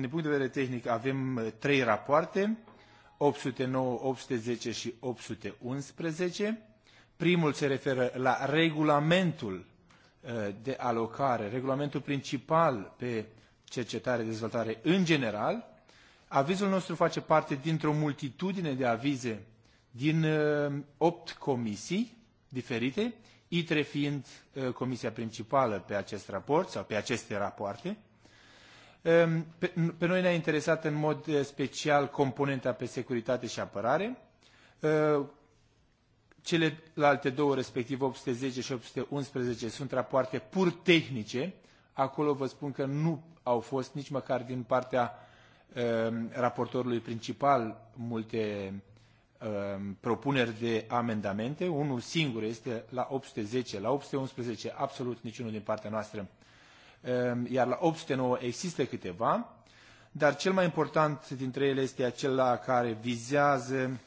din punct de vedere tehnic avem uh, trei rapoarte, 809, 810 și 811. Primul se referă la regulamentul uh, de alocare, regulamentul principal pe cercetare, dezvoltare în general. Avizul nostru face parte dintr-o multitudine de avize din uh, opt comisii diferite, ITRE fiind comisia principală pe acest raport sau pe aceste rapoarte. Ehm, pe noi ne-a interesat în mod eh, special componenta pe securitate și apărare. Ehm, Celelalte două, respectiv 810 și 811, sunt rapoarte pur tehnice. Acolo vă spun că nu au fost nici măcar din partea ehm, raportorului principal multe propuneri de amendamente. Unul singur este la 810, la 811 absolut niciunul din partea noastră Ehm, iar la 809 există câteva, dar cel mai important dintre ele este acela care vizează e,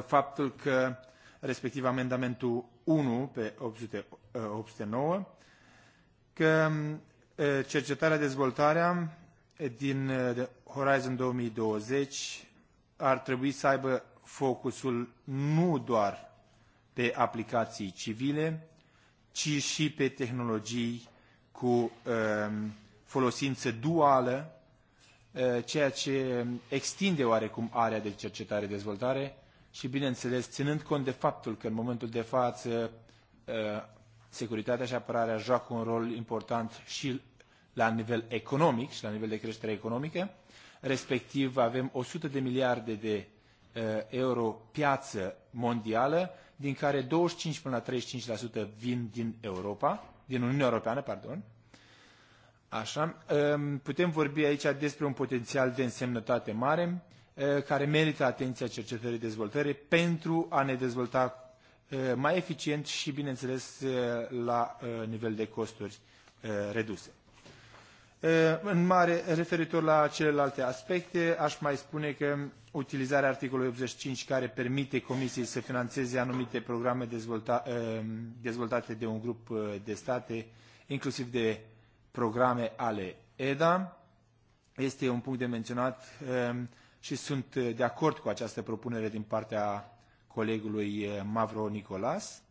faptul că respectiv amendamentul 1 pe 800, 809, e, că e, cercetarea, dezvoltarea din Horizon 2020 ar trebui să aibă focusul nu doar pe aplicații civile, ci și pe tehnologii cu ehm, folosință duală, eh, ceea ce ehm, extinde oarecum area de cercetare-dezvoltare și, bineînțeles, ținând cont de faptul că în momentul de față eh, securitatea și apărarea joacă un rol important și la nivel economic și la nivel de creștere economică, respectiv avem 100 de miliarde de eh, euro piață mondială, din care 25 până la 35% vin din Europa, din Uniunea Europeană, pardon. Așa, ehm, putem vorbi aici despre un potențial de însemnătate mare eh, care merită atenția cercetării dezvoltării pentru a ne dezvolta eh, mai eficient și, bineînțeles, eh, la nivel de costuri reduse. În mare, referitor la celelalte aspecte, aș mai spune că utilizarea articolului 85 care permite Comisiei să financeze anumite programe dezvolta, uh, dezvoltate de un grup uh, de state, inclusiv de programe ale EDA, este un punct de menționat um, și sunt uh, de acord cu această propunere din partea colegului Mavro Nicolas.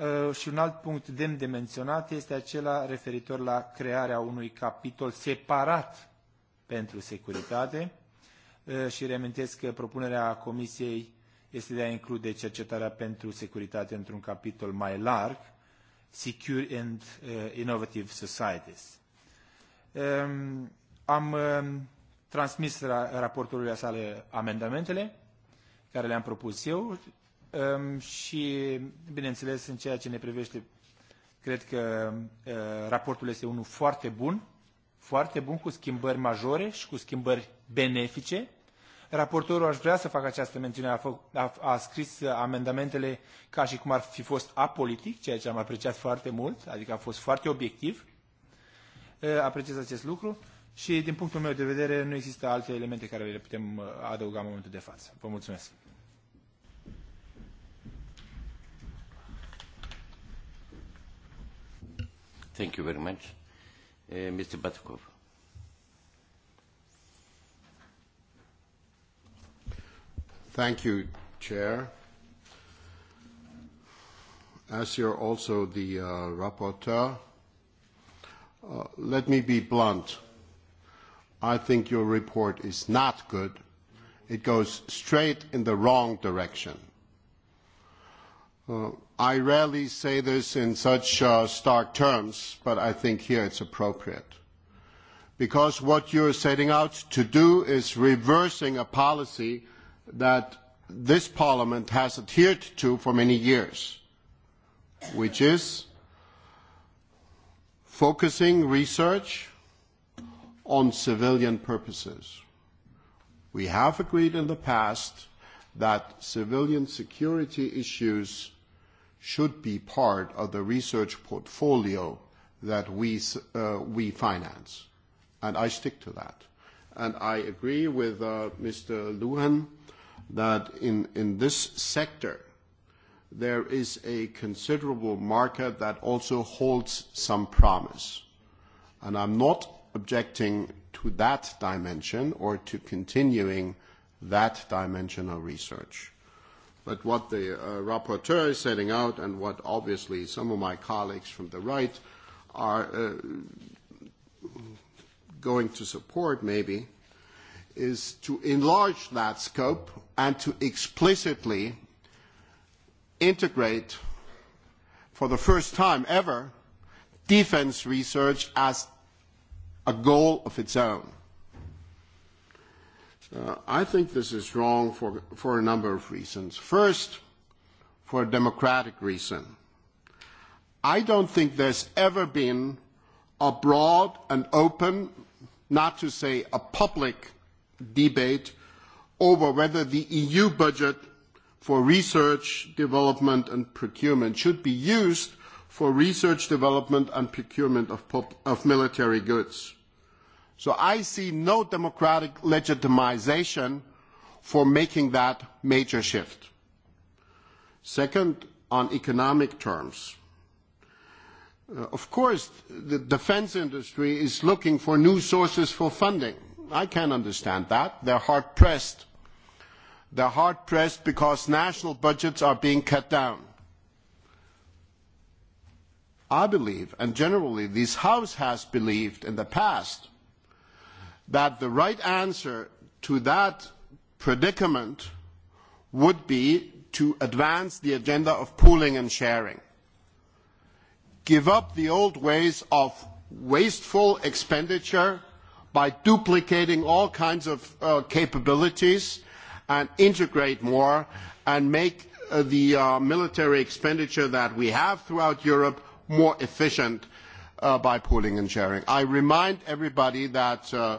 Eh, și un alt punct demn de menționat este acela referitor la crearea unui capitol separat pentru securitate eh, și reamintesc că propunerea Comisiei este de a include cercetarea pentru securitate într-un capitol mai larg, Secure and eh, Innovative Societies. Ehm, am ehm, transmis ra raportului sale amendamentele care le-am propus eu Ehm, și, bineînțeles, în ceea ce ne privește, cred că ehm, raportul este unul foarte bun, foarte bun, cu schimbări majore și cu schimbări benefice. Raportorul aș vrea să facă această mențiune, a, fă, a, a scris amendamentele ca și cum ar fi fost apolitic, ceea ce am apreciat foarte mult, adică a fost foarte obiectiv. E, apreciez acest lucru și, din punctul meu de vedere, nu există alte elemente care le putem uh, adăuga în momentul de față. Vă mulțumesc. Thank you very much. Uh, Mr. Batkov. Thank you, Chair. As you're also the uh, rapporteur, uh, let me be blunt. I think your report is not good. It goes straight in the wrong direction Uh, I rarely say this in such uh, stark terms, but I think here it's appropriate. Because what you're setting out to do is reversing a policy that this parliament has adhered to for many years, which is focusing research on civilian purposes. We have agreed in the past that civilian security issues should be part of the research portfolio that we, uh, we finance. And I stick to that. And I agree with uh, Mr. Luhan that in, in this sector, there is a considerable market that also holds some promise. And I'm not objecting to that dimension or to continuing – that dimension of research. But what the uh, rapporteur is setting out, and what obviously some of my colleagues from the right are uh, going to support, maybe, is to enlarge that scope and to explicitly integrate, for the first time ever, defense research as a goal of its own Uh, I think this is wrong for, for a number of reasons. First, for a democratic reason. I don't think there's ever been a broad and open, not to say a public, debate over whether the EU budget for research, development and procurement should be used for research, development and procurement of, of military goods. So I see no democratic legitimisation for making that major shift. Second, on economic terms. Uh, of course, the defence industry is looking for new sources for funding. I can understand that. They're hard pressed. They're hard pressed because national budgets are being cut down. I believe, and generally this House has believed in the past, that the right answer to that predicament would be to advance the agenda of pooling and sharing. Give up the old ways of wasteful expenditure by duplicating all kinds of uh, capabilities and integrate more and make uh, the uh, military expenditure that we have throughout Europe more efficient uh, by pooling and sharing. I remind everybody that uh,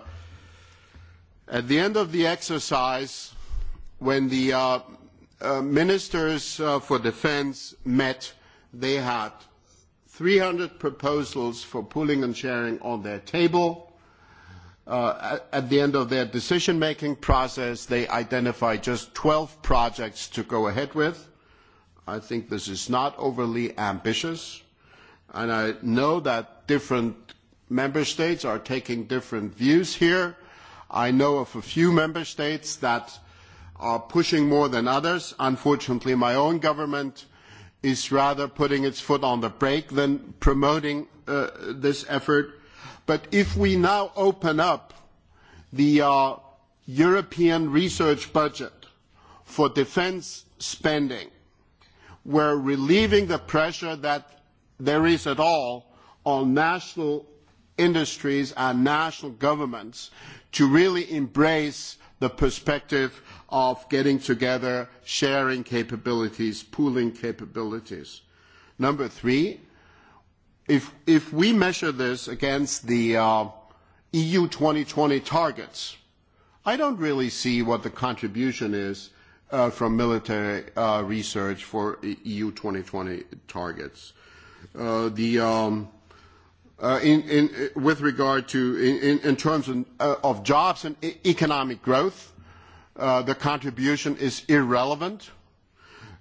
At the end of the exercise, when the uh, uh, ministers uh, for defence met, they had 300 proposals for pooling and sharing on their table. Uh, at, at the end of their decision-making process, they identified just 12 projects to go ahead with. I think this is not overly ambitious, and I know that different member states are taking different views here i know of a few member states that are pushing more than others. Unfortunately, my own government is rather putting its foot on the brake than promoting uh, this effort. But if we now open up the uh, European research budget for defence spending, we're relieving the pressure that there is at all on national industries and national governments to really embrace the perspective of getting together, sharing capabilities, pooling capabilities. Number three, if, if we measure this against the uh, EU 2020 targets, I don't really see what the contribution is uh, from military uh, research for EU 2020 targets. Uh, the um, Uh, in, in, uh, with regard to in, in terms of, uh, of jobs and e economic growth. Uh, the contribution is irrelevant.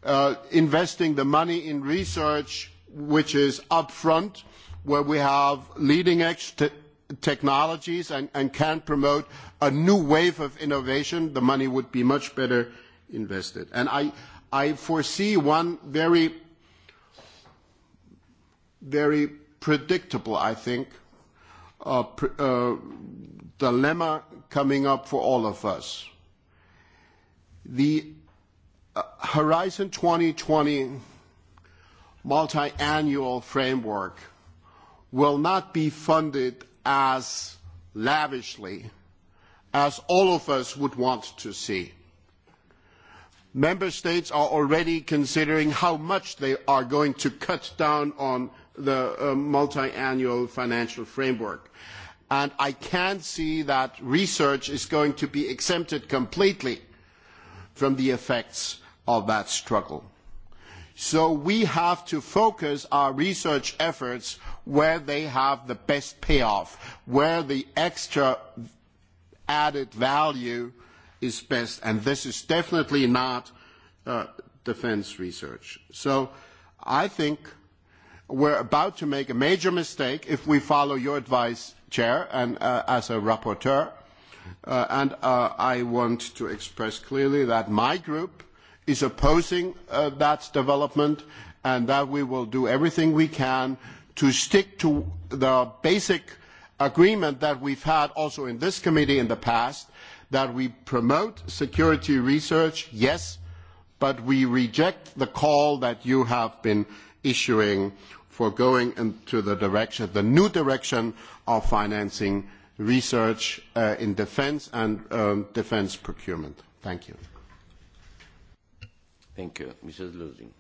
Uh, investing the money in research, which is upfront, where we have leading-edge te technologies and, and can promote a new wave of innovation, the money would be much better invested. And I, I foresee one very, very predictable, I think, uh, pr uh, dilemma coming up for all of us. The uh, Horizon 2020 multi-annual framework will not be funded as lavishly as all of us would want to see. Member states are already considering how much they are going to cut down on the uh, multi-annual financial framework. And I can see that research is going to be exempted completely from the effects of that struggle. So we have to focus our research efforts where they have the best payoff, where the extra added value is best. And this is definitely not uh, defense research. So I think we're about to make a major mistake if we follow your advice, Chair, and uh, as a rapporteur. Uh, and uh, I want to express clearly that my group is opposing that development and that we will do everything we can to stick to the basic agreement that we've had also in this committee in the past that we promote security research, yes, but we reject the call that you have been issuing for going into the direction, the new direction of financing research uh, in defense and um, defense procurement. Thank you. Thank you. Mrs. Lusing.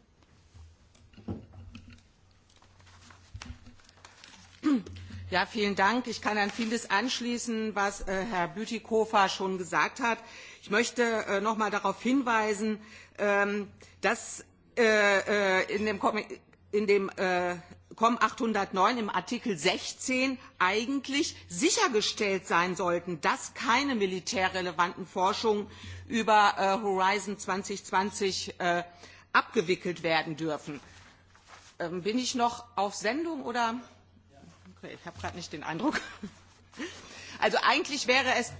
Ja, vielen Dank. Ich kann an vieles anschließen, was äh, Herr Bütikofer schon gesagt hat. Ich möchte äh, noch mal darauf hinweisen, ähm, dass äh, äh in dem Kom in dem COM äh, 809 im Artikel 16 eigentlich sichergestellt sein sollten, dass keine militärrelevanten Forschungen über äh, Horizon 2020 äh, abgewickelt werden dürfen. Ähm, bin ich noch auf Sendung oder? Okay, ich habe gerade nicht den Eindruck. Also eigentlich wäre es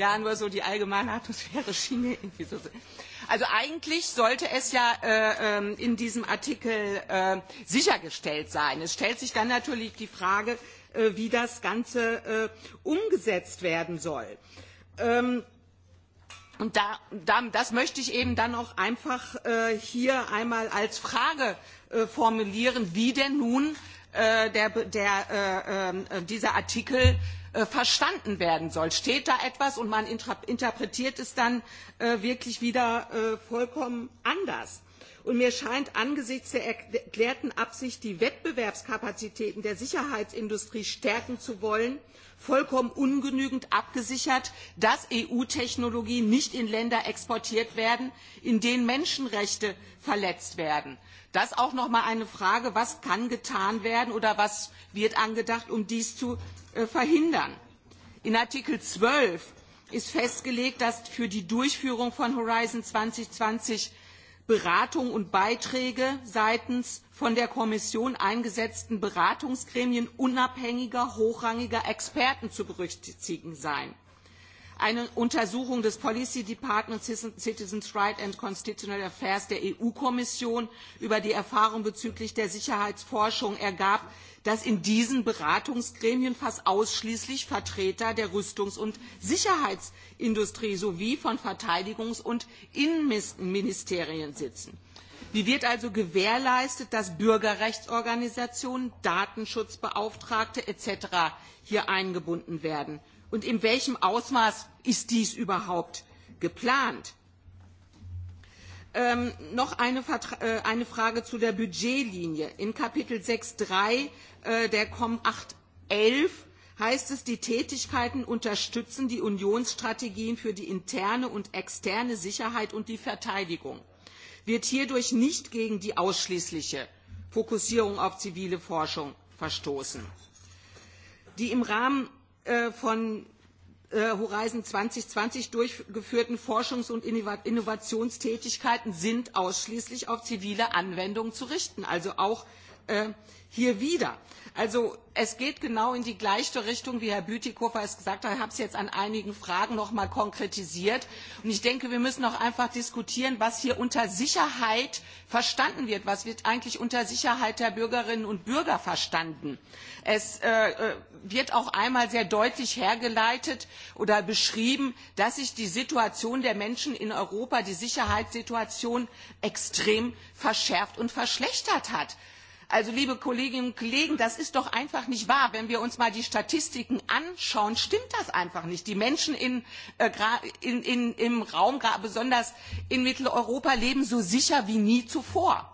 ja nur so die allgemeine Atmosphäre schien mir irgendwie so. Also eigentlich sollte es ja äh, ähm, in diesem Artikel äh, sichergestellt sein. Es stellt sich dann natürlich die Frage, äh, wie das Ganze äh, umgesetzt werden soll. Ähm, und da, da, das möchte ich eben dann auch einfach äh, hier einmal als Frage äh, formulieren, wie denn nun äh, Äh, der, äh, äh, dieser Artikel verstanden werden soll. Steht da etwas und man interpretiert es dann wirklich wieder vollkommen anders. Und mir scheint angesichts der erklärten Absicht, die Wettbewerbskapazitäten der Sicherheitsindustrie stärken zu wollen, vollkommen ungenügend abgesichert, dass EU-Technologien nicht in Länder exportiert werden, in denen Menschenrechte verletzt werden. Das auch noch mal eine Frage, was kann getan werden oder was wird angedacht, um dies zu äh, verhindern? In Artikel 12 ist festgelegt, dass für die Durchführung von Horizon 2020 Beratung und Beiträge seitens von der Kommission eingesetzten Beratungsgremien unabhängiger, hochrangiger Experten zu berücksichtigen seien eine Untersuchung des Policy Department Citizens Rights and Constitutional Affairs der EU-Kommission über die Erfahrung bezüglich der Sicherheitsforschung ergab, dass in diesen Beratungsgremien fast ausschließlich Vertreter der Rüstungs- und Sicherheitsindustrie sowie von Verteidigungs- und Innenministerien sitzen. Wie wird also gewährleistet, dass Bürgerrechtsorganisationen, Datenschutzbeauftragte etc. hier eingebunden werden? Und in welchem Ausmaß ist dies überhaupt geplant? Ähm, noch eine, äh, eine Frage zu der Budgetlinie. In Kapitel 6.3 äh, der COM 8.11 heißt es, die Tätigkeiten unterstützen die Unionsstrategien für die interne und externe Sicherheit und die Verteidigung. Wird hierdurch nicht gegen die ausschließliche Fokussierung auf zivile Forschung verstoßen. Die im Rahmen Äh, von äh, Horizon 2020 durchgeführten Forschungs- und Innovationstätigkeiten sind ausschließlich auf zivile Anwendungen zu richten, also auch äh, hier wieder. Also es geht genau in die gleiche Richtung, wie Herr Bütikofer es gesagt hat. Ich habe es jetzt an einigen Fragen noch mal konkretisiert. Und ich denke, wir müssen auch einfach diskutieren, was hier unter Sicherheit verstanden wird. Was wird eigentlich unter Sicherheit der Bürgerinnen und Bürger verstanden? Es äh, äh wird auch einmal sehr deutlich hergeleitet oder beschrieben, dass sich die Situation der Menschen in Europa, die Sicherheitssituation extrem verschärft und verschlechtert hat Also, liebe Kolleginnen und Kollegen, das ist doch einfach nicht wahr. Wenn wir uns mal die Statistiken anschauen, stimmt das einfach nicht. Die Menschen in, äh, in, in, im Raum, besonders in Mitteleuropa, leben so sicher wie nie zuvor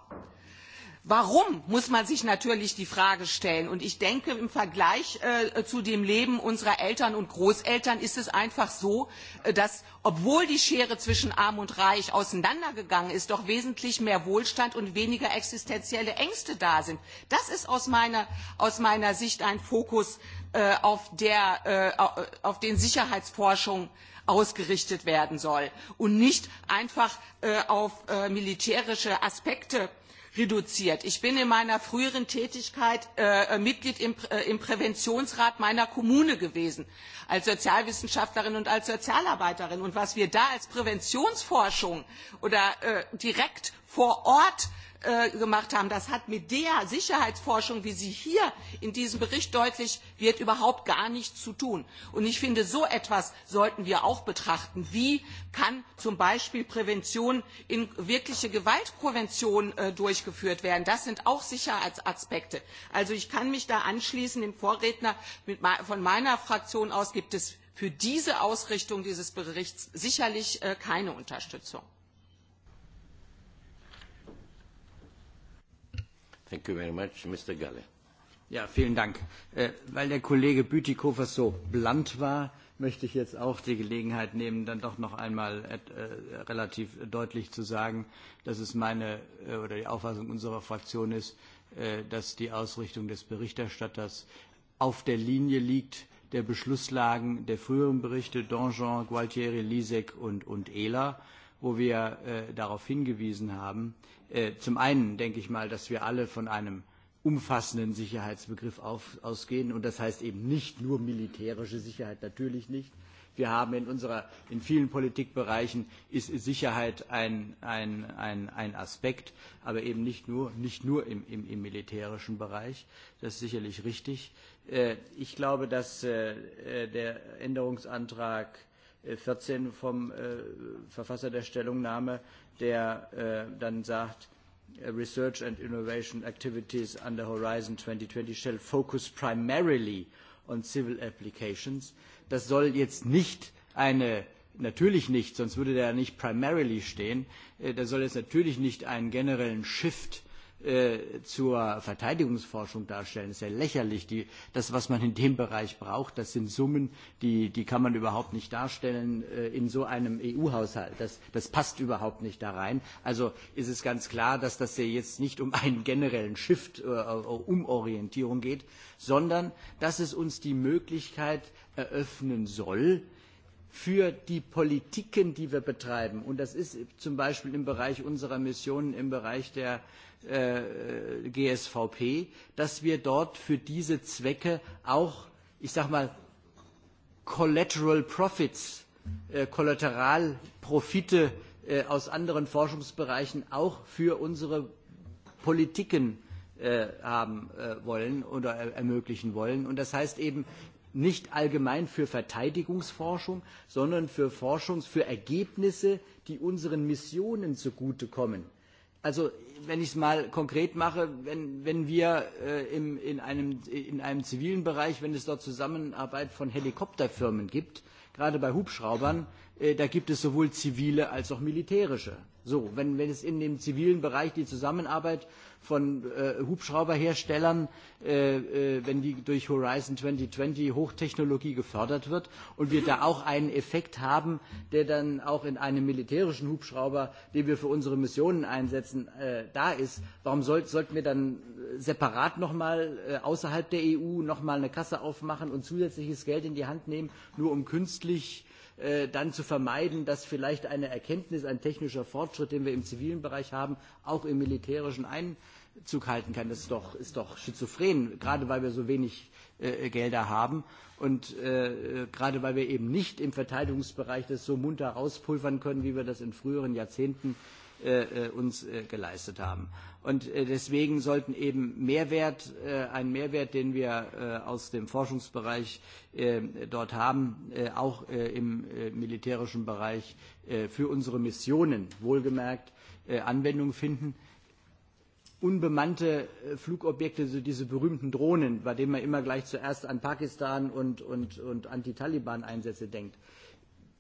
Warum muss man sich natürlich die Frage stellen? Und ich denke, im Vergleich äh, zu dem Leben unserer Eltern und Großeltern ist es einfach so, äh, dass, obwohl die Schere zwischen Arm und Reich auseinandergegangen ist, doch wesentlich mehr Wohlstand und weniger existenzielle Ängste da sind. Das ist aus meiner, aus meiner Sicht ein Fokus, äh, auf, der, äh, äh auf den Sicherheitsforschung ausgerichtet werden soll und nicht einfach äh, auf äh, militärische Aspekte reduziert. Ich bin in meiner früheren Tätigkeit äh, äh, Mitglied äh, im, Präventionsrat meiner Kommune gewesen, als Sozialwissenschaftlerin und als Sozialarbeiterin. Und was wir da als Präventionsforschung oder direkt vor Ort Äh, gemacht haben. Das hat mit der Sicherheitsforschung, wie sie hier in diesem Bericht deutlich wird, überhaupt gar nichts zu tun. Und ich finde, so etwas sollten wir auch betrachten. Wie kann zum Beispiel Prävention in wirkliche Gewaltprävention äh, durchgeführt werden? Das sind auch Sicherheitsaspekte. Also ich kann mich da anschließen, dem Vorredner mit, von meiner Fraktion aus gibt es für diese Ausrichtung dieses Berichts sicherlich äh, keine Unterstützung. Thank you very much. Mr. Galle. Ja, vielen Dank. Äh, weil der Kollege Bütikofer so blunt war, möchte ich jetzt auch die Gelegenheit nehmen, dann doch noch einmal äh, relativ deutlich zu sagen, dass es meine äh, oder die Auffassung unserer Fraktion ist, dass die Ausrichtung des Berichterstatters auf der Linie liegt der Beschlusslagen der früheren Berichte Donjon, Gualtieri, Lisek und, und Ehler, wo wir äh, darauf hingewiesen haben, äh, Äh, zum einen denke ich mal, dass wir alle von einem umfassenden Sicherheitsbegriff auf, ausgehen. Und das heißt eben nicht nur militärische Sicherheit, natürlich nicht. Wir haben in, unserer, in vielen Politikbereichen ist Sicherheit ein, ein, ein, ein Aspekt, aber eben nicht nur, nicht nur im, im, im militärischen Bereich. Das ist sicherlich richtig. Äh, ich glaube, dass äh, der Änderungsantrag 14 vom Verfasser der Stellungnahme der äh, dann sagt, äh, Research and Innovation Activities under Horizon 2020 shall focus primarily on civil applications. Das soll jetzt nicht eine natürlich nicht, sonst würde da nicht primarily stehen. Äh, das soll jetzt natürlich nicht einen generellen Shift Äh, zur Verteidigungsforschung darstellen. Das ist ja lächerlich. Die, das, was man in dem Bereich braucht, das sind Summen, die, die kann man überhaupt nicht darstellen äh, in so einem EU-Haushalt. Das, das passt überhaupt nicht da rein. Also ist es ganz klar, dass das hier jetzt nicht um einen generellen Shift, äh, äh, Umorientierung geht, sondern dass es uns die Möglichkeit eröffnen soll, für die Politiken, die wir betreiben. Und das ist zum Beispiel im Bereich unserer Missionen, im Bereich der äh, GSVP, dass wir dort für diese Zwecke auch, ich sag mal, Collateral Profits, äh, Kollateralprofite äh, aus anderen Forschungsbereichen auch für unsere Politiken äh, haben äh, wollen oder er ermöglichen wollen. Und das heißt eben nicht allgemein für Verteidigungsforschung, sondern für Forschungs, für Ergebnisse, die unseren Missionen zugutekommen also wenn ich es mal konkret mache, wenn, wenn wir äh, im, in, einem, in einem zivilen Bereich, wenn es dort Zusammenarbeit von Helikopterfirmen gibt, gerade bei Hubschraubern, äh, da gibt es sowohl zivile als auch militärische. So, wenn, wenn es in dem zivilen Bereich die Zusammenarbeit von äh, Hubschrauberherstellern, äh, äh, wenn die durch Horizon 2020 Hochtechnologie gefördert wird und wir da auch einen Effekt haben, der dann auch in einem militärischen Hubschrauber, den wir für unsere Missionen einsetzen, äh, da ist, warum soll, sollten wir dann äh, separat nochmal äh, außerhalb der EU nochmal eine Kasse aufmachen und zusätzliches Geld in die Hand nehmen, nur um künstlich äh, Äh, dann zu vermeiden, dass vielleicht eine Erkenntnis, ein technischer Fortschritt, den wir im zivilen Bereich haben, auch im militärischen Einzug halten kann. Das ist doch, ist doch schizophren, gerade weil wir so wenig äh, äh Gelder haben und äh, gerade weil wir eben nicht im Verteidigungsbereich das so munter rauspulvern können, wie wir das in früheren Jahrzehnten äh, Äh, äh, uns äh, geleistet haben. Und äh, deswegen sollten eben Mehrwert, äh, ein Mehrwert, den wir äh, aus dem Forschungsbereich äh, dort haben, äh, auch äh, im äh, militärischen Bereich äh, für unsere Missionen wohlgemerkt äh, Anwendung finden unbemannte äh, Flugobjekte, so diese berühmten Drohnen, bei denen man immer gleich zuerst an Pakistan und, und, und Anti-Taliban-Einsätze denkt. Äh,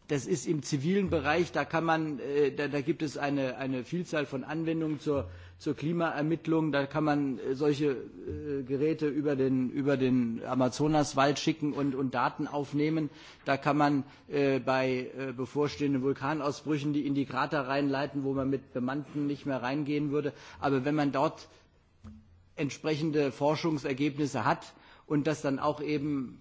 das ist im zivilen Bereich, da, kann man, äh, da, da gibt es eine, eine Vielzahl von Anwendungen zur, zur Klimaermittlung. Da kann man äh, solche äh, Geräte über den, über den Amazonaswald schicken und, und Daten aufnehmen. Da kann man äh, bei äh, bevorstehenden Vulkanausbrüchen die in die Krater reinleiten, wo man mit Bemannten nicht mehr reingehen würde. Aber wenn man dort entsprechende Forschungsergebnisse hat und das dann auch eben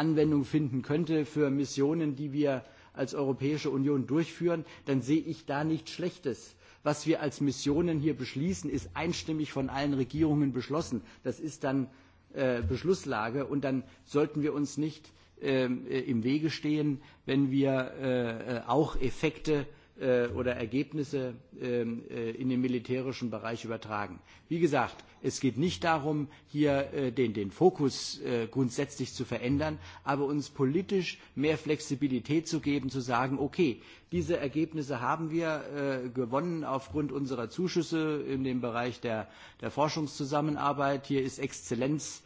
Anwendung finden könnte für Missionen, die wir als Europäische Union durchführen, dann sehe ich da nichts Schlechtes. Was wir als Missionen hier beschließen, ist einstimmig von allen Regierungen beschlossen. Das ist dann äh, Beschlusslage und dann sollten wir uns nicht ähm, äh, im Wege stehen, wenn wir äh, äh auch Effekte Äh, oder Ergebnisse ähm, äh, in den militärischen Bereich übertragen. Wie gesagt, es geht nicht darum, hier äh, den, den Fokus grundsätzlich zu verändern, aber uns politisch mehr Flexibilität zu geben, zu sagen, okay, diese Ergebnisse haben wir gewonnen aufgrund unserer Zuschüsse in dem Bereich der, der Forschungszusammenarbeit. Hier ist Exzellenz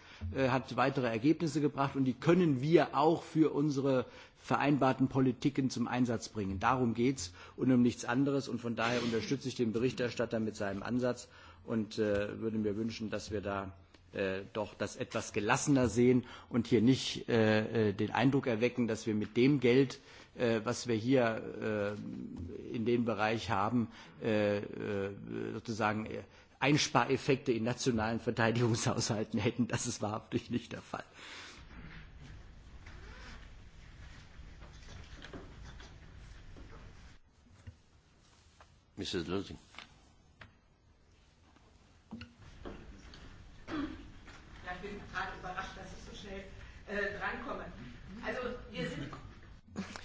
hat weitere Ergebnisse gebracht und die können wir auch für unsere vereinbarten Politiken zum Einsatz bringen. Darum geht es und um nichts anderes. Und von daher unterstütze ich den Berichterstatter mit seinem Ansatz und äh, würde mir wünschen, dass wir da äh, doch das etwas gelassener sehen und hier nicht äh, äh den Eindruck erwecken, dass wir mit dem Geld, äh, was wir hier äh, in dem Bereich haben, äh, äh sozusagen äh, Einspareffekte in nationalen Verteidigungshaushalten hätten. Das ist wahrhaftig nicht der Fall. Mrs. Lusing. Ja, ich bin gerade überrascht, dass ich so schnell äh, drankomme. Also wir sind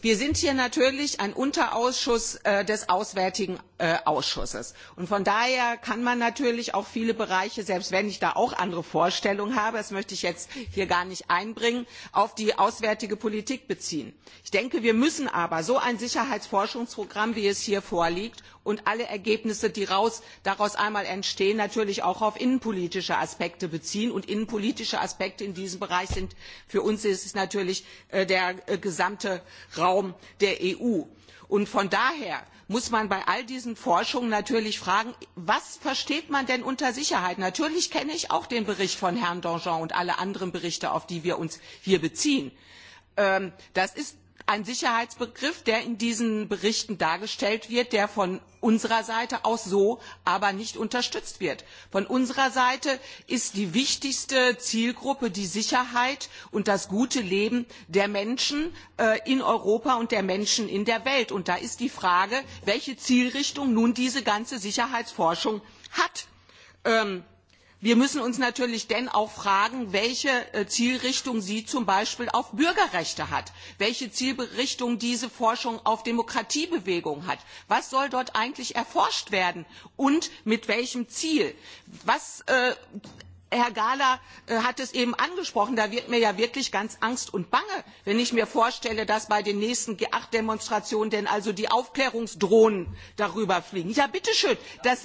wir sind hier natürlich ein unterausschuss äh, des auswärtigen äh, ausschusses und von daher kann man natürlich auch viele bereiche selbst wenn ich da auch andere vorstellungen habe das möchte ich jetzt hier gar nicht einbringen auf die auswärtige politik beziehen. ich denke wir müssen aber so ein sicherheitsforschungsprogramm wie es hier vorliegt und alle ergebnisse die daraus einmal entstehen natürlich auch auf innenpolitische aspekte beziehen und innenpolitische aspekte in diesem bereich sind für uns natürlich äh, der gesamte raum der eu. von daher muss man bei all diesen forschungen natürlich fragen was versteht man denn unter sicherheit? natürlich kenne ich auch den bericht von herrn danjean und alle anderen berichte auf die wir uns hier beziehen. Ähm, das ein sicherheitsbegriff der in diesen berichten dargestellt wird der von unserer seite aus so aber nicht unterstützt wird. von unserer seite ist die wichtigste zielgruppe die sicherheit und das gute leben der menschen äh, in europa und der menschen in der welt. und da ist die frage welche zielrichtung nun diese ganze sicherheitsforschung hat. Ähm, wir müssen uns natürlich dann auch fragen welche äh, zielrichtung sie zum beispiel auf bürgerrechte hat welche zielrichtung diese forschung auf demokratiebewegungen hat was soll dort eigentlich erforscht werden und mit welchem ziel? Äh, herr gahler äh, hat es eben angesprochen da wird mir ja wirklich ganz angst und bange wenn ich mir vorstelle dass bei den nächsten g acht demonstrationen denn also die aufklärungsdrohnen darüber fliegen. ja bitteschön das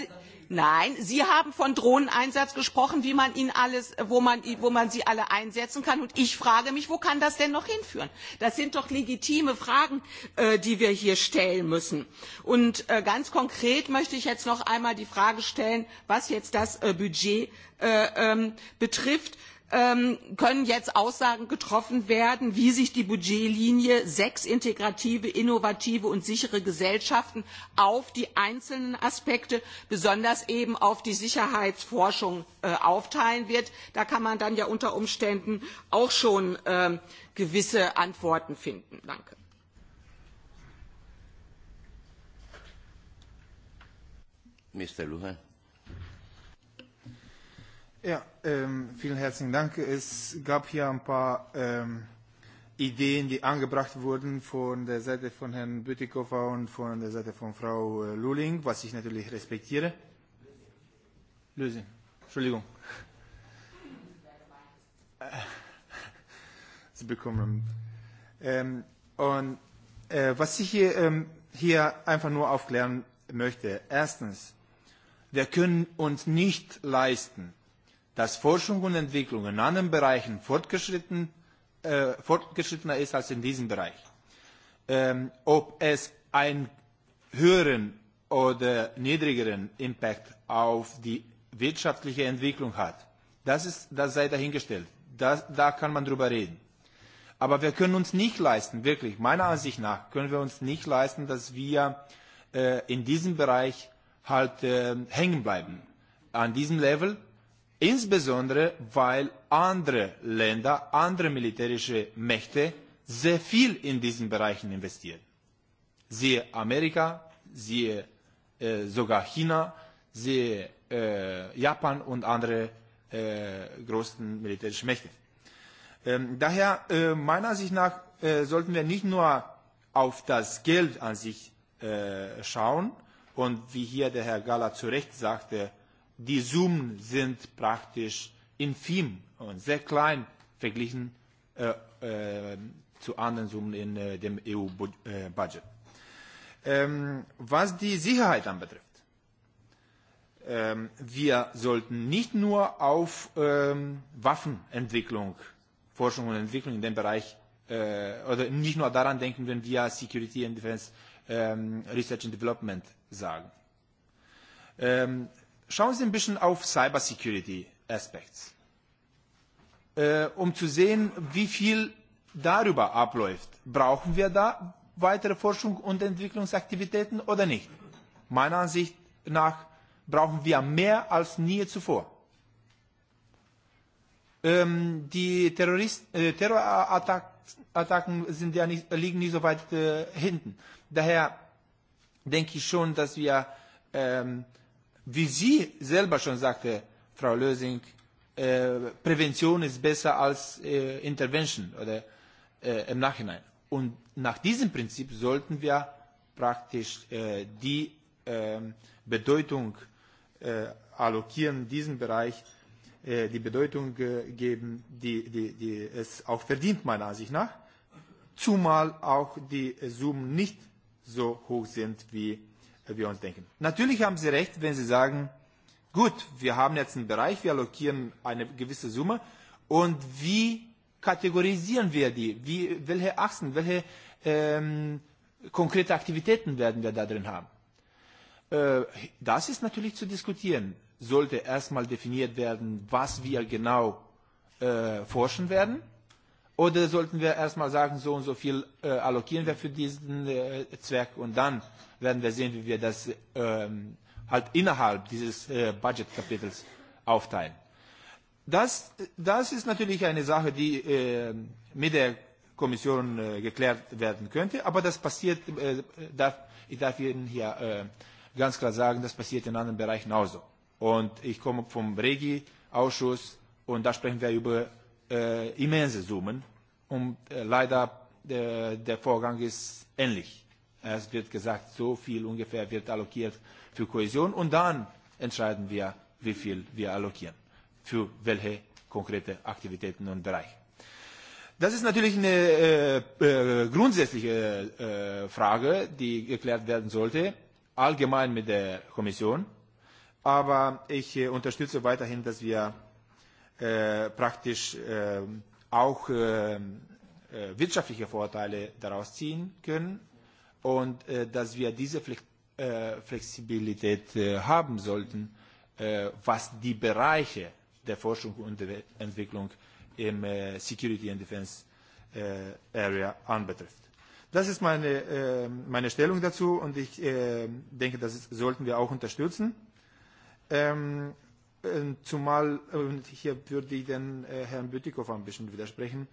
Nein, Sie haben von Drohneneinsatz gesprochen, wie man ihn alles, wo man, wo man sie alle einsetzen kann. Und ich frage mich, wo kann das denn noch hinführen? Das sind doch legitime Fragen, äh, die wir hier stellen müssen. Und äh, ganz konkret möchte ich jetzt noch einmal die Frage stellen, was jetzt das äh, Budget äh, ähm, betrifft Ähm, können jetzt Aussagen getroffen werden, wie sich die Budgetlinie sechs integrative, innovative und sichere Gesellschaften auf die einzelnen Aspekte, besonders eben auf die Sicherheitsforschung äh, aufteilen wird. Da kann man dann ja unter Umständen auch schon ähm, gewisse Antworten finden. Danke. Ja, ähm, vielen herzlichen Dank. Es gab hier ein paar ähm, Ideen, die angebracht wurden von der Seite von Herrn Bütikofer und von der Seite von Frau äh, Luling, was ich natürlich respektiere. Lösen. Entschuldigung. Äh, Sie bekommen. Ähm, und äh, was ich hier, ähm, hier einfach nur aufklären möchte. Erstens, wir können uns nicht leisten, dass Forschung und Entwicklung in anderen Bereichen fortgeschritten, äh, fortgeschrittener ist als in diesem Bereich. Ähm, ob es einen höheren oder niedrigeren Impact auf die wirtschaftliche Entwicklung hat, das, ist, das sei dahingestellt. Das, da kann man drüber reden. Aber wir können uns nicht leisten, wirklich, meiner Ansicht nach, können wir uns nicht leisten, dass wir äh, in diesem Bereich halt äh, hängen bleiben. An diesem Level, insbesondere weil andere Länder, andere militärische Mächte sehr viel in diesen Bereichen investieren. Siehe Amerika, siehe äh, sogar China, siehe äh, Japan und andere äh, großen militärische Mächte. Ähm, daher, äh, meiner Ansicht nach, äh, sollten wir nicht nur auf das Geld an sich äh, schauen und wie hier der Herr Gala zu Recht sagte, die Summen sind praktisch infim und sehr klein verglichen äh, äh, zu anderen Summen in äh, dem EU-Budget. Äh, ähm, was die Sicherheit anbetrifft, ähm, wir sollten nicht nur auf ähm, Waffenentwicklung, Forschung und Entwicklung in dem Bereich äh, oder nicht nur daran denken, wenn wir Security and Defense ähm, Research and Development sagen. Ähm, schauen Sie ein bisschen auf Cybersecurity Aspects, äh, um zu sehen, wie viel darüber abläuft. Brauchen wir da weitere Forschung und Entwicklungsaktivitäten oder nicht? Meiner Ansicht nach brauchen wir mehr als nie zuvor. Ähm, die Terrorist äh, Terrorattacken sind ja nicht, liegen nicht so weit äh, hinten. Daher denke ich schon, dass wir ähm, Wie sie selber schon sagte, Frau Lösing, äh, Prävention ist besser als äh, Intervention oder äh, im Nachhinein. Und nach diesem Prinzip sollten wir praktisch äh, die äh, Bedeutung äh, allokieren, diesem Bereich äh, die Bedeutung äh, geben, die, die, die es auch verdient, meiner Ansicht nach, zumal auch die Summen nicht so hoch sind wie wir uns denken. Natürlich haben Sie recht, wenn Sie sagen, gut, wir haben jetzt einen Bereich, wir allokieren eine gewisse Summe und wie kategorisieren wir die? Wie, welche Achsen, welche ähm, konkrete Aktivitäten werden wir da drin haben? Äh, das ist natürlich zu diskutieren. Sollte erstmal definiert werden, was wir genau äh, forschen werden – Oder sollten wir erstmal sagen, so und so viel äh, allokieren wir für diesen äh, Zweck und dann werden wir sehen, wie wir das ähm, halt innerhalb dieses äh, Budgetkapitels aufteilen. Das, das ist natürlich eine Sache, die äh, mit der Kommission äh, geklärt werden könnte, aber das passiert, äh, darf, ich darf Ihnen hier äh, ganz klar sagen, das passiert in anderen Bereichen auch so. Und ich komme vom Regi-Ausschuss und da sprechen wir über Äh, immense Summen und äh, leider äh, der Vorgang ist ähnlich. Es wird gesagt, so viel ungefähr wird allokiert für Kohäsion und dann entscheiden wir, wie viel wir allokieren, für welche konkrete Aktivitäten und Bereiche. Das ist natürlich eine äh, äh, grundsätzliche äh, Frage, die geklärt werden sollte, allgemein mit der Kommission. Aber ich äh, unterstütze weiterhin, dass wir äh, praktisch äh, auch äh, äh, wirtschaftliche Vorteile daraus ziehen können und äh, dass wir diese Flex äh, Flexibilität äh, haben sollten, äh, was die Bereiche der Forschung und der Entwicklung im äh, Security and Defense äh, Area anbetrifft. Das ist meine, äh, meine Stellung dazu und ich äh, denke, das ist, sollten wir auch unterstützen. Ähm, Ähm, zumal, ähm, hier würde ich den äh, Herrn Bütikow ein bisschen widersprechen,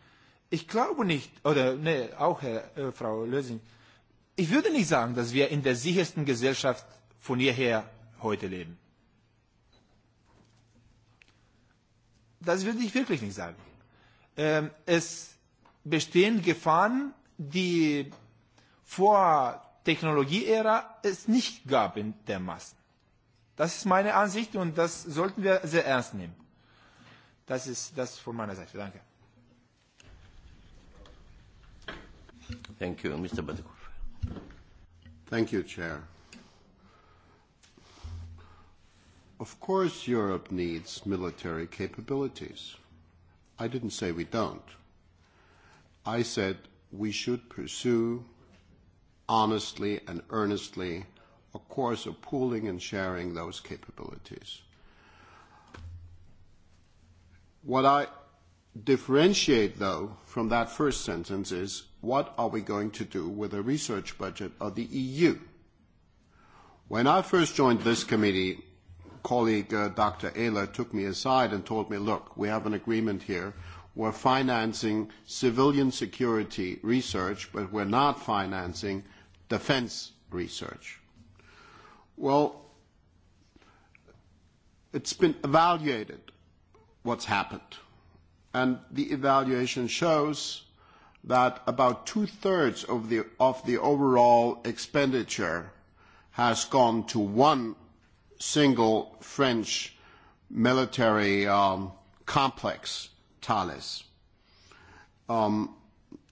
ich glaube nicht, oder nee, auch Herr, äh, Frau Lösing, ich würde nicht sagen, dass wir in der sichersten Gesellschaft von hierher heute leben. Das würde ich wirklich nicht sagen. Ähm, es bestehen Gefahren, die vor Technologieära es nicht gab in der Massen. Das ist meine Ansicht und das sollten wir sehr ernst nehmen. Das ist das von meiner Seite. Danke. Thank you, Mr. Badekov. Thank you, Chair. Of course, Europe needs military capabilities. I didn't say we don't. I said we should pursue honestly and earnestly a course of pooling and sharing those capabilities. What I differentiate, though, from that first sentence is what are we going to do with the research budget of the EU? When I first joined this committee, colleague uh, Dr. Ehler took me aside and told me, look, we have an agreement here. We're financing civilian security research, but we're not financing defense research. Well, it's been evaluated what's happened. And the evaluation shows that about two-thirds of the, of the overall expenditure has gone to one single French military um, complex, Thales. Um,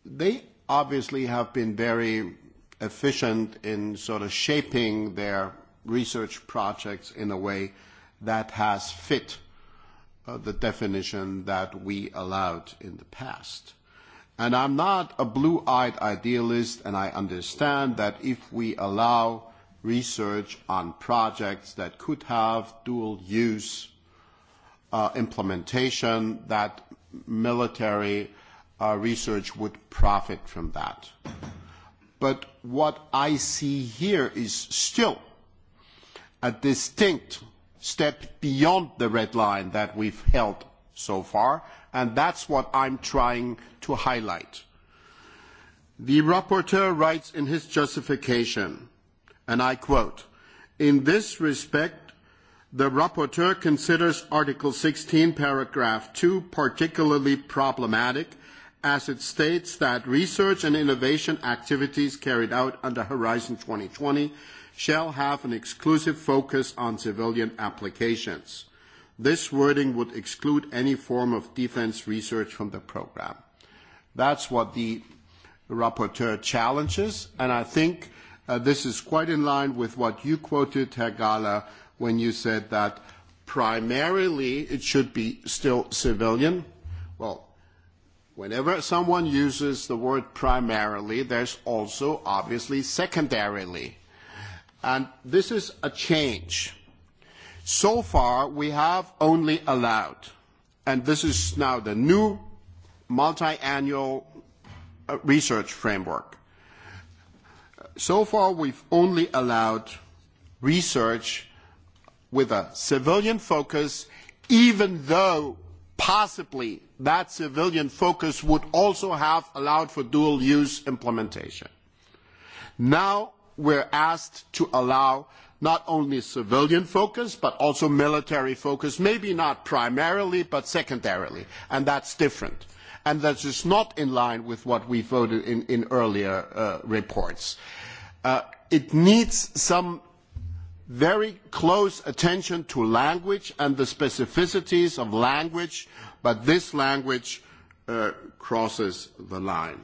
they obviously have been very efficient in sort of shaping their research projects in a way that has fit uh, the definition that we allowed in the past. And I'm not a blue-eyed idealist, and I understand that if we allow research on projects that could have dual use uh, implementation, that military uh, research would profit from that. But what I see here is still a distinct step beyond the red line that we have held so far, and that is what i am trying to highlight. The rapporteur writes in his justification, and I quote, "In this respect, the rapporteur considers Article 16, paragraph 2, particularly problematic, as it states that research and innovation activities carried out under Horizon 2020 shall have an exclusive focus on civilian applications. This wording would exclude any form of defense research from the program. That's what the rapporteur challenges, and I think uh, this is quite in line with what you quoted, Herr Gala, when you said that primarily it should be still civilian. Well, whenever someone uses the word primarily, there's also obviously secondarily and this is a change. So far, we have only allowed, and this is now the new multi-annual uh, research framework. So far, we've only allowed research with a civilian focus, even though possibly that civilian focus would also have allowed for dual use implementation. Now were asked to allow not only civilian focus but also military focus, maybe not primarily but secondarily, and that is different. And that is not in line with what we voted in, in earlier uh, reports. Uh, it needs some very close attention to language and the specificities of language, but this language uh, crosses the line.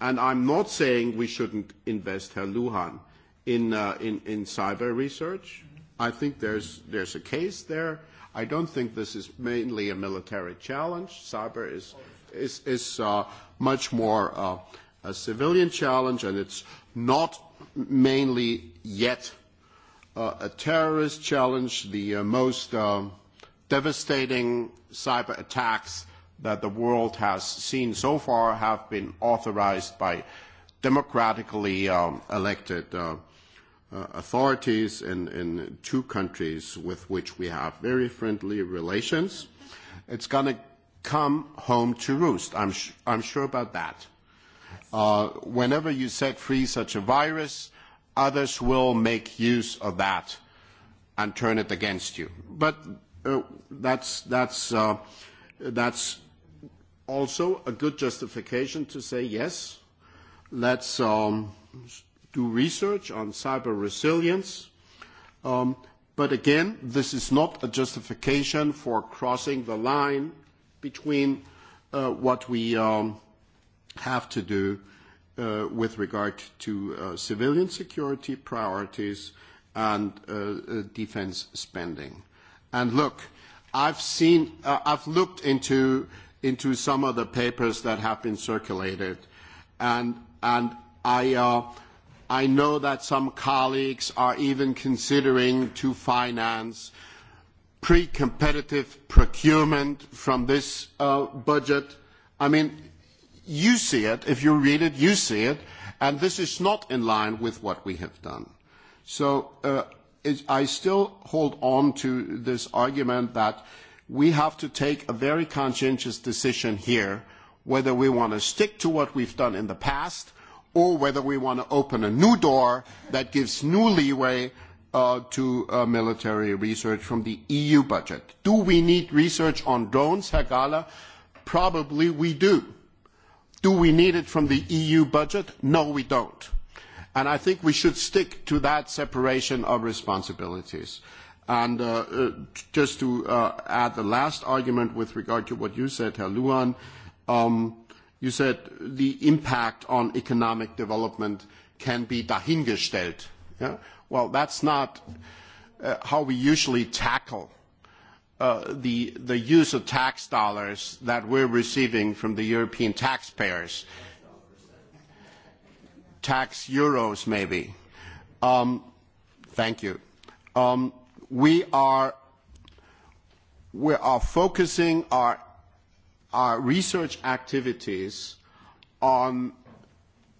And I'm not saying we shouldn't invest, Herr Luhan, in, uh, in, in cyber research. Mm-hmm. I think there's, there's a case there. I don't think this is mainly a military challenge. Cyber is, is, is uh, much more uh, a civilian challenge, and it's not mainly yet uh, a terrorist challenge. The uh, most uh, devastating cyber attacks that the world has seen so far have been authorized by democratically um, elected uh, uh, authorities in, in two countries with which we have very friendly relations. It's going to come home to roost. I'm, sh- I'm sure about that. Uh, whenever you set free such a virus, others will make use of that and turn it against you. But uh, that's, that's, uh, that's also a good justification to say, yes, let's um, do research on cyber resilience. Um, but again, this is not a justification for crossing the line between uh, what we um, have to do uh, with regard to uh, civilian security priorities and uh, uh, defense spending. And look, I've seen, uh, I've looked into into some of the papers that have been circulated. And, and I, uh, I know that some colleagues are even considering to finance pre-competitive procurement from this uh, budget. I mean, you see it. If you read it, you see it. And this is not in line with what we have done. So uh, I still hold on to this argument that uh, we have to take a very conscientious decision here whether we want to stick to what we've done in the past or whether we want to open a new door that gives new leeway uh, to uh, military research from the EU budget. Do we need research on drones, Herr Gala? Probably we do. Do we need it from the EU budget? No, we don't. And I think we should stick to that separation of responsibilities. And uh, uh, just to uh, add the last argument with regard to what you said, Herr Luan. um, you said the impact on economic development can be dahingestellt. Yeah? Well, that's not uh, how we usually tackle uh, the, the use of tax dollars that we're receiving from the European taxpayers. Tax euros, maybe. Um, thank you. Um, we are, we are focusing our, our research activities on,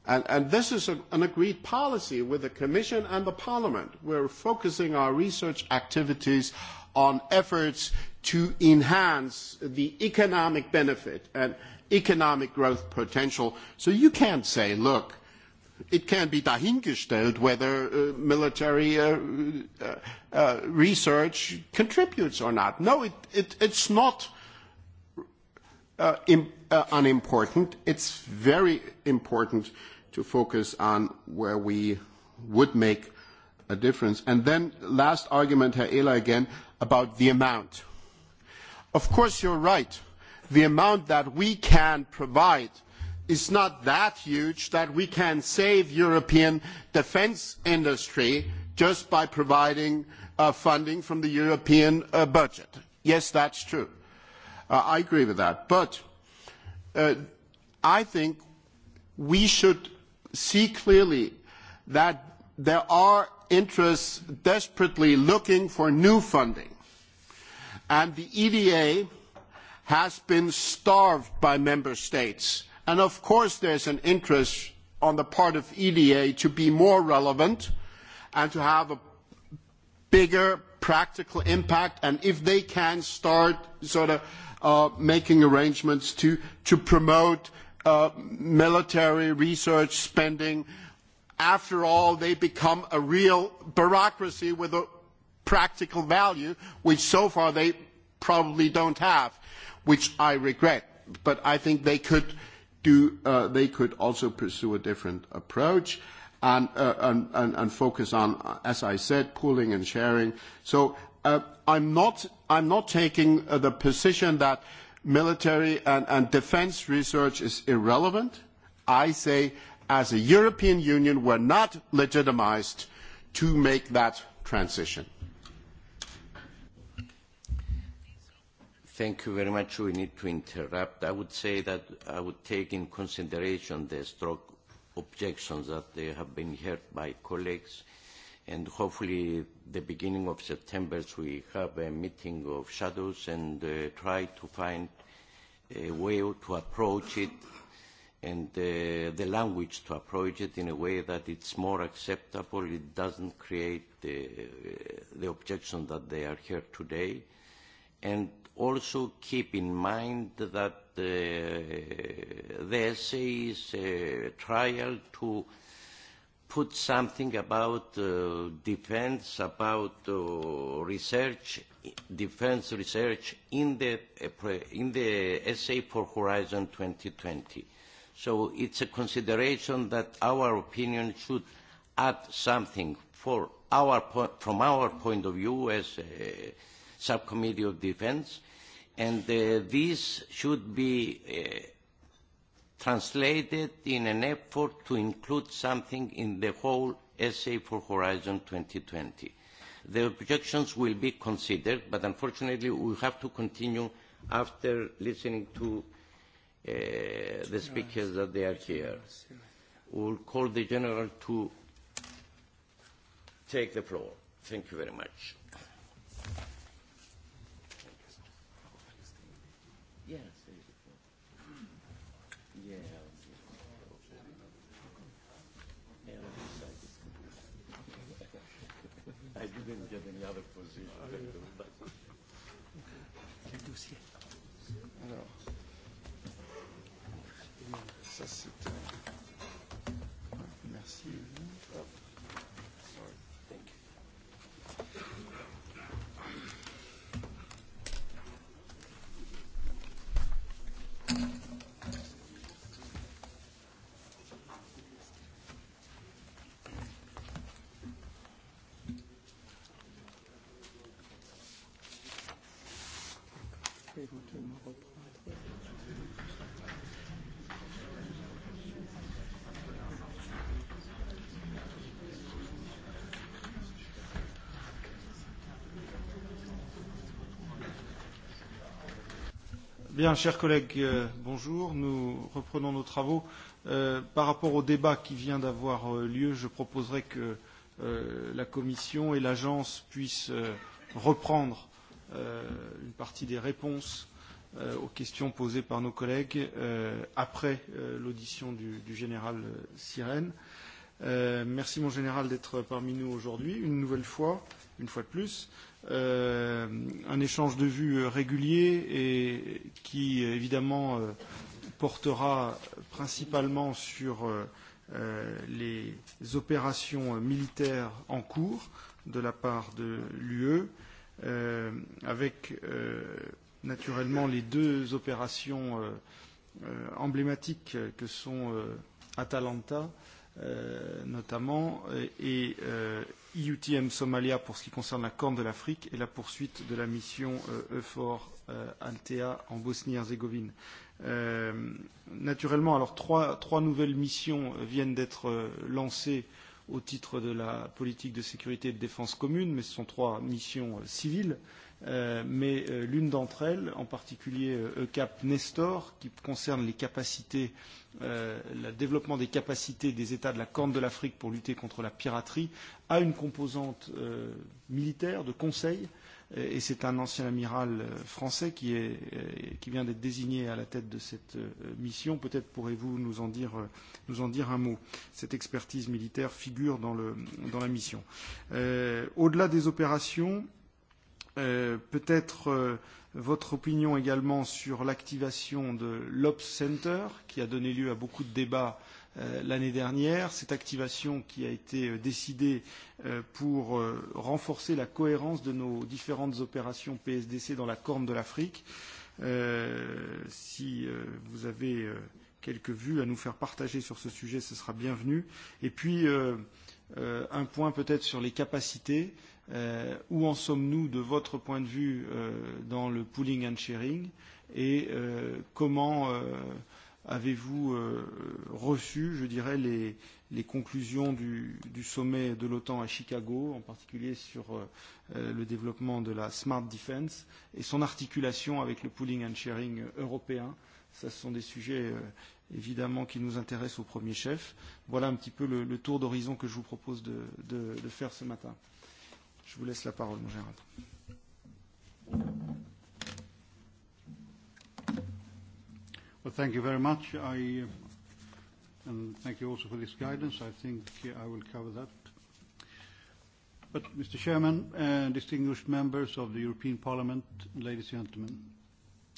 and, and this is a, an agreed policy with the Commission and the Parliament. We're focusing our research activities on efforts to enhance the economic benefit and economic growth potential. So you can't say, look, It can be dahingestellt whether uh, military uh, uh, uh, research contributes or not. No, it, it, it's not uh, uh, unimportant. It's very important to focus on where we would make a difference. And then last argument, Herr Ehler again, about the amount. Of course, you're right. The amount that we can provide – is not that huge that we can save European defence industry just by providing uh, funding from the European uh, budget. Yes, that's true. Uh, I agree with that. But uh, I think we should see clearly that there are interests desperately looking for new funding. And the EDA has been starved by member states And of course, there's an interest on the part of EDA to be more relevant and to have a bigger practical impact. And if they can start sort of uh, making arrangements to, to promote uh, military research spending, after all, they become a real bureaucracy with a practical value, which so far they probably don't have, which I regret. But I think they could Uh, they could also pursue a different approach and, uh, and, and, and focus on, uh, as I said, pooling and sharing. So uh, I'm not I'm not taking uh, the position that military and, and defence research is irrelevant. I say, as a European Union, we're not legitimized to make that transition. Thank you very much. We need to interrupt. I would say that I would take in consideration the strong objections that they have been heard by colleagues, and hopefully the beginning of September we have a meeting of shadows and uh, try to find a way to approach it and uh, the language to approach it in a way that it's more acceptable, it doesn't create the, uh, the objection that they are here today. And also keep in mind that uh, the essay is a uh, trial to put something about uh, defense, about uh, research, defense research in the, uh, in the essay for Horizon 2020. So it's a consideration that our opinion should add something for our, from our point of view as a subcommittee of defense and uh, this should be uh, translated in an effort to include something in the whole essay for Horizon 2020. The objections will be considered, but unfortunately we have to continue after listening to uh, the speakers that they are here. We'll call the General to take the floor. Thank you very much. didn't get any Bien, chers collègues, euh, bonjour. Nous reprenons nos travaux. Euh, par rapport au débat qui vient d'avoir euh, lieu, je proposerai que euh, la Commission et l'Agence puissent euh, reprendre euh, une partie des réponses euh, aux questions posées par nos collègues euh, après euh, l'audition du, du général euh, Sirène. Euh, merci, mon général, d'être parmi nous aujourd'hui, une nouvelle fois, une fois de plus. Euh, euh, un échange de vues euh, régulier et qui évidemment euh, portera principalement sur euh, euh, les opérations militaires en cours de la part de l'UE, euh, avec euh, naturellement les deux opérations euh, euh, emblématiques que sont euh, Atalanta euh, notamment et, et euh, IUTM Somalia pour ce qui concerne la Corne de l'Afrique et la poursuite de la mission euh, EFOR euh, Altea en Bosnie-Herzégovine. Euh, naturellement, alors trois, trois nouvelles missions euh, viennent d'être euh, lancées au titre de la politique de sécurité et de défense commune, mais ce sont trois missions euh, civiles. Euh, Euh, mais euh, l'une d'entre elles, en particulier ECAP euh, e Nestor, qui concerne les capacités, le développement des capacités des États de la Corne de l'Afrique pour lutter contre la piraterie, a une composante militaire de conseil et c'est un ancien amiral français qui, est, qui vient d'être désigné à la tête de cette mission. Peut-être pourrez-vous nous, en dire, nous en dire un mot. Cette expertise militaire figure dans, le, dans la mission. Euh, Au-delà des opérations, euh, Euh, peut-être euh, votre opinion également sur l'activation de l'Ops Center, qui a donné lieu à beaucoup de débats euh, l'année dernière. Cette activation qui a été euh, décidée euh, pour euh, renforcer la cohérence de nos différentes opérations PSDC dans la Corne de l'Afrique. Euh, si euh, vous avez euh, quelques vues à nous faire partager sur ce sujet, ce sera bienvenu. Et puis, euh, euh, un point peut-être sur les capacités. Euh, euh, où en sommes-nous de votre point de vue euh, dans le pooling and sharing et euh, comment euh, avez-vous euh, reçu, je dirais, les, les conclusions du, du sommet de l'OTAN à Chicago, en particulier sur euh, euh le développement de la smart defense et son articulation avec le pooling and sharing européen ce sont des sujets euh, évidemment qui nous intéressent au premier chef. Voilà un petit peu le, le tour d'horizon que je vous propose de, de, de faire ce matin. Je vous laisse la parole, mon général. Well, thank you very much. I, um, and thank you also for this guidance. I think uh, I will cover that. But, Mr. Chairman, uh, distinguished members of the European Parliament, ladies and gentlemen,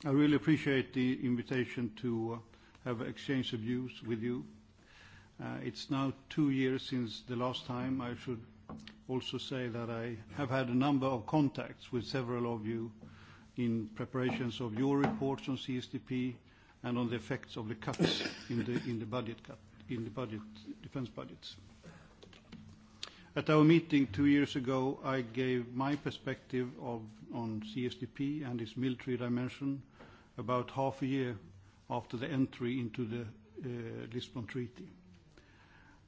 I really appreciate the invitation to uh, have exchange of views with you. Uh, it's now two years since the last time I should also say that I have had a number of contacts with several of you in preparations of your reports on CSDP and on the effects of the cuts in the, in the budget cut, in the budget, defense budgets. At our meeting two years ago, I gave my perspective of, on CSDP and its military dimension about half a year after the entry into the uh, Lisbon Treaty.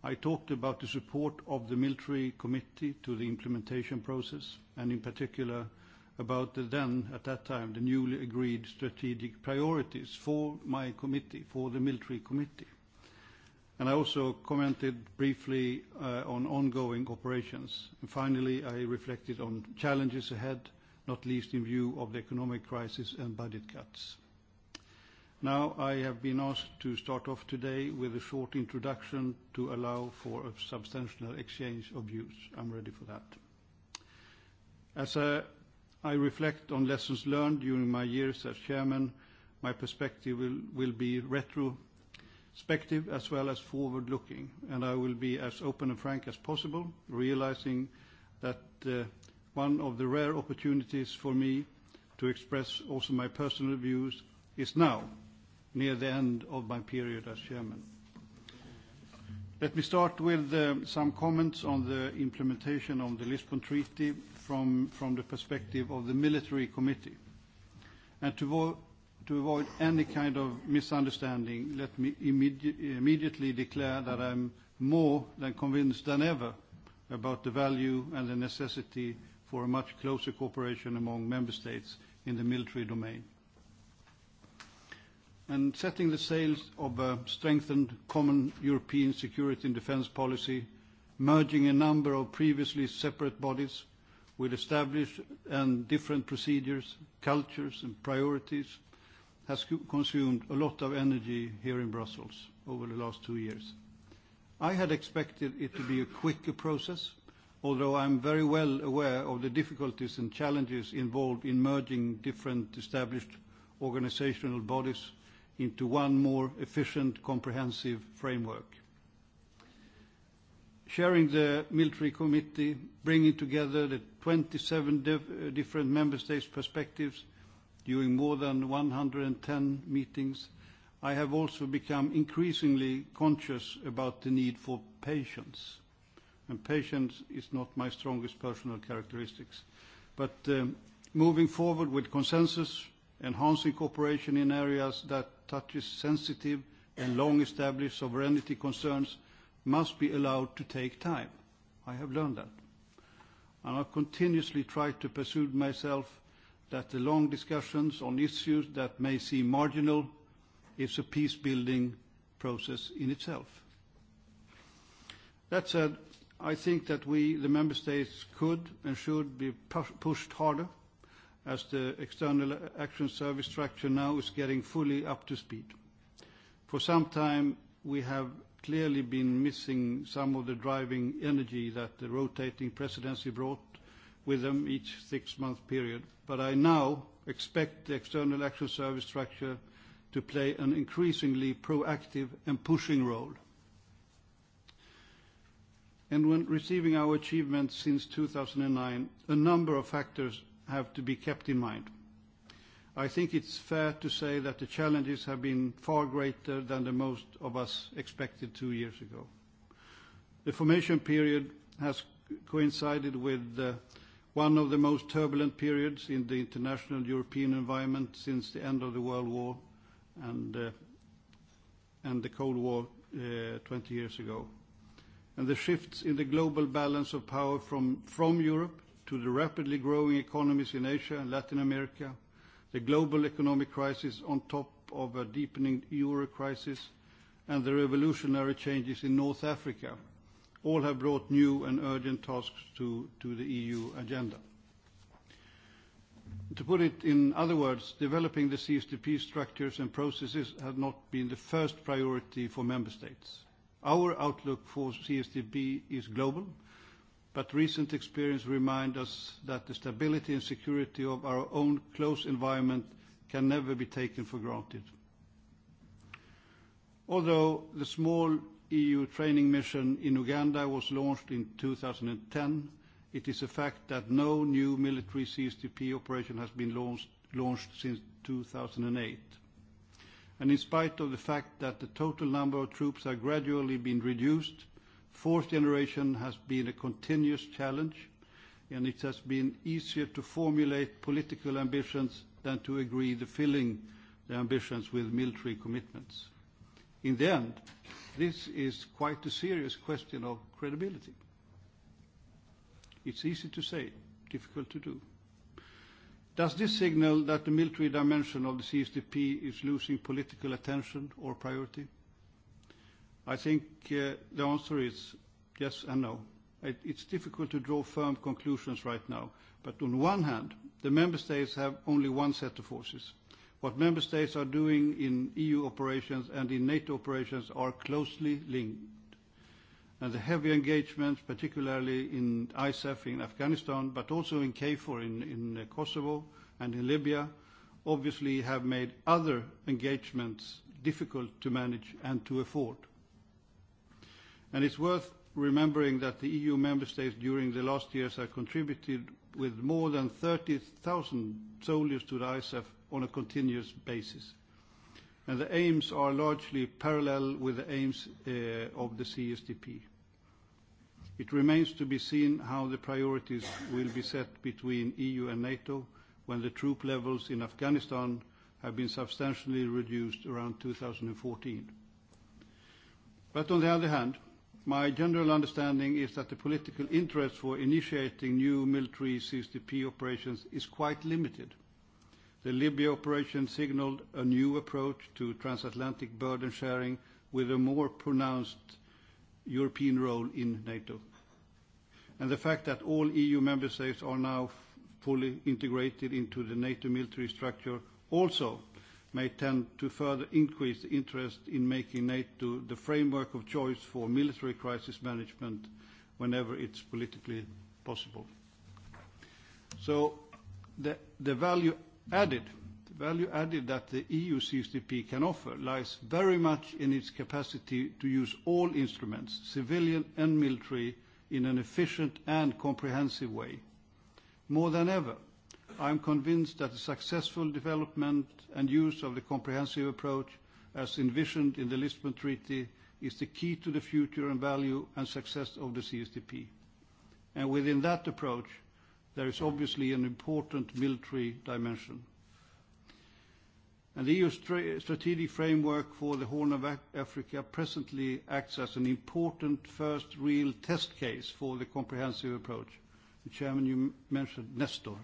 I talked about the support of the military committee to the implementation process, and in particular about the then, at that time, the newly agreed strategic priorities for my committee, for the military committee. And I also commented briefly uh, on ongoing operations. finally, I reflected on challenges ahead, not least in view of the economic crisis and budget cuts. Now, I have been asked to start off today with a short introduction to allow for a substantial exchange of views. I'm ready for that. As uh, I reflect on lessons learned during my years as chairman, my perspective will, will be retrospective as well as forward-looking, and I will be as open and frank as possible, realizing that uh, one of the rare opportunities for me to express also my personal views is now near the end of my period as chairman. Let me start with uh, some comments on the implementation of the Lisbon Treaty from, from the perspective of the Military Committee. And to, to avoid any kind of misunderstanding, let me immediately declare that I'm more than convinced than ever about the value and the necessity for a much closer cooperation among member states in the military domain and setting the sails of a strengthened common European security and defence policy, merging a number of previously separate bodies with established and different procedures, cultures and priorities has consumed a lot of energy here in Brussels over the last two years. I had expected it to be a quicker process, although I'm very well aware of the difficulties and challenges involved in merging different established organizational bodies into one more efficient, comprehensive framework. Sharing the military committee, bringing together the 27 uh, different member states' perspectives during more than 110 meetings, I have also become increasingly conscious about the need for patience. And patience is not my strongest personal characteristics. But um, moving forward with consensus enhancing cooperation in areas that touches sensitive and long-established sovereignty concerns must be allowed to take time. I have learned that. And I've continuously tried to persuade myself that the long discussions on issues that may seem marginal is a peace-building process in itself. That said, I think that we, the member states, could and should be pushed harder as the External Action Service structure now is getting fully up to speed. For some time, we have clearly been missing some of the driving energy that the rotating presidency brought with them each six-month period. But I now expect the External Action Service structure to play an increasingly proactive and pushing role. And When receiving our achievements since 2009, a number of factors have to be kept in mind. I think it's fair to say that the challenges have been far greater than the most of us expected two years ago. The formation period has coincided with uh, one of the most turbulent periods in the international European environment since the end of the World War and, uh, and the Cold War uh, 20 years ago. And the shifts in the global balance of power from, from Europe to the rapidly growing economies in Asia and Latin America, the global economic crisis on top of a deepening euro crisis, and the revolutionary changes in North Africa, all have brought new and urgent tasks to, to the EU agenda. To put it in other words, developing the CSDP structures and processes have not been the first priority for member states. Our outlook for CSDP is global, but recent experience remind us that the stability and security of our own close environment can never be taken for granted. Although the small EU training mission in Uganda was launched in 2010, it is a fact that no new military CSTP operation has been launched, launched since 2008. And in spite of the fact that the total number of troops are gradually being reduced, Fourth generation has been a continuous challenge, and it has been easier to formulate political ambitions than to agree the filling the ambitions with military commitments. In the end, this is quite a serious question of credibility. It's easy to say, difficult to do. Does this signal that the military dimension of the CSDP is losing political attention or priority? I think uh, the answer is yes and no. it's difficult to draw firm conclusions right now. But on one hand, the member states have only one set of forces. What member states are doing in EU operations and in NATO operations are closely linked. And the heavy engagement, particularly in ISAF in Afghanistan, but also in KFOR in uh, Kosovo and in Libya, obviously have made other engagements difficult to manage and to afford. And it's worth remembering that the EU member states during the last years have contributed with more than 30,000 soldiers to the ISAF on a continuous basis. And the aims are largely parallel with the aims uh, of the CSDP. It remains to be seen how the priorities will be set between EU and NATO when the troop levels in Afghanistan have been substantially reduced around 2014. But on the other hand, my general understanding is that the political interest for initiating new military CSDP operations is quite limited. The Libya operation signaled a new approach to transatlantic burden sharing with a more pronounced European role in NATO. And the fact that all EU member states are now fully integrated into the NATO military structure also may tend to further increase the interest in making NATO the framework of choice for military crisis management whenever it's politically possible. So the, the value added the value added that the EU CCP can offer lies very much in its capacity to use all instruments, civilian and military, in an efficient and comprehensive way. More than ever, i am convinced that the successful development and use of the comprehensive approach as envisioned in the Lisbon Treaty is the key to the future and value and success of the CSDP. within that approach, there is obviously an important military dimension. the EU strategic framework for the Horn of Africa presently acts as an important first real test case for the comprehensive approach. The chairman, you mentioned Nestor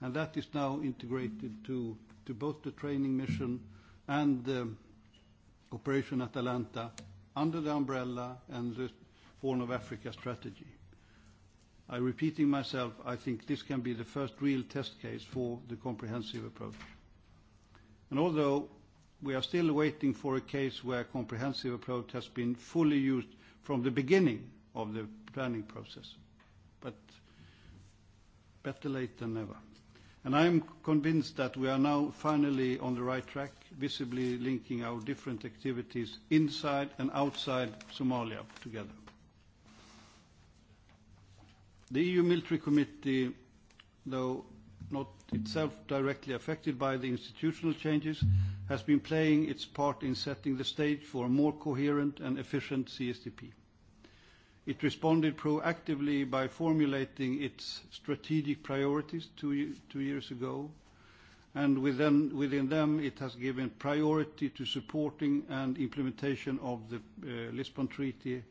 and that is now integrated to, to both the training mission and um, Operation Atalanta under the umbrella and the Horn of Africa strategy. I'm repeating myself, I think this can be the first real test case for the comprehensive approach. And although we are still waiting for a case where a comprehensive approach has been fully used from the beginning of the planning process, but better late than never. And I am convinced that we are now finally on the right track, visibly linking our different activities inside and outside Somalia together. The EU Military Committee, though not itself directly affected by the institutional changes, has been playing its part in setting the stage for a more coherent and efficient CSDP. It responded proactively by formulating its strategic priorities two, years ago, and within, them, it has given priority to supporting and implementation of the uh, Lisbon Treaty,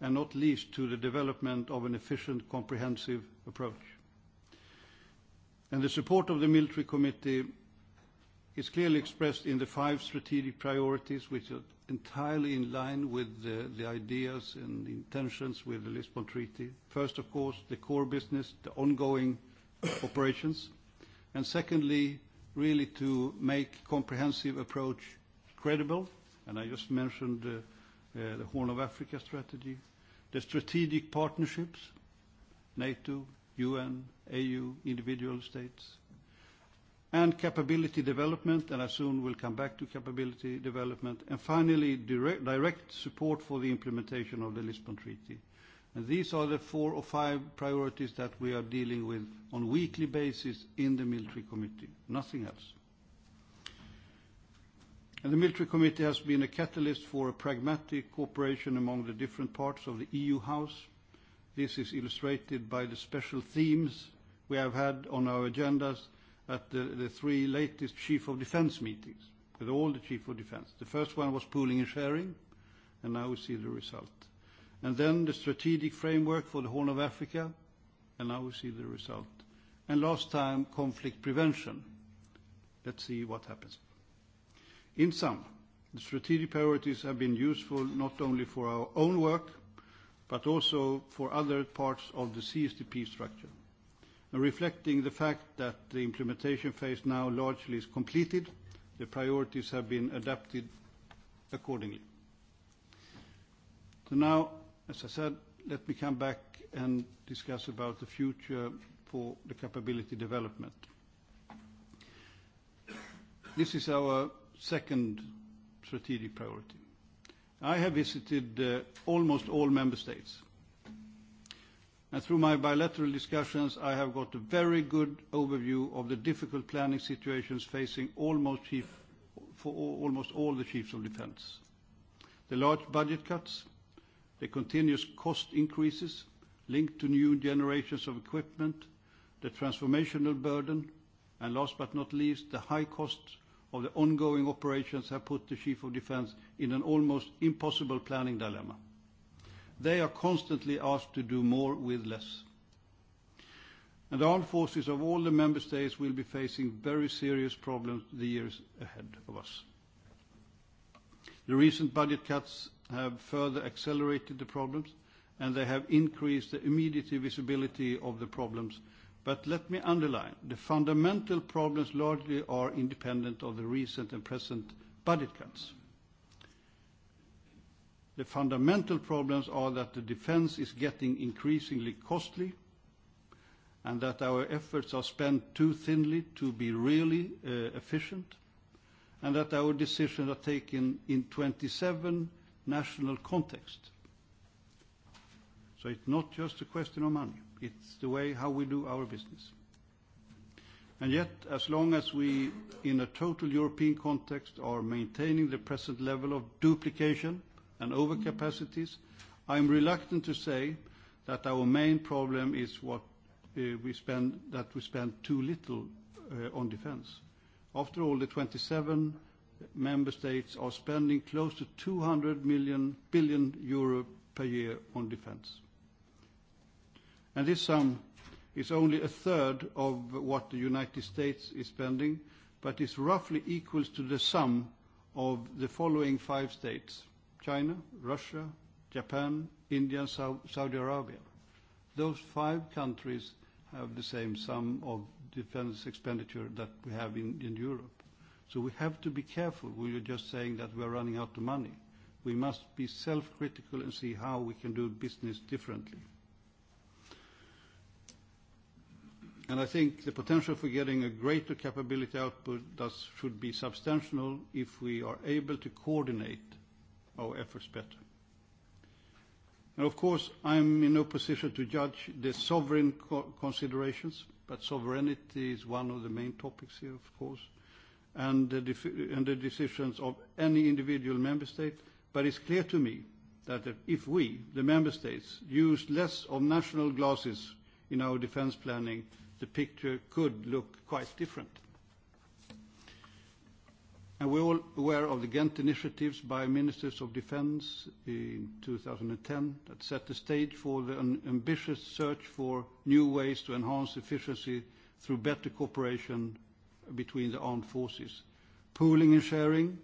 and not least to the development of an efficient, comprehensive approach. And The support of the Military Committee is clearly expressed in the five strategic priorities, which entirely in line with the, ideas and the intentions with the Lisbon Treaty. First, of course, the core business, the ongoing operations, and secondly, really to make comprehensive approach credible, and I just mentioned uh, uh, the Horn of Africa strategy, the strategic partnerships, NATO, UN, AU, individual states, and capability development, and I soon will come back to capability development. And finally, direct, support for the implementation of the Lisbon Treaty. these are the four or five priorities that we are dealing with on weekly basis in the military committee, nothing else. the military committee has been a catalyst for a pragmatic cooperation among the different parts of the EU house. This is illustrated by the special themes we have had on our agendas – at the, the three latest chief of defense meetings with all the chief of defense. The first one was pooling and sharing, and now we see the result. And then the strategic framework for the Horn of Africa, and now we see the result. And last time, conflict prevention. Let's see what happens. In sum, the strategic priorities have been useful not only for our own work, but also for other parts of the CSDP structure. Reflecting the fact that the implementation phase now largely is completed, the priorities have been adapted accordingly. now, as I said, let me come back and discuss about the future for the capability development. This is our second strategic priority. I have visited uh, almost all member states and through my bilateral discussions, I have got a very good overview of the difficult planning situations facing almost, chief, for almost all the chiefs of defence. The large budget cuts, the continuous cost increases linked to new generations of equipment, the transformational burden, and last but not least, the high cost of the ongoing operations have put the Chief of Defence in an almost impossible planning dilemma. They are constantly asked to do more with less. And the armed forces of all the member states will be facing very serious problems the years ahead of us. The recent budget cuts have further accelerated the problems, and they have increased the immediate visibility of the problems. But let me underline, the fundamental problems largely are independent of the recent and present budget cuts. The fundamental problems are that the defense is getting increasingly costly, and that our efforts are spent too thinly to be really uh, efficient, and that our decisions are taken in 27 national context. So It's not just a question of money, it's the way how we do our business. And Yet, as long as we, in a total European context, are maintaining the present level of duplication, and overcapacities, I am reluctant to say that our main problem is what uh, we spend, that we spend too little uh, on defense. After all, the 27 member states are spending close to 200 million, billion euro per year on defense. And this sum is only a third of what the United States is spending, but is roughly equal to the sum of the following five states: China, Russia, Japan, India, and Saudi Arabia. Those five countries have the same sum of defense expenditure that we have in, in Europe. So we have to be careful. We are just saying that we are running out of money. We must be self-critical and see how we can do business differently. And I think the potential for getting a greater capability output thus should be substantial if we are able to coordinate our efforts better. And of course, I am in no position to judge the sovereign considerations, but sovereignty is one of the main topics here, of course, and the, decisions of any individual member state. it's clear to me that if we, the member states, use less of national glasses in our defense planning, the picture could look quite different. And we're all aware of the Ghent initiatives by ministers of defense in 2010 that set the stage for the ambitious search for new ways to enhance efficiency through better cooperation between the armed forces. Pooling and sharing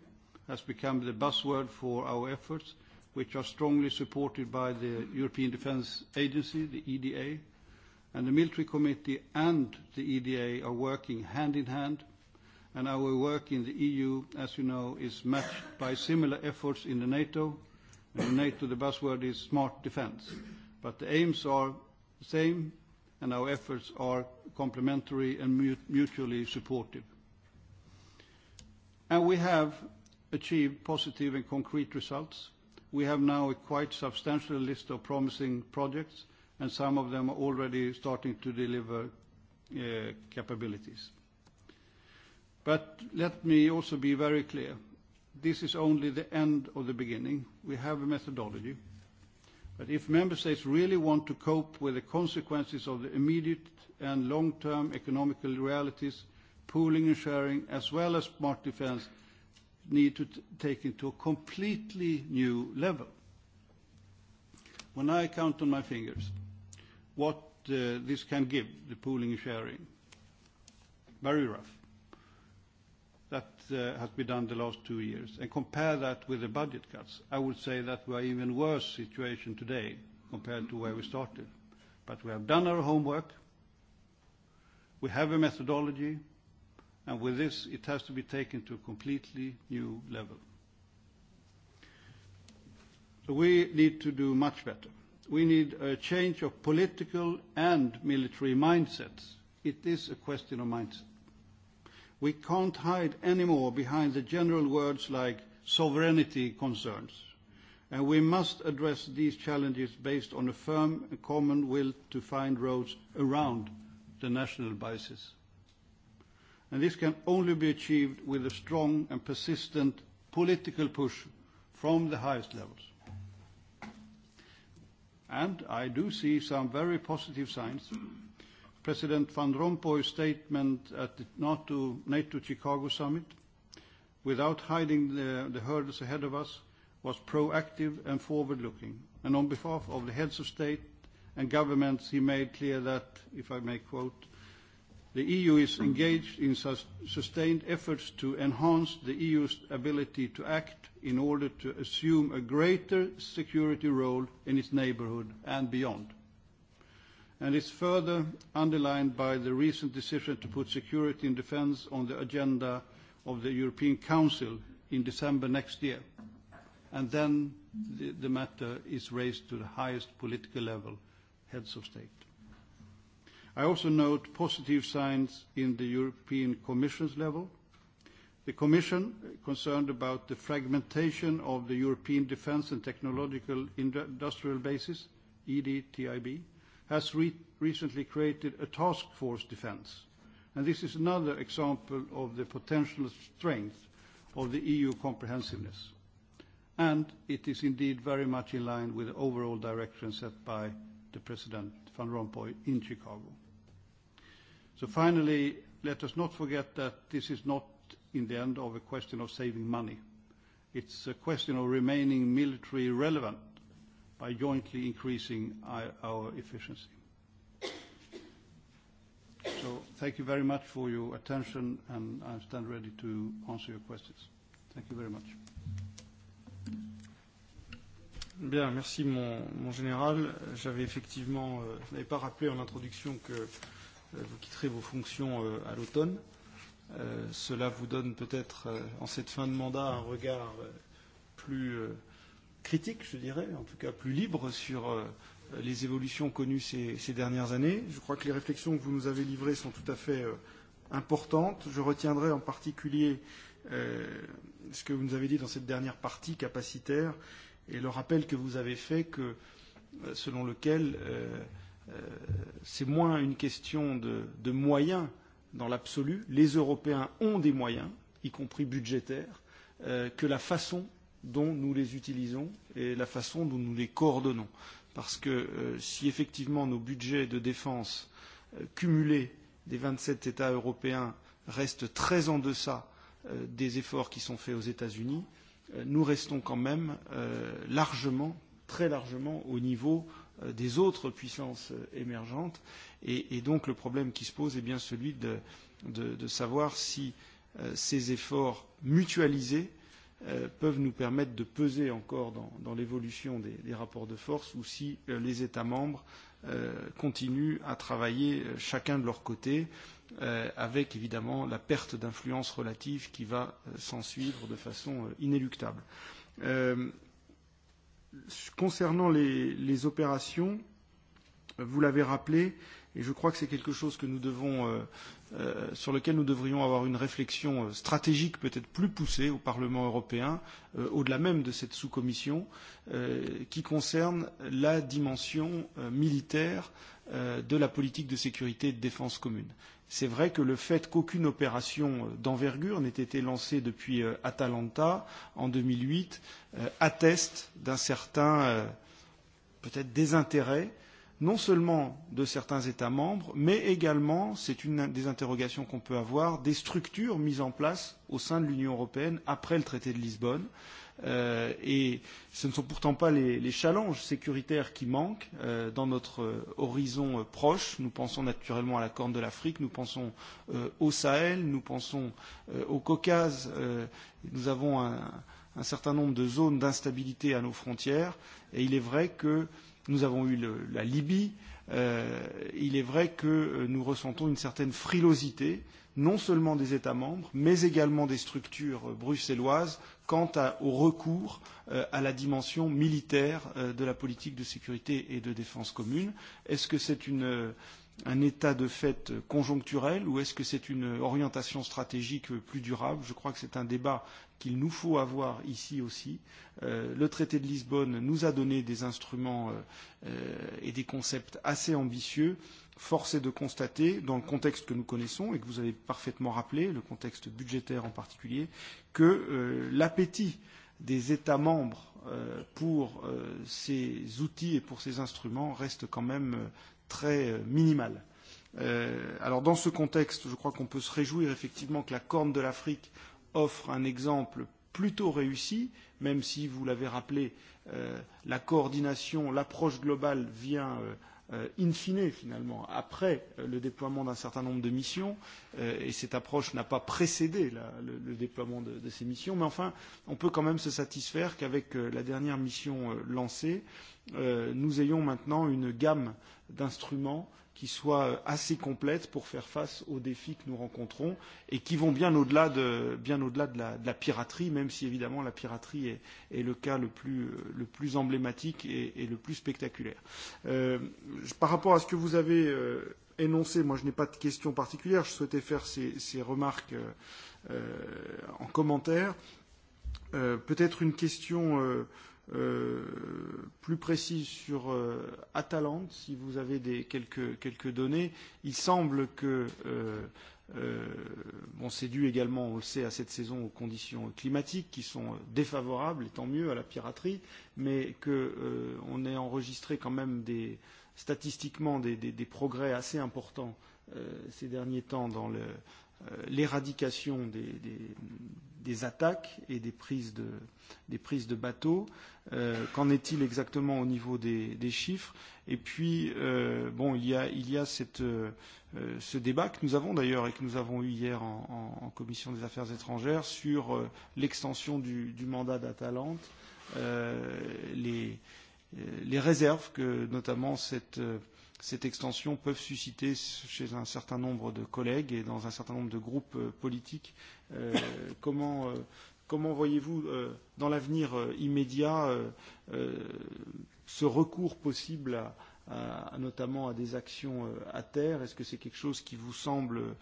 has become the buzzword for our efforts, which are strongly supported by the European Defence Agency, the EDA, and the Military Committee and the EDA are working hand in hand and our work in the EU, as you know, is matched by similar efforts in the NATO. And in NATO, the buzzword is smart defense. But the aims are the same, and our efforts are complementary and mutually supportive. And we have achieved positive and concrete results. We have now a quite substantial list of promising projects, and some of them are already starting to deliver uh, capabilities let me also be very clear. This is only the end of the beginning. We have a methodology. But if member states really want to cope with the consequences of the immediate and long-term economical realities, pooling and sharing, as well as smart defense, need to take it to a completely new level. When I count on my fingers what uh, this can give, the pooling and sharing, very rough that uh, has been done the last two years and compare that with the budget cuts, I would say that we are even worse situation today compared to where we started. we have done our homework. We have a methodology, and with this, it has to be taken to a completely new level. we need to do much better. We need a change of political and military mindsets. It is a question of mindset. We can't hide anymore behind the general words like sovereignty concerns, and we must address these challenges based on a firm and common will to find roads around the national biases. And this can only be achieved with a strong and persistent political push from the highest levels. And I do see some very positive signs President Van Rompuy's statement at the NATO, NATO Chicago summit, without hiding the, the hurdles ahead of us, was proactive and forward-looking. And on behalf of the heads of state and governments, he made clear that, if I may quote, the EU is engaged in sus sustained efforts to enhance the EU's ability to act in order to assume a greater security role in its neighborhood and beyond and is further underlined by the recent decision to put security and defence on the agenda of the European Council in December next year. And then the, matter is raised to the highest political level, heads of state. I also note positive signs in the European Commission's level. The Commission, concerned about the fragmentation of the European defence and technological industrial basis, EDTIB, has recently created a task force defense. And this is another example of the potential strength of the EU comprehensiveness. And it is indeed very much in line with the overall direction set by the President Van Rompuy in Chicago. So finally, let us not forget that this is not, in the end, of a question of saving money. It's a question of remaining military relevant by jointly increasing our, efficiency. So thank you very much for your attention, and I stand ready to answer your questions. Thank you very much. Bien, merci mon, mon général. J'avais effectivement, euh, je n'avais pas rappelé en introduction que euh, vous quitterez vos fonctions euh, à l'automne. Euh, cela vous donne peut-être, euh, en cette fin de mandat, un regard euh, plus euh, critique, je dirais, en tout cas plus libre sur euh, les évolutions connues ces, ces dernières années. Je crois que les réflexions que vous nous avez livrées sont tout à fait euh, importantes. Je retiendrai en particulier euh, ce que vous nous avez dit dans cette dernière partie capacitaire et le rappel que vous avez fait que euh, selon lequel euh, euh, c'est moins une question de, de moyens dans l'absolu. Les Européens ont des moyens, y compris budgétaires, euh, que la façon dont nous les utilisons et la façon dont nous les coordonnons. Parce que euh, si effectivement nos budgets de défense euh, cumulés des 27 États européens restent très en deçà euh, des efforts qui sont faits aux États-Unis, euh, nous restons quand même euh, largement, très largement au niveau euh, des autres puissances euh, émergentes. Et, et donc le problème qui se pose est bien celui de, de, de savoir si euh, ces efforts mutualisés Euh, peuvent nous permettre de peser encore dans, dans l'évolution des, des rapports de force ou si euh, les États membres euh, continuent à travailler euh, chacun de leur côté, euh, avec évidemment la perte d'influence relative qui va euh, s'en suivre de façon euh, inéluctable. Euh, concernant les, les opérations, vous l'avez rappelé, et je crois que c'est quelque chose que nous devons euh, Euh, sur lequel nous devrions avoir une réflexion euh, stratégique peut-être plus poussée au Parlement européen, euh, au-delà même de cette sous-commission, euh, qui concerne la dimension euh, militaire euh, de la politique de sécurité et de défense commune. C'est vrai que le fait qu'aucune opération euh, d'envergure n'ait été lancée depuis euh, Atalanta en 2008 euh, atteste d'un certain euh, peut-être désintérêt euh, non seulement de certains États membres, mais également, c'est une des interrogations qu'on peut avoir, des structures mises en place au sein de l'Union européenne après le traité de Lisbonne. Euh, et ce ne sont pourtant pas les, les challenges sécuritaires qui manquent euh, dans notre euh, horizon euh, proche. Nous pensons naturellement à la Corne de l'Afrique, nous pensons euh, au Sahel, nous pensons euh, au Caucase. Euh, nous avons un, un certain nombre de zones d'instabilité à nos frontières. Et il est vrai que euh, Nous avons eu le, la Libye. Euh, il est vrai que euh, nous ressentons une certaine frilosité, non seulement des États membres, mais également des structures euh, bruxelloises quant à, au recours euh, à la dimension militaire euh, de la politique de sécurité et de défense commune. Est-ce que c'est une. Euh, un état de fait conjoncturel ou est-ce que c'est une orientation stratégique plus durable Je crois que c'est un débat qu'il nous faut avoir ici aussi. Euh, le traité de Lisbonne nous a donné des instruments euh, euh, et des concepts assez ambitieux. Force est de constater, dans le contexte que nous connaissons et que vous avez parfaitement rappelé, le contexte budgétaire en particulier, que euh, l'appétit des États membres euh, pour euh, ces outils et pour ces instruments reste quand même euh, très euh, minimal. Euh, alors dans ce contexte, je crois qu'on peut se réjouir effectivement que la Corne de l'Afrique offre un exemple plutôt réussi, même si, vous l'avez rappelé, euh, la coordination, l'approche globale vient euh, euh, in fine, finalement, après euh, le déploiement d'un certain nombre de missions, euh, et cette approche n'a pas précédé la, le, le déploiement de, de ces missions, mais enfin, on peut quand même se satisfaire qu'avec euh, la dernière mission euh, lancée, euh, nous ayons maintenant une gamme d'instruments qui soit euh, assez complète pour faire face aux défis que nous rencontrons et qui vont bien au-delà de, bien au-delà de, la, de la piraterie, même si évidemment la piraterie est, est le cas le plus, euh, le plus emblématique et, et le plus spectaculaire. Euh, par rapport à ce que vous avez euh, énoncé, moi je n'ai pas de questions particulières, je souhaitais faire ces, ces remarques euh, euh, en commentaire. Euh, peut-être une question. Euh, Euh, plus précise sur euh, Atalante, si vous avez des, quelques, quelques données. Il semble que, euh, euh, bon, c'est dû également, on le sait, à cette saison aux conditions climatiques qui sont défavorables, et tant mieux, à la piraterie, mais qu'on euh, ait enregistré quand même des, statistiquement des, des, des progrès assez importants euh, ces derniers temps dans euh, l'éradication des, des des attaques et des prises de, des prises de bateaux. Euh, Qu'en est-il exactement au niveau des, des chiffres Et puis, euh, bon, il y a, il y a cette, euh, ce débat que nous avons d'ailleurs et que nous avons eu hier en, en, en commission des affaires étrangères sur euh, l'extension du, du mandat d'Atalante, euh, les, euh, les réserves que notamment cette euh, cette extension peut susciter chez un certain nombre de collègues et dans un certain nombre de groupes euh, politiques euh, comment, euh, comment voyez-vous euh, dans l'avenir euh, immédiat euh, euh, ce recours possible à, à, à notamment à des actions euh, à terre Est-ce que c'est quelque chose qui vous semble euh,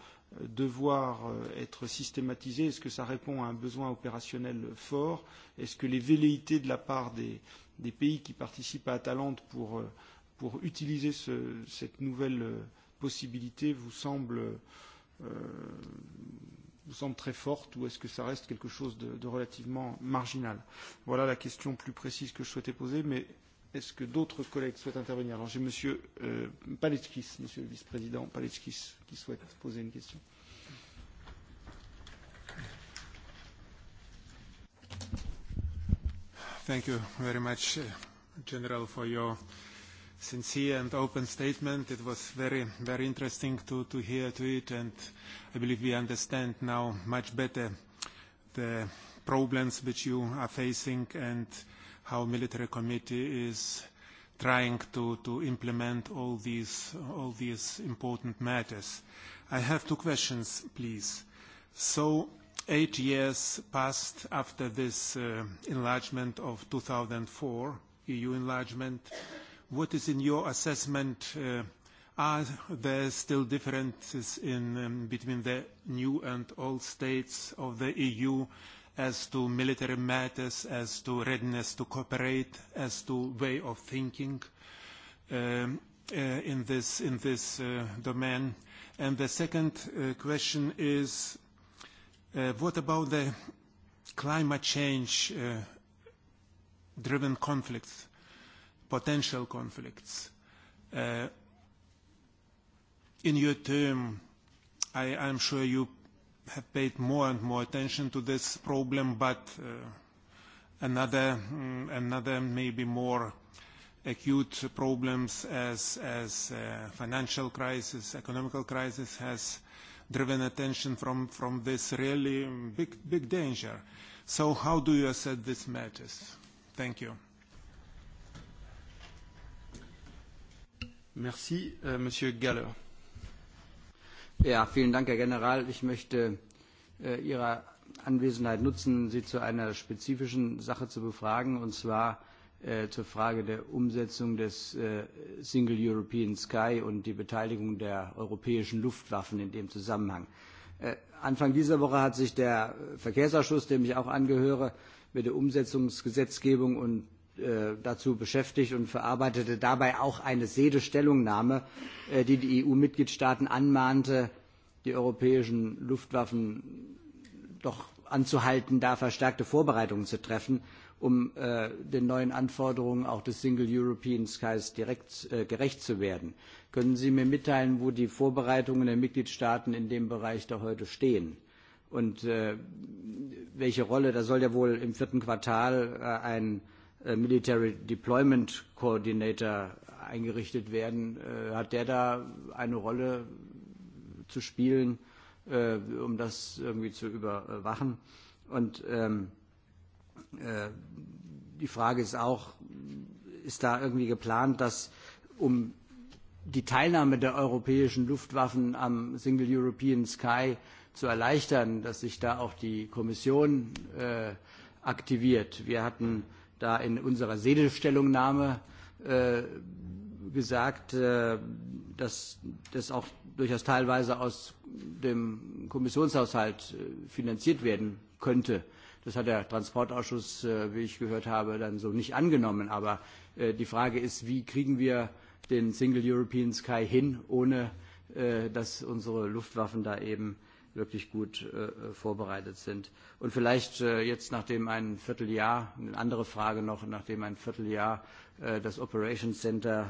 devoir euh, être systématisé Est-ce que ça répond à un besoin opérationnel fort Est-ce que les velléités de la part des, des pays qui participent à Atalante pour, euh, pour utiliser ce, cette nouvelle euh, possibilité vous semblent euh, vous semble très forte ou est-ce que ça reste quelque chose de, de relativement marginal Voilà la question plus précise que je souhaitais poser, mais est-ce que d'autres collègues souhaitent intervenir Alors j'ai M. euh, Paletskis, M. le Vice-président Paletskis, qui souhaite poser une question. Thank you very much, General, for your sincere and open statement. It was very, very interesting to, to hear to it, and I believe we understand now much better the problems which you are facing and how military committee is trying to, to implement all these, all these important matters. I have two questions, please. So eight years passed after this uh, enlargement of 2004, EU enlargement what is in your assessment, uh, are there still differences in um, between the new and old states of the EU as to military matters, as to readiness to cooperate, as to way of thinking um, uh, in this, in this uh, domain? And the second question is, what about the climate change driven conflicts? potential conflicts. Uh, in your term, I, am sure you have paid more and more attention to this problem, but uh, another, um, another maybe more acute problems as, as uh, financial crisis, economical crisis has driven attention from, from this really big, big danger. So how do you assess these matters? Thank you. Merci, äh, Monsieur Galler. Ja, vielen Dank, Herr General. Ich möchte äh, Ihre Anwesenheit nutzen, Sie zu einer spezifischen Sache zu befragen, und zwar äh, zur Frage der Umsetzung des äh, Single European Sky und die Beteiligung der europäischen Luftwaffen in dem Zusammenhang. Äh, Anfang dieser Woche hat sich der Verkehrsausschuss, dem ich auch angehöre, mit der Umsetzungsgesetzgebung und Äh, dazu beschäftigt und verarbeitete dabei auch eine SEDE-Stellungnahme, äh, die die EU-Mitgliedstaaten anmahnte, die europäischen Luftwaffen doch anzuhalten, da verstärkte Vorbereitungen zu treffen, um äh, den neuen Anforderungen auch des Single European Skies direkt äh, gerecht zu werden. Können Sie mir mitteilen, wo die Vorbereitungen der Mitgliedstaaten in dem Bereich da heute stehen? Und äh, welche Rolle, da soll ja wohl im vierten Quartal äh, ein äh, Äh, Military Deployment Coordinator eingerichtet werden. Äh, hat der da eine Rolle zu spielen, äh, um das irgendwie zu überwachen? Und ähm, die Frage ist auch, ist da irgendwie geplant, dass um die Teilnahme der europäischen Luftwaffen am Single European Sky zu erleichtern, dass sich da auch die Kommission äh, aktiviert. Wir hatten äh, da in unserer Sedelstellungnahme äh, gesagt, äh, dass das auch durchaus teilweise aus dem Kommissionshaushalt äh, finanziert werden könnte. Das hat der Transportausschuss, äh, wie ich gehört habe, dann so nicht angenommen. Aber äh, die Frage ist, wie kriegen wir den Single European Sky hin, ohne äh, dass unsere Luftwaffen da eben äh, wirklich gut äh, vorbereitet sind. Und vielleicht äh, jetzt nachdem ein Vierteljahr, eine andere Frage noch, nachdem ein Vierteljahr äh, das Operations Center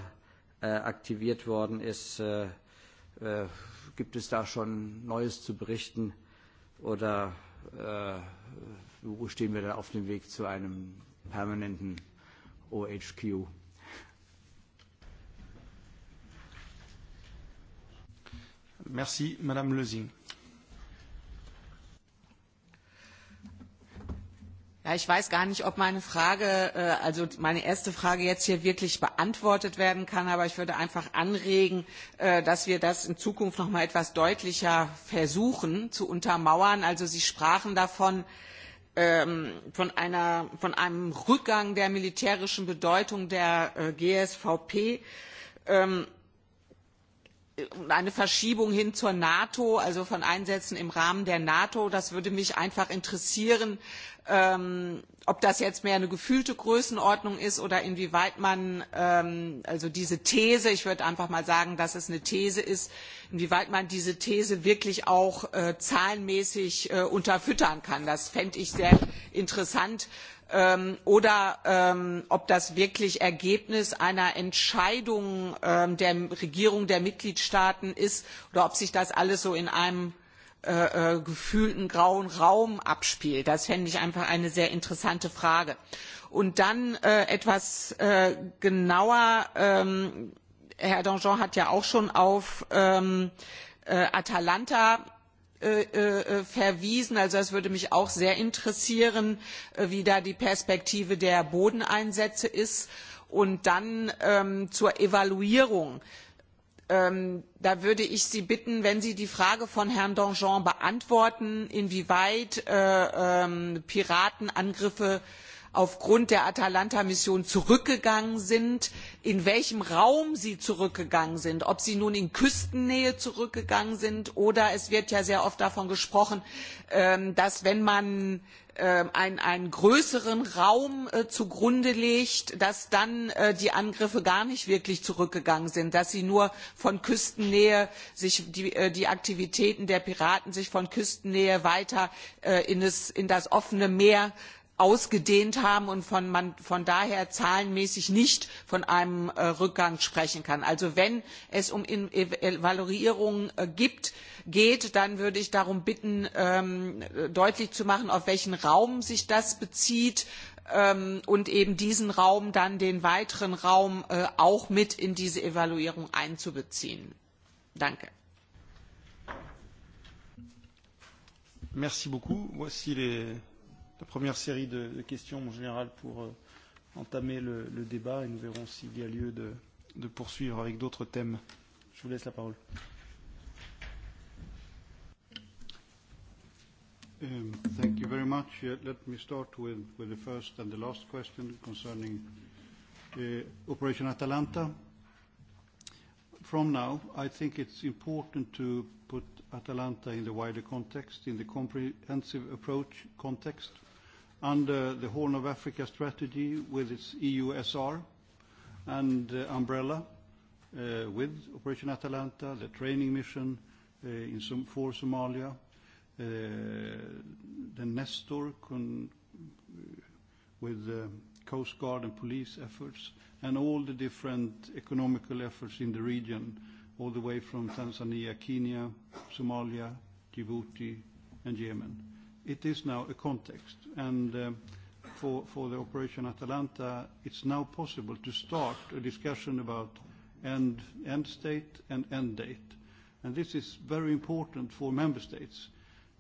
äh, aktiviert worden ist, äh, äh, gibt es da schon Neues zu berichten oder äh, wo stehen wir da auf dem Weg zu einem permanenten OHQ? Merci, Madame Lösing. Ja, ich weiß gar nicht, ob meine Frage, äh, also meine erste Frage jetzt hier wirklich beantwortet werden kann, aber ich würde einfach anregen, äh, dass wir das in Zukunft noch mal etwas deutlicher versuchen zu untermauern. Also Sie sprachen davon, ähm, von, einer, von einem Rückgang der militärischen Bedeutung der äh, GSVP ähm, und eine Verschiebung hin zur NATO, also von Einsätzen im Rahmen der NATO. Das würde mich einfach interessieren, ähm, ob das jetzt mehr eine gefühlte Größenordnung ist oder inwieweit man ähm, also diese These, ich würde einfach mal sagen, dass es eine These ist, inwieweit man diese These wirklich auch äh, zahlenmäßig äh, unterfüttern kann. Das fände ich sehr interessant. Ähm, oder ähm, ob das wirklich Ergebnis einer Entscheidung ähm, der Regierung der Mitgliedstaaten ist oder ob sich das alles so in einem Äh, äh, gefühlten grauen Raum abspielt? Das fände ich einfach eine sehr interessante Frage. Und dann äh, etwas äh, genauer, ähm, Herr Danjean hat ja auch schon auf ähm, äh, Atalanta äh, äh, verwiesen. Also es würde mich auch sehr interessieren, wie da die Perspektive der Bodeneinsätze ist. Und dann ähm, zur Evaluierung. Äh, Ähm, da würde ich Sie bitten, wenn Sie die Frage von Herrn Danjean beantworten, inwieweit äh, ähm, Piratenangriffe aufgrund der Atalanta-Mission zurückgegangen sind, in welchem Raum sie zurückgegangen sind, ob sie nun in Küstennähe zurückgegangen sind oder es wird ja sehr oft davon gesprochen, äh, dass wenn man Ähm, ein, einen größeren Raum äh, zugrunde legt, dass dann äh, die Angriffe gar nicht wirklich zurückgegangen sind, dass sie nur von Küstennähe sich die, äh, die Aktivitäten der Piraten sich von Küstennähe weiter äh, in, das, in das offene Meer ausgedehnt haben und von, man von daher zahlenmäßig nicht von einem äh, Rückgang sprechen kann. Also wenn es um In e-, Evaluierungen äh, gibt, geht, dann würde ich darum bitten, ähm, deutlich zu machen, auf welchen Raum sich das bezieht ähm, und eben diesen Raum dann den weiteren Raum äh, auch mit in diese Evaluierung einzubeziehen. Danke. Merci beaucoup. Voici les la première série de, de questions, en général, pour euh, entamer le, le débat et nous verrons s'il y a lieu de, de poursuivre avec d'autres thèmes. Je vous laisse la parole. Um, thank you very much. Uh, let me start with, with the first and the last question concerning uh, Operation Atalanta. From now, I think it's important to put Atalanta in the wider context, in the comprehensive approach context, under the Horn of Africa strategy with its EUSR and uh, umbrella, uh, with Operation Atalanta, the training mission uh, in some, for Somalia, uh, the Nestor con, uh, with uh, Coast Guard and police efforts, and all the different economical efforts in the region all the way from Tanzania, Kenya, Somalia, Djibouti, and Yemen. It is now a context, and uh, for, for the Operation Atalanta, it's now possible to start a discussion about end, end state and end date. And this is very important for member states,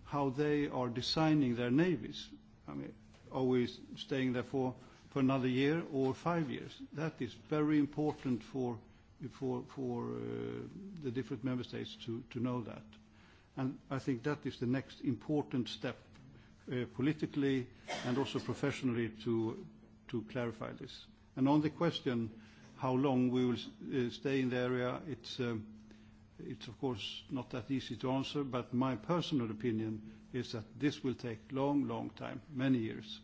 how they are designing their navies. I mean, are we staying there for, for another year or five years? That is very important for for, for uh, the different member states to, to know that. And I think that is the next important step uh, politically and also professionally to, to clarify this. And on the question how long we will uh, stay in the area, it's, um, it's of course not that easy to answer, but my personal opinion is that this will take long, long time, many years.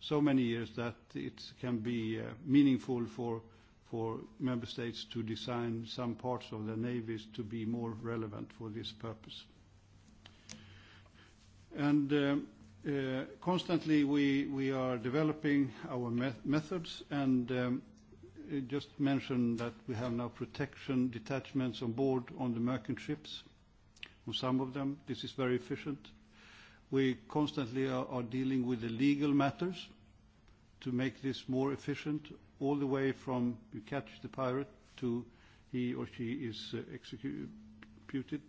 So many years that it can be uh, meaningful for for member states to design some parts of their navies to be more relevant for this purpose. And uh, uh, Constantly, we we are developing our me methods, and um, just mention that we have now protection detachments on board on the merchant ships, on some of them. This is very efficient. We constantly are, are dealing with the legal matters to make this more efficient all the way from you catch the pirate to he or she is uh, executed.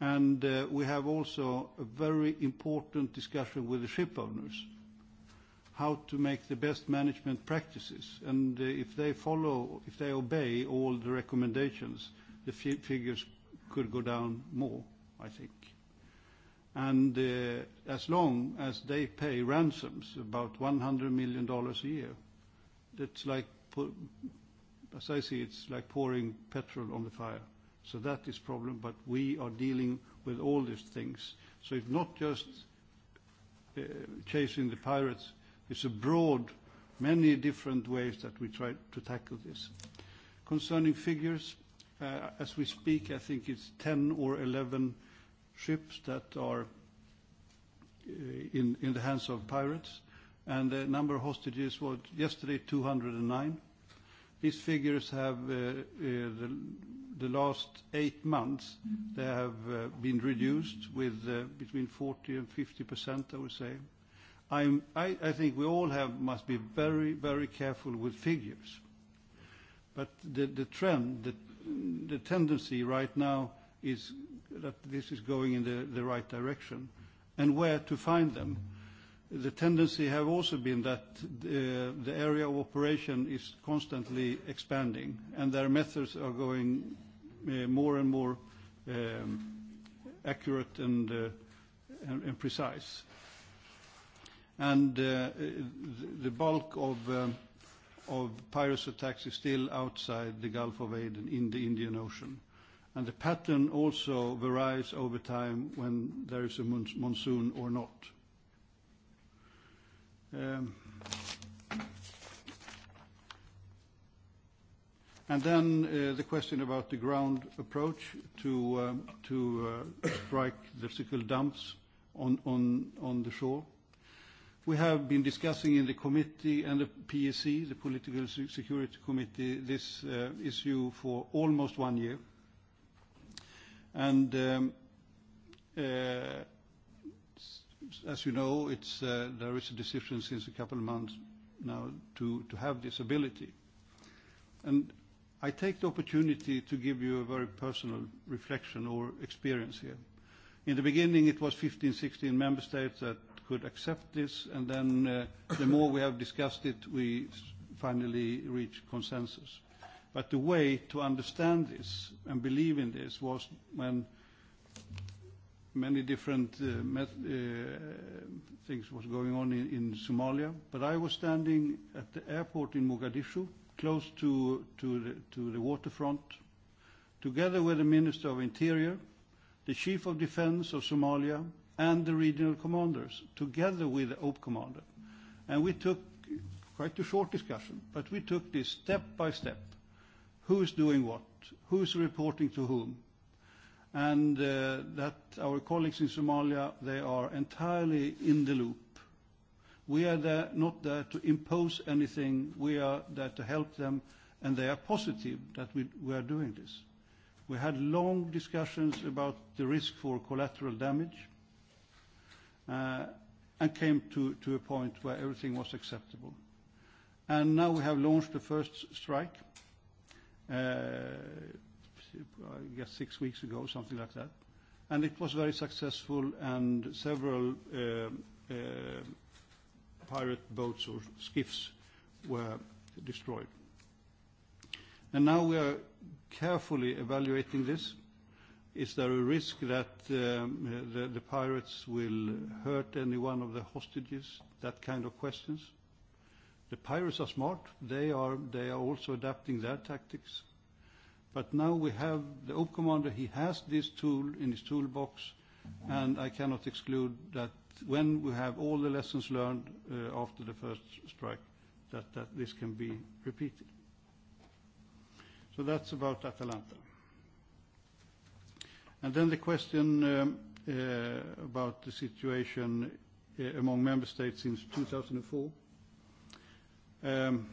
And uh, we have also a very important discussion with the ship owners, how to make the best management practices. And uh, if they follow, if they obey all the recommendations, the fi figures could go down more, I think. And uh, as long as they pay ransoms, about $100 million a year, it's like, as I see, it's like pouring petrol on the fire. So that is problem, but we are dealing with all these things. So it's not just uh, chasing the pirates. It's a broad, many different ways that we try to tackle this. Concerning figures, uh, as we speak, I think it's 10 or 11 ships that are uh, in, in the hands of pirates and the number of hostages was yesterday 209. These figures have, uh, uh, the, last eight months, mm-hmm. they have uh, been reduced with between 40 and 50%, I would say. I, think we all have, must be very, very careful with figures. the, trend, the, tendency right now is that this is going in the, right direction. where to find them? the tendency have also been that uh, the area of operation is constantly expanding, and their methods are going uh, more and more um, accurate uh, and, precise. And the bulk of, um, of piracy attacks is still outside the Gulf of Aden in the Indian Ocean. And the pattern also varies over time when there is a monsoon or not. Um, and then uh, the question about the ground approach to, um, to uh, strike the physical dumps on, on, on the shore. We have been discussing in the committee and the PSC, the Political Security Committee, this uh, issue for almost one year. And um, uh, as you know, it's, uh, there is a decision since a couple of months now to, to have this ability. And I take the opportunity to give you a very personal reflection or experience here. In the beginning, it was 15, 16 member states that could accept this, and then uh, the more we have discussed it, we finally reached consensus. But the way to understand this and believe in this was when – many different uh, met, uh, things was going on in, in Somalia. But I was standing at the airport in Mogadishu, close to, to, the, to the waterfront, together with the Minister of Interior, the Chief of Defense of Somalia, and the regional commanders, together with the OP commander. And we took quite a short discussion, but we took this step by step. Who is doing what? Who is reporting to whom? and uh, that our colleagues in Somalia, they are entirely in the loop. We are there, not there to impose anything. We are there to help them, and they are positive that we, we are doing this. We had long discussions about the risk for collateral damage uh, and came to, to a point where everything was acceptable. And now we have launched the first strike. Uh, i guess, six weeks ago, something like that. And it was very successful, and several uh, uh, pirate boats or skiffs were destroyed. And now we are carefully evaluating this. Is there a risk that um, the, the pirates will hurt any one of the hostages? That kind of questions. The pirates are smart. They are, they are also adapting their tactics. But now we have the OP commander, he has this tool in his toolbox, and I cannot exclude that when we have all the lessons learned uh, after the first strike, that, that this can be repeated. So that's about Atalanta. And then the question um, uh, about the situation uh, among member states since 2004. Um,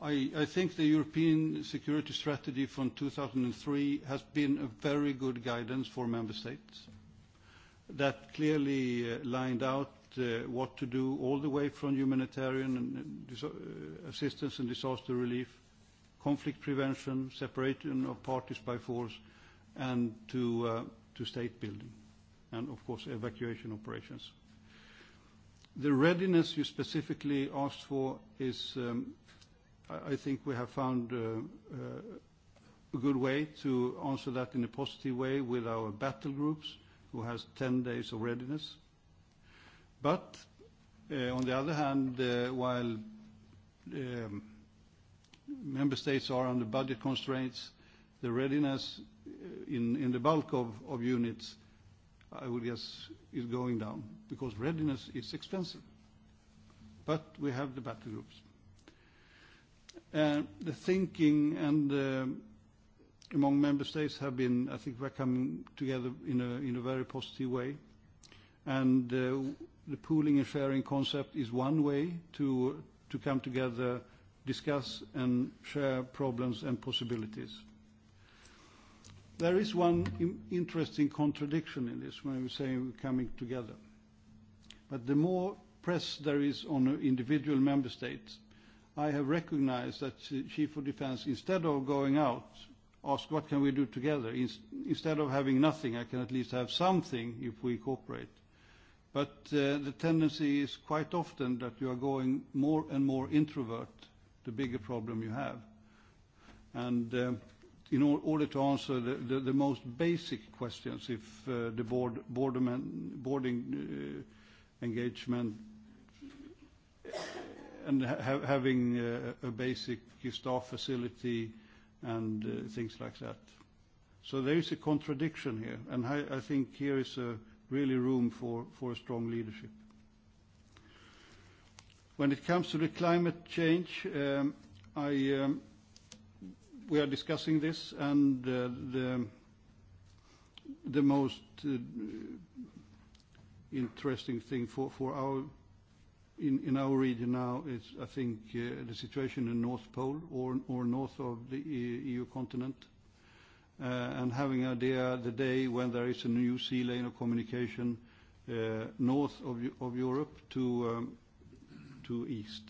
i, think the European security strategy from 2003 has been a very good guidance for member states that clearly uh, lined out uh, what to do all the way from humanitarian uh, assistance and disaster relief, conflict prevention, separation of parties by force, and to, state building, and of course evacuation operations. The readiness you specifically asked for is um, i, think we have found uh, uh, a good way to answer that in a positive way with our battle groups, who has 10 days of readiness. But uh, on the other hand, while um, member states are under budget constraints, the readiness in, in the bulk of, of units, I would guess, is going down because readiness is expensive. But we have the battle groups. Uh, the thinking and uh, among member states have been, I think we're coming together in a, in a very positive way. And uh, the pooling and sharing concept is one way to, to come together, discuss and share problems and possibilities. There is one interesting contradiction in this when we say we're coming together. But the more press there is on individual member states, i have recognized that the Chief of Defense, instead of going out, ask what can we do together? In, instead of having nothing, I can at least have something if we cooperate. But uh, the tendency is quite often that you are going more and more introvert the bigger problem you have. And uh, in order to answer the, the, the most basic questions, if uh, the board, boardman, boarding uh, engagement and ha having a basic staff facility and uh, things like that. So there is a contradiction here, and I, I think here is a really room for, for strong leadership. When it comes to the climate change, um, I, um, we are discussing this, and uh, the, the most uh, interesting thing for, for our in, our region now is, I think, uh, the situation in North Pole or, or north of the EU e continent. Uh, and having an idea the day when there is a new sea lane of communication uh, north of, Europe to, um, to east.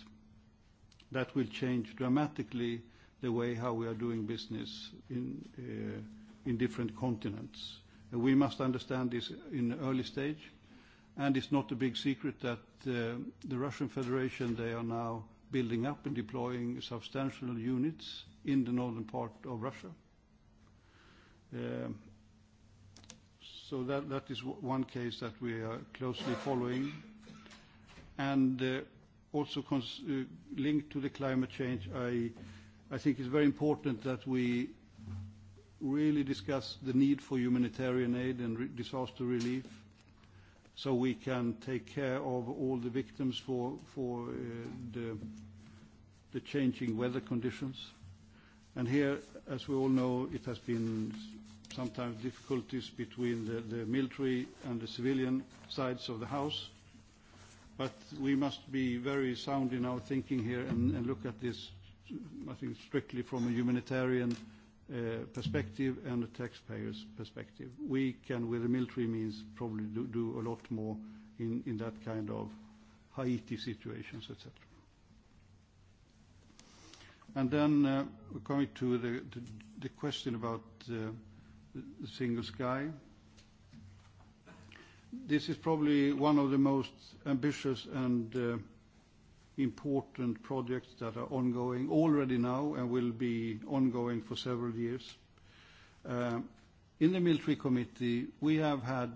That will change dramatically the way how we are doing business in, in different continents. we must understand this in early stage And it's not a big secret that uh, the Russian Federation, they are now building up and deploying substantial units in the northern part of Russia. Um, that, is one case that we are closely following. Uh, also uh, linked to the climate change, I, think it's very important that we really discuss the need for humanitarian aid and disaster relief so we can take care of all the victims for, for uh, the, the changing weather conditions. And Here, as we all know, it has been sometimes difficulties between the, the military and the civilian sides of the house. But We must be very sound in our thinking here and, and look at this, I think, strictly from a humanitarian Uh, perspective and the taxpayers' perspective. We can, with the military means, probably do, a lot more in, in that kind of Haiti situations, et cetera. And then, uh, coming to the, the, question about uh, the Single Sky. This is probably one of the most ambitious and important projects that are ongoing already now and will be ongoing for several years. Uh, in the Military Committee, we have had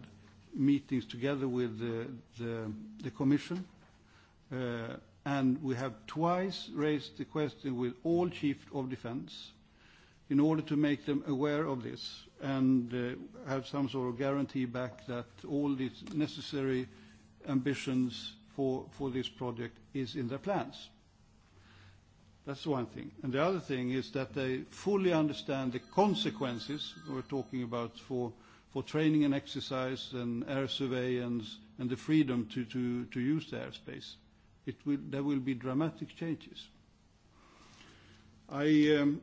meetings together with the, Commission, uh, and we have twice raised the question with all Chief of Defence in order to make them aware of this and uh, have some sort of guarantee back that all these necessary ambitions for, for this project is in their plans. That's one thing. And the other thing is that they fully understand the consequences we're talking about for, for training and exercise and air surveillance and the freedom to, to, to use the airspace. It will, there will be dramatic changes. I, um,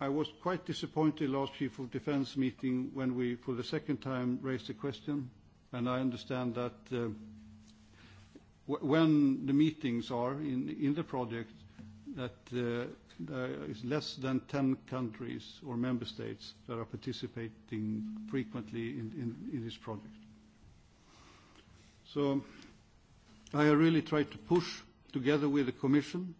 I was quite disappointed last Chief of Defence meeting when we, for the second time, raised the question, and I understand that uh, when the meetings are in, in the project that uh, there is less than 10 countries or member states that are participating frequently in, in, this project. So I really try to push together with the Commission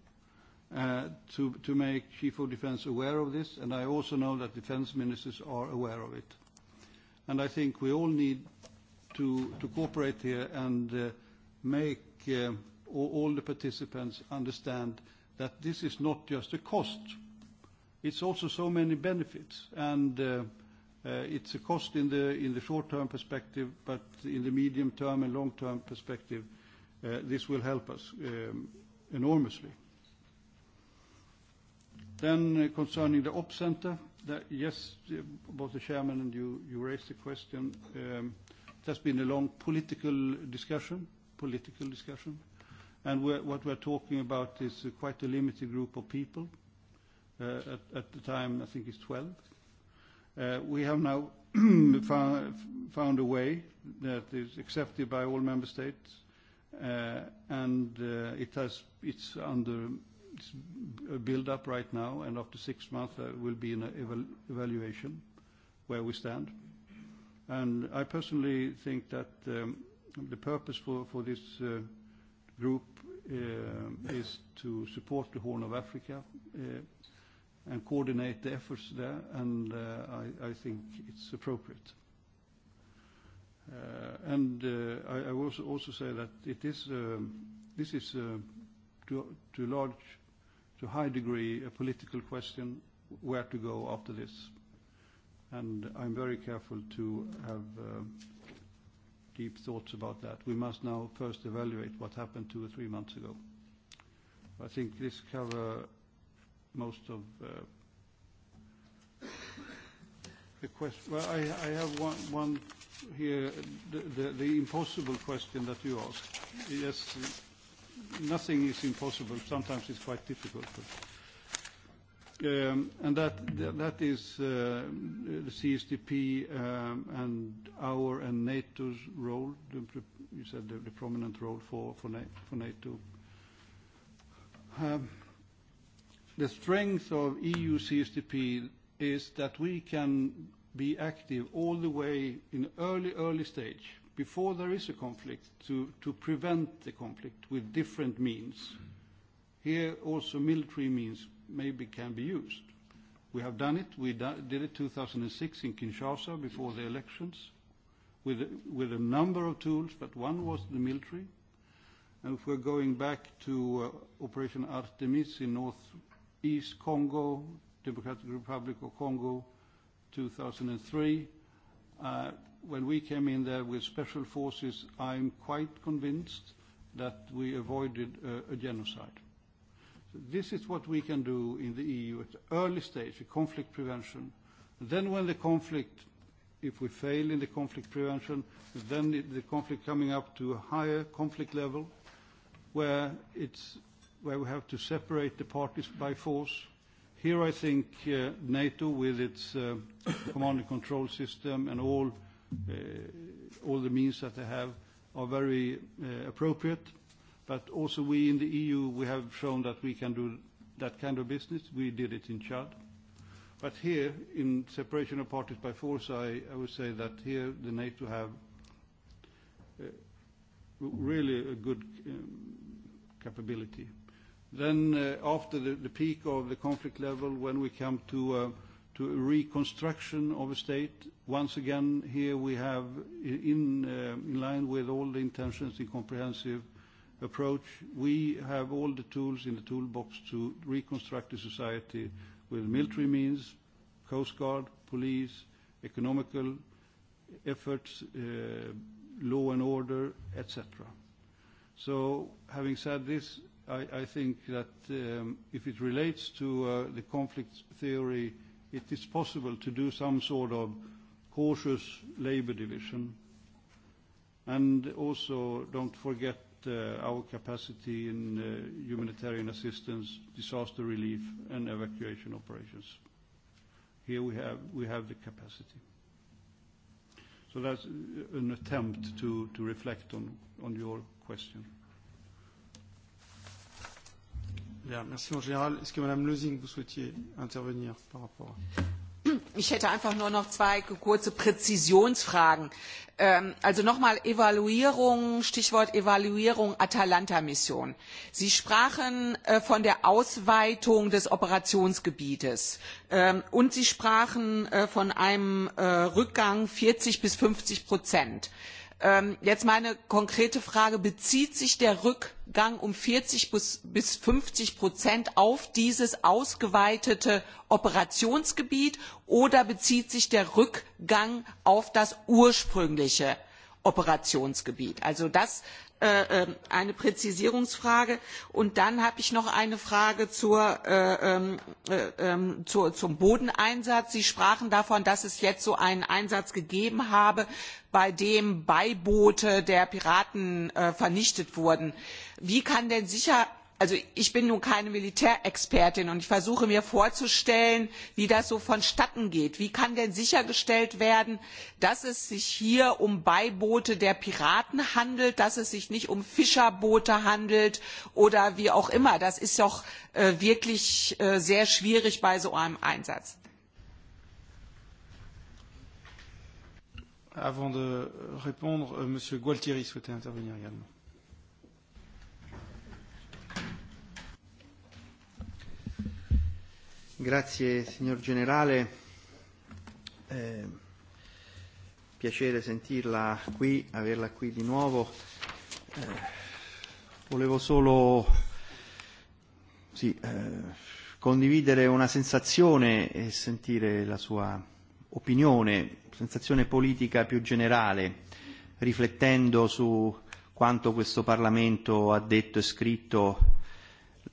uh, to, to make Chief of Defence aware of this, and I also know that defence ministers are aware of it. And I think we all need to, to cooperate here and uh, make think uh, all, the participants understand that this is not just a cost, it's also so many benefits. And uh, uh, it's a cost in the, short-term perspective, but in the medium-term and long-term perspective, this will help us um, enormously. concerning the op center, yes, both the chairman and you, raised the question. Um, it has been a long political discussion political discussion. And we're, what we're talking about is uh, quite a limited group of people. Uh, at, at the time, I think it's 12. Uh, we have now found, found a way that is accepted by all member states, uh, and uh, it has, it's under it's a build-up right now, and after six months, there will be an eval evaluation where we stand. And I personally think that um, the purpose for, for this uh, group uh, is to support the Horn of Africa uh, and coordinate the efforts there, and uh, I, I think it's appropriate. Uh, and uh, I, I will also, also say that it is, um, this is uh, to, to a large, to a high degree, a political question where to go after this. And I'm very careful to have uh, deep thoughts about that. We must now first evaluate what happened two or three months ago. I think this cover most of uh, the question. Well, I, I have one, one here, the, the, the impossible question that you asked. Yes, nothing is impossible. Sometimes it's quite difficult. But Um, and that, that is uh, the CSDP um, and our and NATO's role. you said the, prominent role for, for, NATO. Um, the strength of EU CSDP is that we can be active all the way in early, early stage, before there is a conflict, to, to prevent the conflict with different means. Here also military means maybe can be used. We have done it. We did it 2006 in Kinshasa before the elections with, with a number of tools, but one was the military. And if we're going back to uh, Operation Artemis in northeast Congo, Democratic Republic of Congo, 2003, uh, when we came in there with special forces, I'm quite convinced that we avoided uh, a genocide this is what we can do in the EU at the early stage, the conflict prevention. And Then when the conflict, if we fail in the conflict prevention, then the, the conflict coming up to a higher conflict level, where it's where we have to separate the parties by force. Here, I think uh, NATO, with its uh, command and control system and all uh, all the means that they have, are very uh, appropriate But also we in the EU, we have shown that we can do that kind of business. We did it in Chad. But here, in separation of parties by force, I, would say that here the NATO have uh, really a good um, capability. Then uh, after the, peak of the conflict level, when we come uh, to, a reconstruction of a state, once again here we have in line with all the intentions in comprehensive approach, we have all the tools in the toolbox to reconstruct the society with military means, coast guard, police, economical efforts, uh, law and order, etc. So having said this, I, I think that um, if it relates to uh, the conflict theory, it is possible to do some sort of cautious labor division. And also, don't forget Uh, our capacity in uh, humanitarian assistance, disaster relief, and evacuation operations. Here we have, we have the capacity. So that's uh, an attempt to, to reflect on, on your question. Bien, merci mon général. Est-ce que Madame Lezing, vous souhaitiez intervenir par rapport à... Ich hätte einfach nur noch zwei kurze Präzisionsfragen. Ähm, also nochmal Evaluierung, Stichwort Evaluierung Atalanta-Mission. Sie sprachen äh, von der Ausweitung des Operationsgebietes ähm, und Sie sprachen äh, von einem äh, Rückgang von vierzig bis fünfzig Prozent Ähm, jetzt meine konkrete frage bezieht sich der rückgang um vierzig bis fünfzig auf dieses ausgeweitete operationsgebiet oder bezieht sich der rückgang auf das ursprüngliche operationsgebiet? also das Äh, ähm, eine Präzisierungsfrage. Und dann habe ich noch eine Frage zur, äh, ähm, äh, ähm, zur, zum Bodeneinsatz. Sie sprachen davon, dass es jetzt so einen Einsatz gegeben habe, bei dem Beiboote der Piraten äh, vernichtet wurden. Wie kann denn sicher also ich bin nun keine militärexpertin und ich versuche mir vorzustellen wie das so vonstatten geht. wie kann denn sichergestellt werden dass es sich hier um beiboote der piraten handelt dass es sich nicht um fischerboote handelt oder wie auch immer? das ist doch äh, wirklich äh, sehr schwierig bei so einem einsatz. avant de répondre euh, monsieur gualtieri souhaitait intervenir également. Grazie signor Generale, eh, piacere sentirla qui, averla qui di nuovo. Eh, volevo solo sì, eh, condividere una sensazione e sentire la sua opinione, sensazione politica più generale, riflettendo su quanto questo Parlamento ha detto e scritto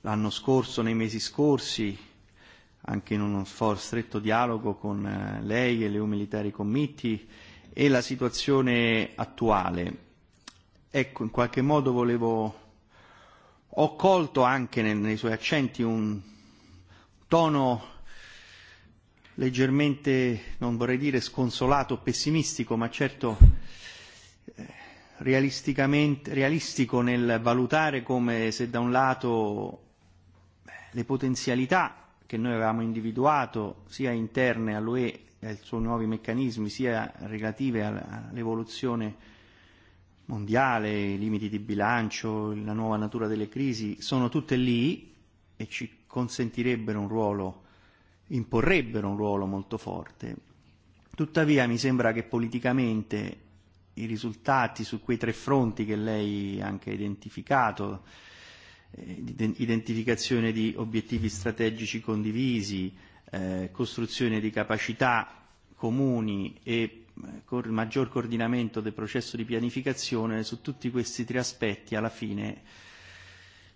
l'anno scorso, nei mesi scorsi, anche in uno stretto dialogo con eh, lei e le EU Military Committee e la situazione attuale. Ecco, in qualche modo volevo ho colto anche nei, nei suoi accenti un tono leggermente, non vorrei dire sconsolato, pessimistico, ma certo eh, realisticamente, realistico nel valutare come se da un lato le potenzialità che noi avevamo individuato sia interne all'UE e ai suoi nuovi meccanismi, sia relative all'evoluzione mondiale, i limiti di bilancio, la nuova natura delle crisi, sono tutte lì e ci consentirebbero un ruolo, imporrebbero un ruolo molto forte. Tuttavia mi sembra che politicamente i risultati su quei tre fronti che lei ha anche identificato, Eh, identificazione di obiettivi strategici condivisi, eh, costruzione di capacità comuni e eh, con maggior coordinamento del processo di pianificazione, su tutti questi tre aspetti alla fine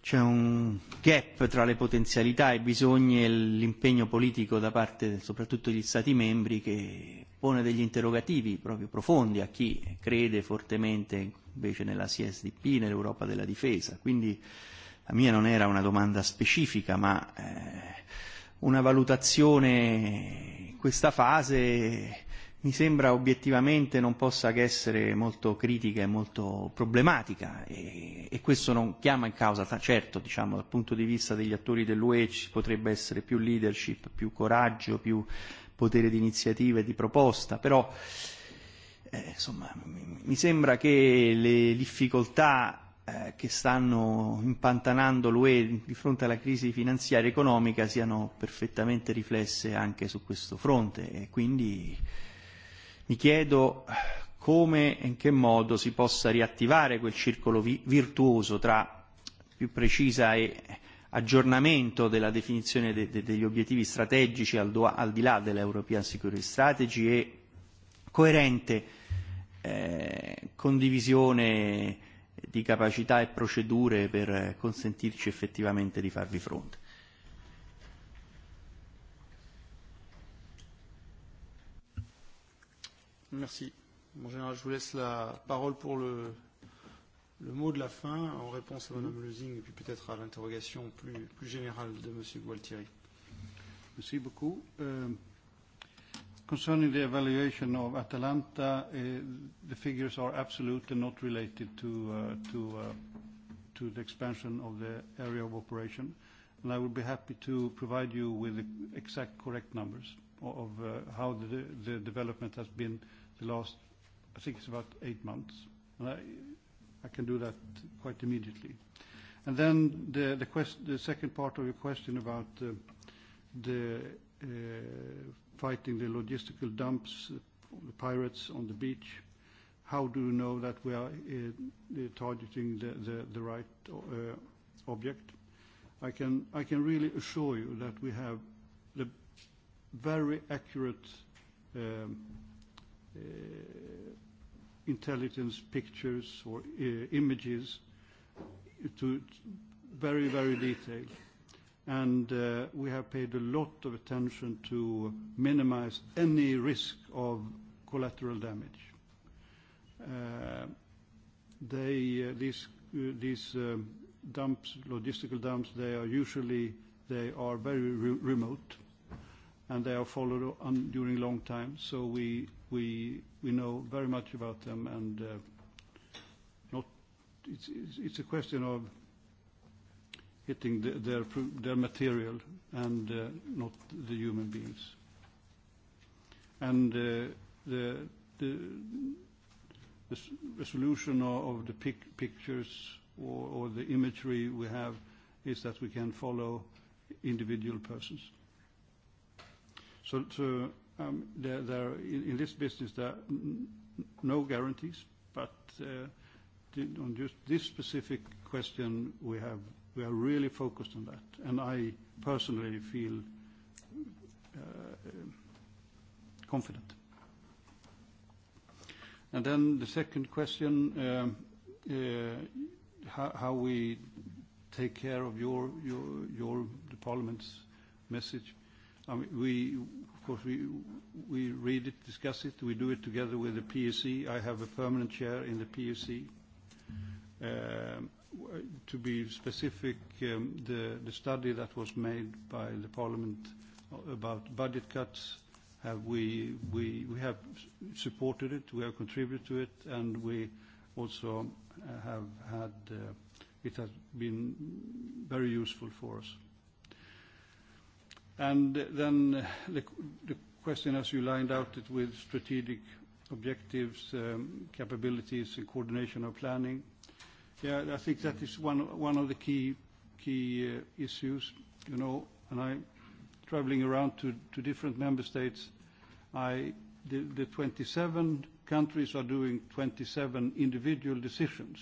c'è un gap tra le potenzialità e i bisogni e l'impegno politico da parte soprattutto degli Stati membri che pone degli interrogativi proprio profondi a chi crede fortemente invece nella CSDP, nell'Europa della difesa. Quindi La mia non era una domanda specifica, ma eh, una valutazione in questa fase mi sembra obiettivamente non possa che essere molto critica e molto problematica e, e questo non chiama in causa, certo diciamo, dal punto di vista degli attori dell'UE ci potrebbe essere più leadership, più coraggio, più potere di iniziativa e di proposta, però eh, insomma, mi sembra che le difficoltà Eh, che stanno impantanando l'UE di fronte alla crisi finanziaria e economica siano perfettamente riflesse anche su questo fronte e quindi mi chiedo come e in che modo si possa riattivare quel circolo vi- virtuoso tra più precisa e aggiornamento della definizione de- de- degli obiettivi strategici al, do- al di là dell'European Security Strategy e coerente eh, condivisione eh, di capacità e procedure per eh, consentirci effettivamente di farvi fronte. Merci. Mon général, je vous laisse la parole pour le, le mot de la fin en réponse à Madame mm-hmm. Lezing et puis peut-être à l'interrogation plus, plus générale de Monsieur Gualtieri. Merci beaucoup. Euh, Concerning the evaluation of Atalanta, eh, the figures are absolutely not related uh, uh, to, the expansion of the area of operation. And I would be happy to provide you with the exact correct numbers of uh, how the, development has been the last, I think it's about eight months. I, can do that quite immediately. And then the, second part of your question about the fighting the logistical dumps, the pirates on the beach? How do you know that we are uh, uh, targeting the, the, the right uh, object? I can, I can really assure you that we have the very accurate um, uh, intelligence pictures or uh, images to very, very detailed and uh, we have paid a lot of attention to minimize any risk of collateral damage. Uh, uh, these logistical dumps, they are usually they are very remote, and they are followed on during long time. So we we we know very much about them, and not. it's a question of hitting the, their, their material and uh, not the human beings. And uh, the, the, the resolution of, of the pic pictures or, or the imagery we have is that we can follow individual persons. So, so um, there, there, in, in this business, there are no guarantees, but uh, on just this specific question, we have We are really focused on that, and I personally feel uh, confident. And then the second question, uh, uh, how, how we take care of your, your, your the parliament's message. I mean, we, of course, we, we read it, discuss it. We do it together with the PSC. E I have a permanent chair in the PSC. E um, to be specific, um, the, the study that was made by the Parliament about budget cuts, have we, we, we have supported it, we have contributed to it, and we also uh, have had, uh, it has been very useful for us. And then uh, the, the question, as you lined out it with strategic objectives, um, capabilities, and coordination of planning, Yeah, I think that is one, one of the key, key uh, issues, you know, and I, traveling around to, to different member states, I, the, the 27 countries are doing 27 individual decisions.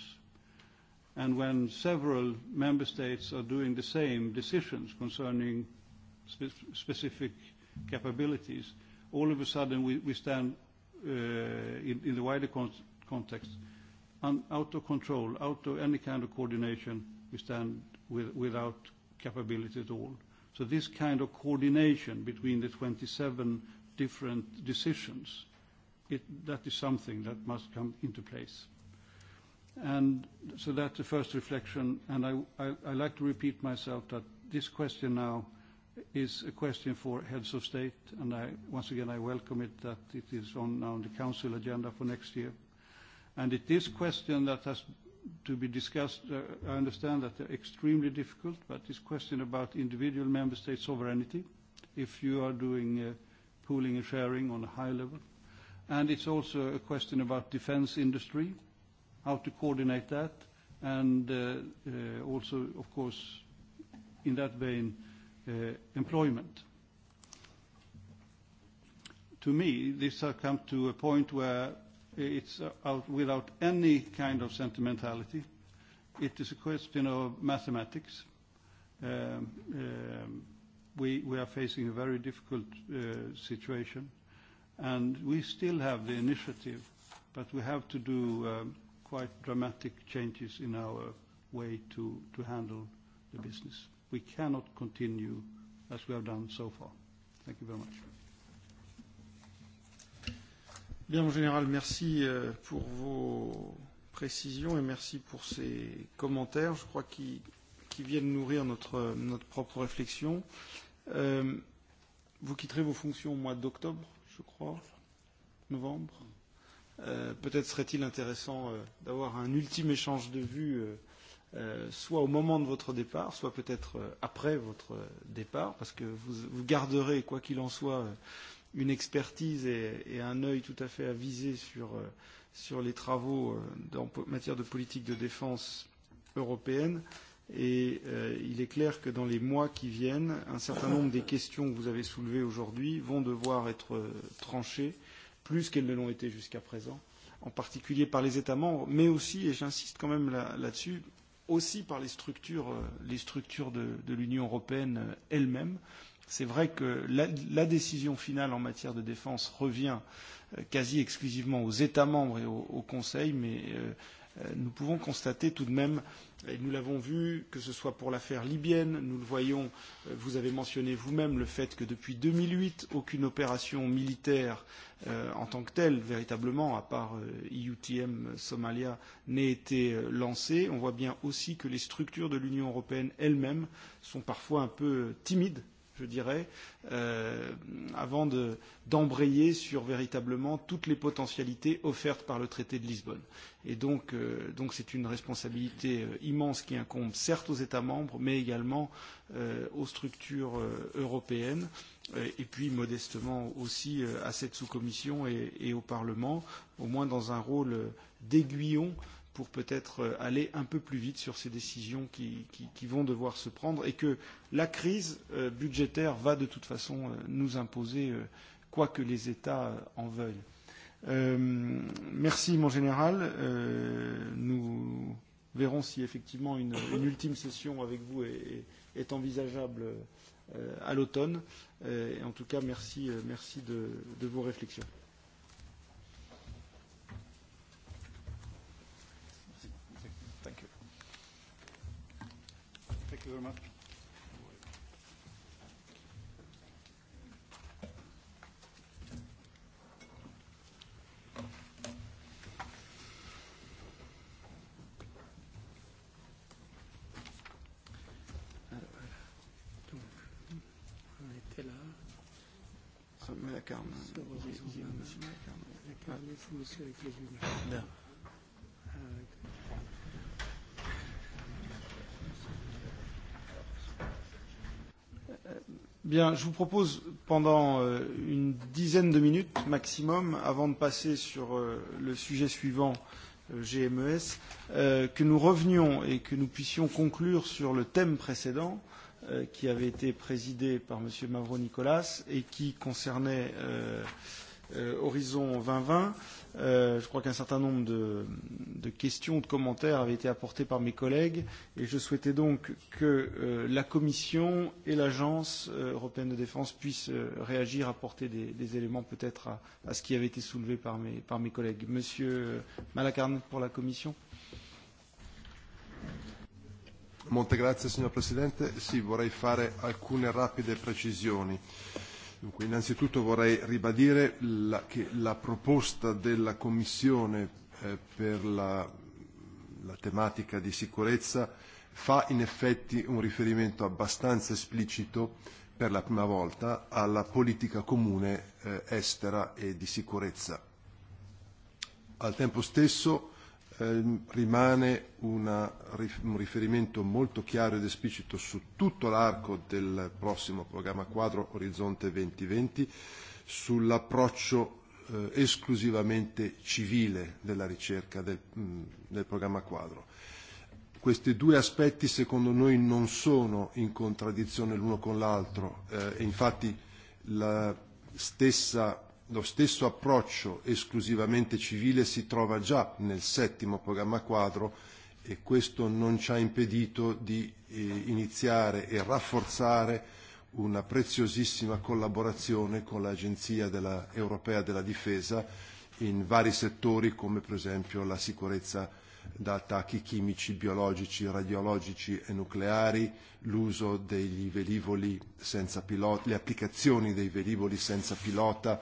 And when several member states are doing the same decisions concerning spe specific capabilities, all of a sudden we, we stand uh, in, in the wider con context. Mm-hmm out of control, out of any kind of coordination, we stand without capability at all. So this kind of coordination between the 27 different decisions, that is something that must come into place. And so that's the first reflection, and I, I like to repeat myself that this question now is a question for heads of state, and I, once again, I welcome it that it is on now on the council agenda for next year. And it is question that has to be discussed. Uh, I understand that they're extremely difficult, but this question about individual member state sovereignty, if you are doing uh, pooling and sharing on a high level. And it's also a question about defense industry, how to coordinate that, and uh, also, of course, in that vein, employment. To me, this has come to a point where It's out without any kind of sentimentality. It is a question of mathematics. Um, um, we, we are facing a very difficult uh, situation, and we still have the initiative, but we have to do um, quite dramatic changes in our way to, to handle the business. We cannot continue as we have done so far. Thank you very much. Bien, mon général, merci euh, pour vos précisions et merci pour ces commentaires, je crois, qui, qui viennent nourrir notre, notre propre réflexion. Euh, vous quitterez vos fonctions au mois d'octobre, je crois, novembre. Euh, Peut-être serait-il intéressant euh, d'avoir un ultime échange de vues, euh, euh, soit au moment de votre départ, soit peut-être euh, après votre départ, parce que vous, vous garderez, quoi qu'il en soit, euh, une expertise et, et un œil tout à fait avisé sur, euh, sur les travaux en euh, matière de politique de défense européenne. Et euh, il est clair que dans les mois qui viennent, un certain nombre des questions que vous avez soulevées aujourd'hui vont devoir être euh, tranchées, plus qu'elles ne l'ont été jusqu'à présent, en particulier par les États membres, mais aussi, et j'insiste quand même là-dessus, là aussi par les structures, les structures de, de l'Union européenne elle-même. Euh, C'est vrai que la, la décision finale en matière de défense revient euh, quasi exclusivement aux États membres et au, au Conseil, mais euh, euh, nous pouvons constater tout de même, et nous l'avons vu, que ce soit pour l'affaire libyenne, nous le voyons, euh, vous avez mentionné vous-même le fait que depuis 2008, aucune opération militaire euh, en tant que telle, véritablement, à part euh, IUTM Somalia, n'ait été euh, lancée. On voit bien aussi que les structures de l'Union européenne elles-mêmes sont parfois un peu timides je dirais, euh, avant d'embrayer de, sur véritablement toutes les potentialités offertes par le traité de Lisbonne. Et donc, euh, c'est donc une responsabilité euh, immense qui incombe certes aux États membres, mais également euh, aux structures euh, européennes, euh, et puis modestement aussi euh, à cette sous-commission et, et au Parlement, au moins dans un rôle euh, d'aiguillon euh, pour peut-être euh, aller un peu plus vite sur ces décisions qui, qui, qui vont devoir se prendre et que la crise euh, budgétaire va de toute façon euh, nous imposer, quoi que les États en veuillent. Euh, merci, mon général. Euh, nous verrons si effectivement une, une ultime session avec vous est, est envisageable euh, à l'automne. Euh, en tout cas, merci, merci de, de vos réflexions. you very much. Carmen. Carmen. Carmen. Carmen. Carmen. Carmen. Carmen. Carmen. Carmen. Bien, je vous propose pendant euh, une dizaine de minutes maximum, avant de passer sur euh, le sujet suivant, euh, GMES, que nous revenions et que nous puissions conclure sur le thème précédent qui avait été présidé par M. Mavro Nicolas et qui concernait euh, euh, Horizon 2020. Euh, je crois qu'un certain nombre de, de questions, de commentaires avaient été apportés par mes collègues et je souhaitais donc que euh, la Commission et l'Agence euh, européenne de défense puissent euh, réagir, apporter des, des éléments peut-être à, à ce qui avait été soulevé par mes, par mes collègues. Monsieur Malacarne pour la Commission. Molte grazie signor Presidente. Sì, vorrei fare alcune rapide precisioni. Eh, Dunque, innanzitutto vorrei ribadire la, che la proposta della Commissione eh, per la, la tematica di sicurezza fa in effetti un riferimento abbastanza esplicito per la prima volta alla politica comune eh, estera e di sicurezza. Al tempo stesso Ehm, rimane una, un riferimento molto chiaro ed esplicito su tutto l'arco del prossimo programma quadro Orizzonte 2020 sull'approccio eh, esclusivamente civile della ricerca del, mh, mm, del programma quadro. Questi due aspetti secondo noi non sono in contraddizione l'uno con l'altro eh, e infatti la stessa lo stesso approccio esclusivamente civile si trova già nel settimo programma quadro e questo non ci ha impedito di eh, iniziare e rafforzare una preziosissima collaborazione con l'Agenzia della, europea della difesa in vari settori come per esempio la sicurezza da attacchi chimici, biologici, radiologici e nucleari, l'uso degli velivoli senza pilota, le applicazioni dei velivoli senza pilota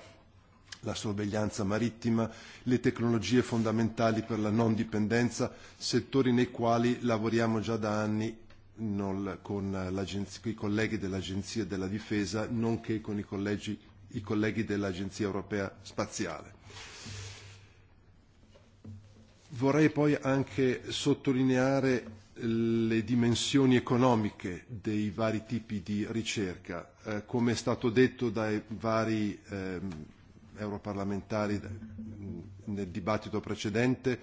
la sorveglianza marittima, le tecnologie fondamentali per la non dipendenza, settori nei quali lavoriamo già da anni non, con i colleghi dell'Agenzia della Difesa, nonché con i, collegi, i colleghi dell'Agenzia Europea Spaziale. Vorrei poi anche sottolineare le dimensioni economiche dei vari tipi di ricerca. Eh, come è stato detto dai vari eh, europarlamentari nel dibattito precedente,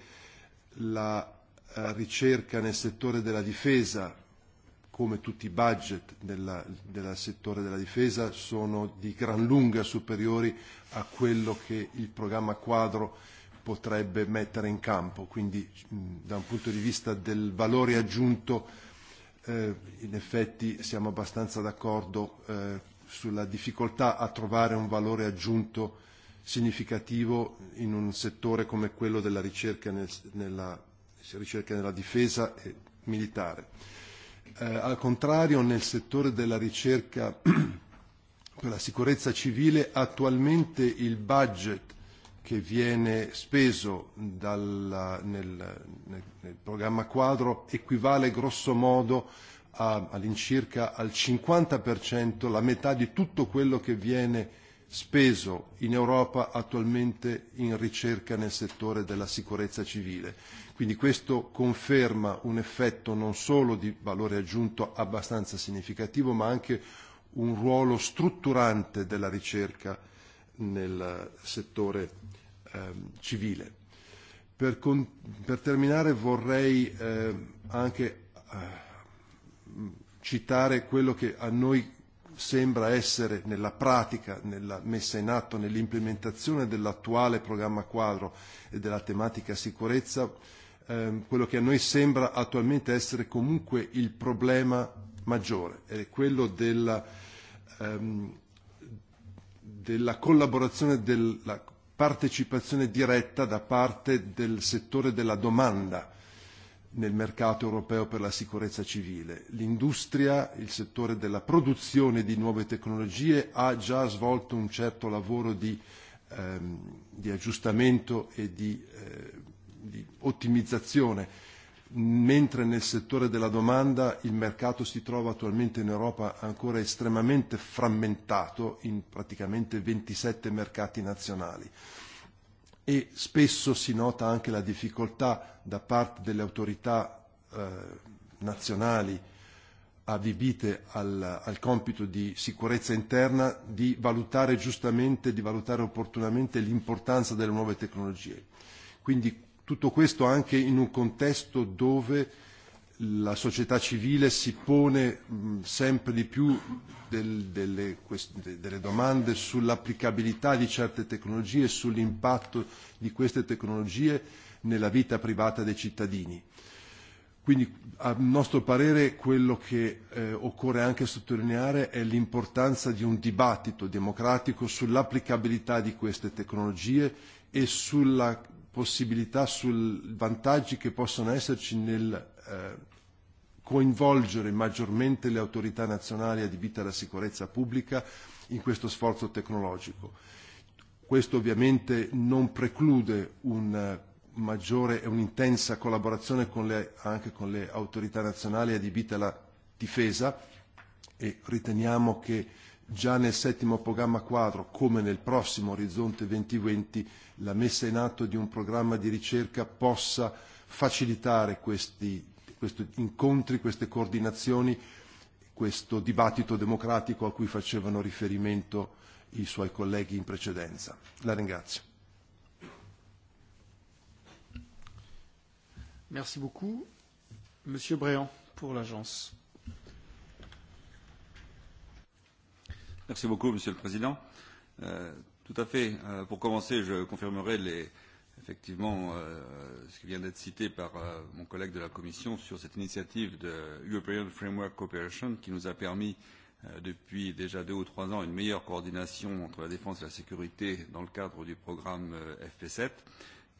la eh, ricerca nel settore della difesa, come tutti i budget della, del settore della difesa, sono di gran lunga superiori a quello che il programma quadro potrebbe mettere in campo. Quindi da un punto di vista del valore aggiunto eh, in effetti siamo abbastanza d'accordo eh, sulla difficoltà a trovare un valore aggiunto eh, significativo in un settore come quello della ricerca, nel, nella, ricerca nella difesa e militare. Eh, al contrario, nel settore della ricerca per la sicurezza civile, attualmente il budget che viene speso dal, nel, nel, nel programma quadro equivale grosso modo all'incirca al 50%, la metà di tutto quello che viene speso in Europa attualmente in ricerca nel settore della sicurezza civile. Quindi questo conferma un effetto non solo di valore aggiunto abbastanza significativo, ma anche un ruolo strutturante della ricerca nel settore ehm, civile. Per, con, per terminare vorrei eh, anche eh, citare quello che a noi sembra essere nella pratica, nella messa in atto, nell'implementazione dell'attuale programma quadro e della tematica sicurezza, ehm, quello che a noi sembra attualmente essere comunque il problema maggiore, è quello della, ehm, della collaborazione, della partecipazione diretta da parte del settore della domanda nel mercato europeo per la sicurezza civile. L'industria, il settore della produzione di nuove tecnologie ha già svolto un certo lavoro di, ehm, di aggiustamento e di, eh, di ottimizzazione, mentre nel settore della domanda il mercato si trova attualmente in Europa ancora estremamente frammentato in praticamente 27 mercati nazionali e spesso si nota anche la difficoltà da parte delle autorità eh, nazionali avvibite al, al compito di sicurezza interna di valutare giustamente, di valutare opportunamente l'importanza delle nuove tecnologie. Quindi tutto questo anche in un contesto dove la società civile si pone mh, sempre di più del, delle, queste, delle domande sull'applicabilità di certe tecnologie e sull'impatto di queste tecnologie nella vita privata dei cittadini. Quindi a nostro parere quello che eh, occorre anche sottolineare è l'importanza di un dibattito democratico sull'applicabilità di queste tecnologie e sulla possibilità, sui vantaggi che possono esserci nel Eh, coinvolgere maggiormente le autorità nazionali adibite alla sicurezza pubblica in questo sforzo tecnologico. Questo ovviamente non preclude un eh, maggiore e un'intensa collaborazione con le, anche con le autorità nazionali adibite alla difesa e riteniamo che già nel settimo programma quadro, come nel prossimo Orizzonte 2020, la messa in atto di un programma di ricerca possa facilitare questi questi incontri, queste coordinazioni, questo dibattito democratico a cui facevano riferimento i suoi colleghi in precedenza. La ringrazio. Merci beaucoup. Monsieur Bréant, pour l'agence. Merci beaucoup, Monsieur le Président. Euh, tout à fait. Euh, pour commencer, je confirmerai les, euh, effectivement euh, ce qui vient d'être cité par euh, mon collègue de la Commission sur cette initiative de European Framework Cooperation qui nous a permis euh, depuis déjà deux ou trois ans une meilleure coordination entre la défense et la sécurité dans le cadre du programme euh, FP7.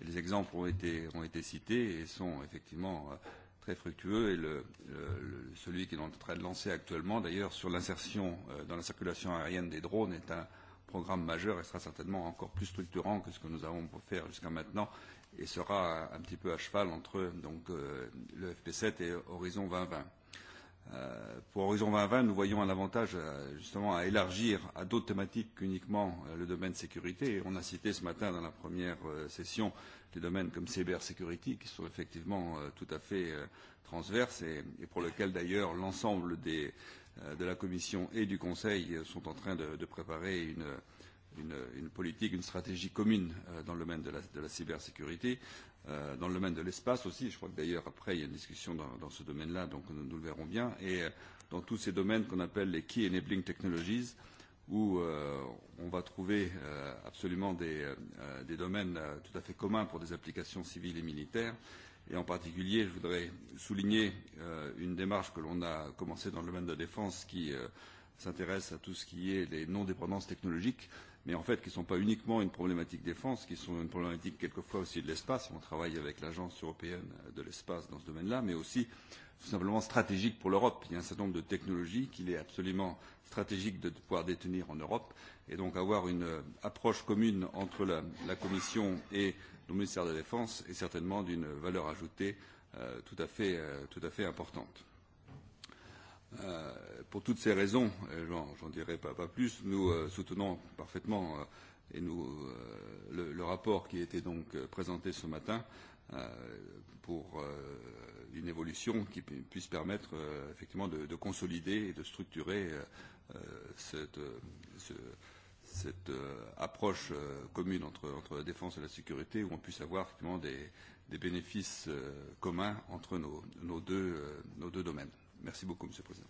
Et les exemples ont été, ont été cités et sont effectivement euh, très fructueux et le, le, celui qui est en train de lancer actuellement d'ailleurs sur l'insertion euh, dans la circulation aérienne des drones est un, programme majeur et sera certainement encore plus structurant que ce que nous avons pour faire jusqu'à maintenant et sera un petit peu à cheval entre donc, euh, le FP7 et Horizon 2020. Euh, pour Horizon 2020, nous voyons un avantage euh, justement à élargir à d'autres thématiques qu'uniquement euh, le domaine sécurité. Et on a cité ce matin dans la première euh, session des domaines comme cybersécurité qui sont effectivement euh, tout à fait euh, transverses et, et pour lesquels d'ailleurs l'ensemble des, euh, Euh, de la Commission et du Conseil euh, sont en train de, de préparer une, une, une politique, une stratégie commune euh, dans le domaine de la, de la cybersécurité, euh, dans le domaine de l'espace aussi. Je crois que d'ailleurs après il y a une discussion dans, dans ce domaine-là, donc nous, nous le verrons bien. Et euh, dans tous ces domaines qu'on appelle les key enabling technologies, où euh, on va trouver euh, absolument des, euh, des domaines euh, tout à fait communs pour des applications civiles et militaires. Euh, Et en particulier, je voudrais souligner euh, une démarche que l'on a commencée dans le domaine de la défense qui euh, s'intéresse à tout ce qui est les non-dépendances technologiques, mais en fait qui ne sont pas uniquement une problématique défense, qui sont une problématique quelquefois aussi de l'espace. On travaille avec l'Agence européenne de l'espace dans ce domaine-là, mais aussi tout simplement stratégique pour l'Europe. Il y a un certain nombre de technologies qu'il est absolument stratégique de pouvoir détenir en Europe. Et donc avoir une euh, approche commune entre la, la Commission et du ministère de la Défense est certainement d'une valeur ajoutée euh, tout, à fait, euh, tout à fait importante. Euh, pour toutes ces raisons, et j'en dirai pas, pas plus, nous euh, soutenons parfaitement euh, et nous, euh, le, le rapport qui était donc euh, présenté ce matin euh, pour euh, une évolution qui puisse permettre euh, effectivement de, de consolider et de structurer euh, euh cette, euh, ce, cette euh, approche euh, commune entre, entre la défense et la sécurité, où on puisse avoir effectivement des, des bénéfices euh, communs entre nos, nos, deux, euh, nos deux domaines. Merci beaucoup, Monsieur le Président.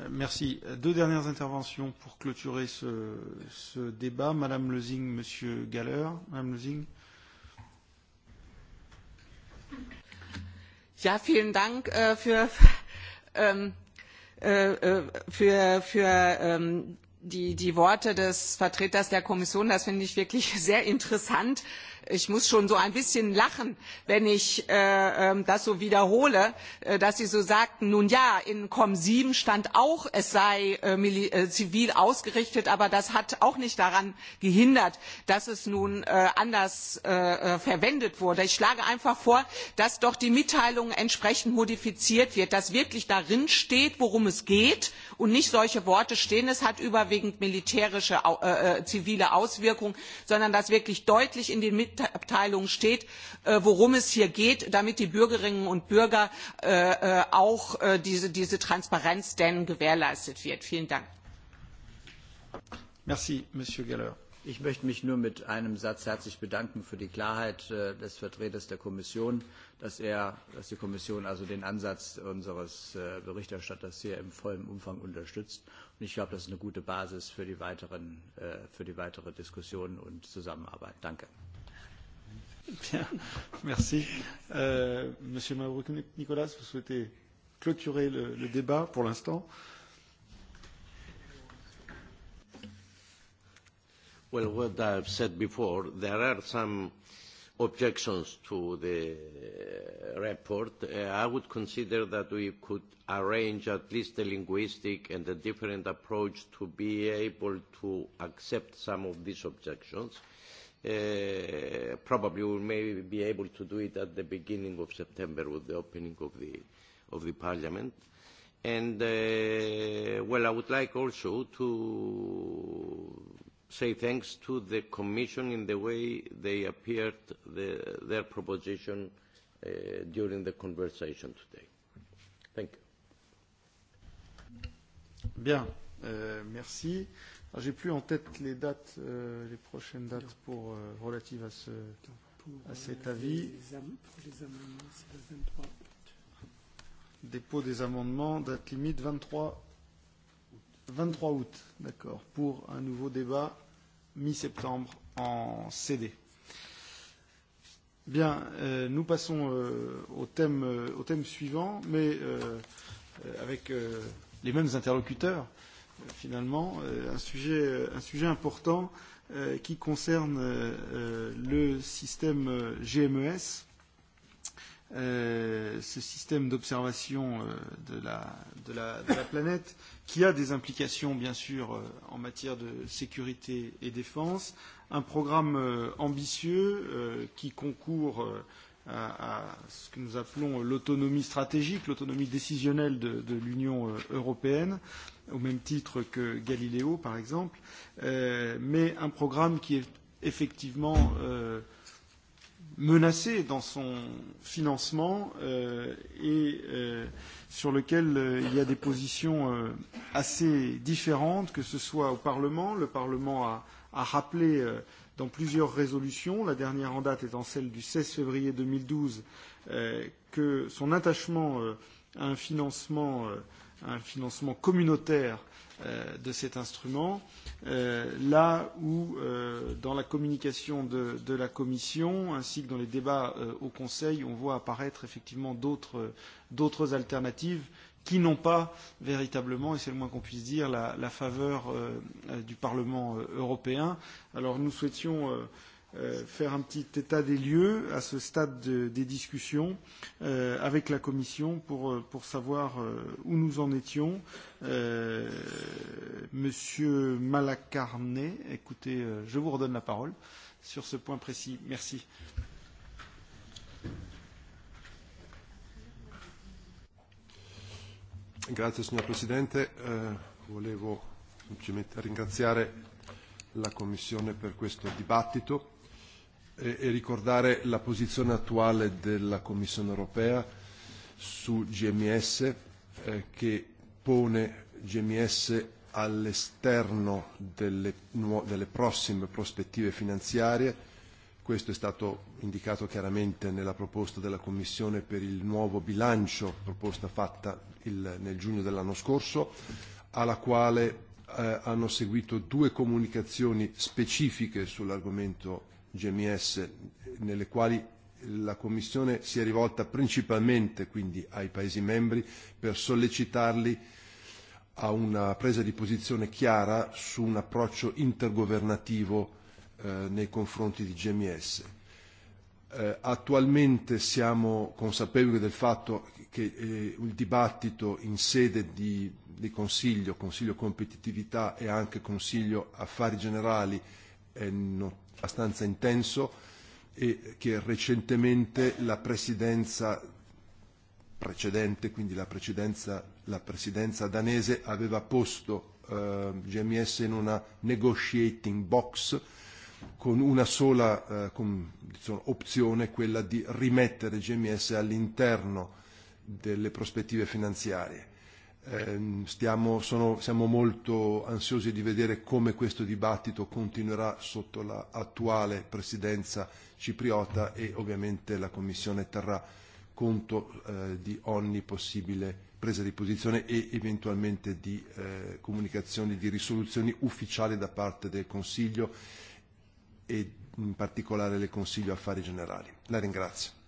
Euh, merci. Deux dernières interventions pour clôturer ce, ce débat. Madame Lezing, Monsieur Galler. Madame Lezing. Ja, vielen Dank äh, für ähm, Äh, äh, für, für ähm, die, die Worte des Vertreters der Kommission. Das finde ich wirklich sehr interessant. Äh, ich muss schon so ein bisschen lachen, wenn ich äh, ähm, das so wiederhole, äh, dass Sie so sagten, nun ja, in COM sieben stand auch, es sei äh, zivil ausgerichtet, aber das hat auch nicht daran gehindert, dass es nun anders verwendet wurde. Ich schlage einfach vor, dass doch die Mitteilung entsprechend modifiziert wird, dass wirklich darin steht, worum es geht, und nicht solche Worte stehen, es hat überwiegend militärische äh, äh, zivile Auswirkungen, sondern dass wirklich deutlich in den Mitteilungen steht, äh, worum es hier geht, damit die Bürgerinnen und Bürger auch diese, Transparenz gewährleistet wird. Vielen Dank. Ich möchte mich nur mit einem Satz herzlich bedanken für die Klarheit äh, des Vertreters der Kommission, dass, er, dass die Kommission also den Ansatz unseres äh, Berichterstatters hier im vollen Umfang unterstützt. Und ich glaube, das ist eine gute Basis für die, weiteren, äh, für die weitere Diskussion und Zusammenarbeit. Danke. Bien, merci. Euh, Monsieur Mavrouk-Nicolas, vous souhaitez clôturer le, le débat pour l'instant Well, what I've said before, there are some objections to the uh, report. Uh, I would consider that we could arrange at least a linguistic and a different approach to be able to accept some of these objections. Uh, probably we may be able to do it at the beginning of September with the opening of the, of the parliament. And, uh, well, I would like also to say thanks to the Commission in the way they appeared the, their proposition uh, during the conversation today. Thank you. Bien, euh, merci. J'ai plus en tête les dates, euh, les prochaines dates pour euh, relatives à ce à euh, cet avis. Dépôt des amendements, date limite 23 23 août, d'accord, pour un nouveau débat mi-septembre en CD. Bien, euh, nous passons euh, au, thème, euh, au thème suivant, mais euh, euh, avec euh, les mêmes interlocuteurs, euh, finalement, euh, un, sujet, euh, un sujet important euh, qui concerne euh, euh le système GMES. Euh, Euh, ce système d'observation euh, de, la, de, la, de la planète, qui a des implications bien sûr euh, en matière de sécurité et défense, un programme euh, ambitieux euh, qui concourt euh, à, à ce que nous appelons l'autonomie stratégique, l'autonomie décisionnelle de, de l'Union euh, européenne, au même titre que Galiléo par exemple, euh, mais un programme qui est effectivement euh, menacé dans son financement euh, et euh, sur lequel euh, il y a des positions euh, assez différentes, que ce soit au Parlement. Le Parlement a, a rappelé euh, dans plusieurs résolutions, la dernière en date étant celle du 16 février 2012, euh, que son attachement euh, à un financement, euh, à un financement communautaire euh, Euh, de cet instrument, euh, là où, euh, dans la communication de, de la Commission, ainsi que dans les débats au Conseil, on voit apparaître effectivement d'autres alternatives qui n'ont pas véritablement, et c'est le moins qu'on puisse dire, la, la faveur euh, du Parlement européen. Alors nous souhaitions euh, Euh, faire un petit état des lieux à ce stade de, des discussions euh, avec la Commission pour, euh, pour savoir euh, où nous en étions. Euh, Monsieur Malacarnet, écoutez, euh, je vous redonne la parole sur ce point précis. Merci. Grazie signor Presidente, eh, volevo semplicemente ringraziare la Commissione per questo dibattito e, e ricordare la posizione attuale della Commissione europea su GMS eh, che pone GMS all'esterno delle, delle prossime prospettive finanziarie. Questo è stato indicato chiaramente nella proposta della Commissione per il nuovo bilancio, proposta fatta il, nel giugno dell'anno scorso, alla quale eh, hanno seguito due comunicazioni specifiche sull'argomento GMS nelle quali la Commissione si è rivolta principalmente quindi ai Paesi membri per sollecitarli a una presa di posizione chiara su un approccio intergovernativo eh, nei confronti di GMS. Eh, attualmente siamo consapevoli del fatto che eh, il dibattito in sede di, di Consiglio, Consiglio Competitività e anche Consiglio Affari Generali è not- abbastanza intenso e che recentemente la presidenza precedente, quindi la presidenza, la presidenza danese aveva posto eh, GMS in una negotiating box con una sola eh, con, diciamo, opzione, quella di rimettere GMS all'interno delle prospettive finanziarie Ehm, stiamo, sono, siamo molto ansiosi di vedere come questo dibattito continuerà sotto l'attuale la presidenza cipriota e ovviamente la Commissione terrà conto eh, di ogni possibile presa di posizione e eventualmente di eh, comunicazioni, di risoluzioni ufficiali da parte del Consiglio e in particolare del Consiglio Affari Generali. La ringrazio.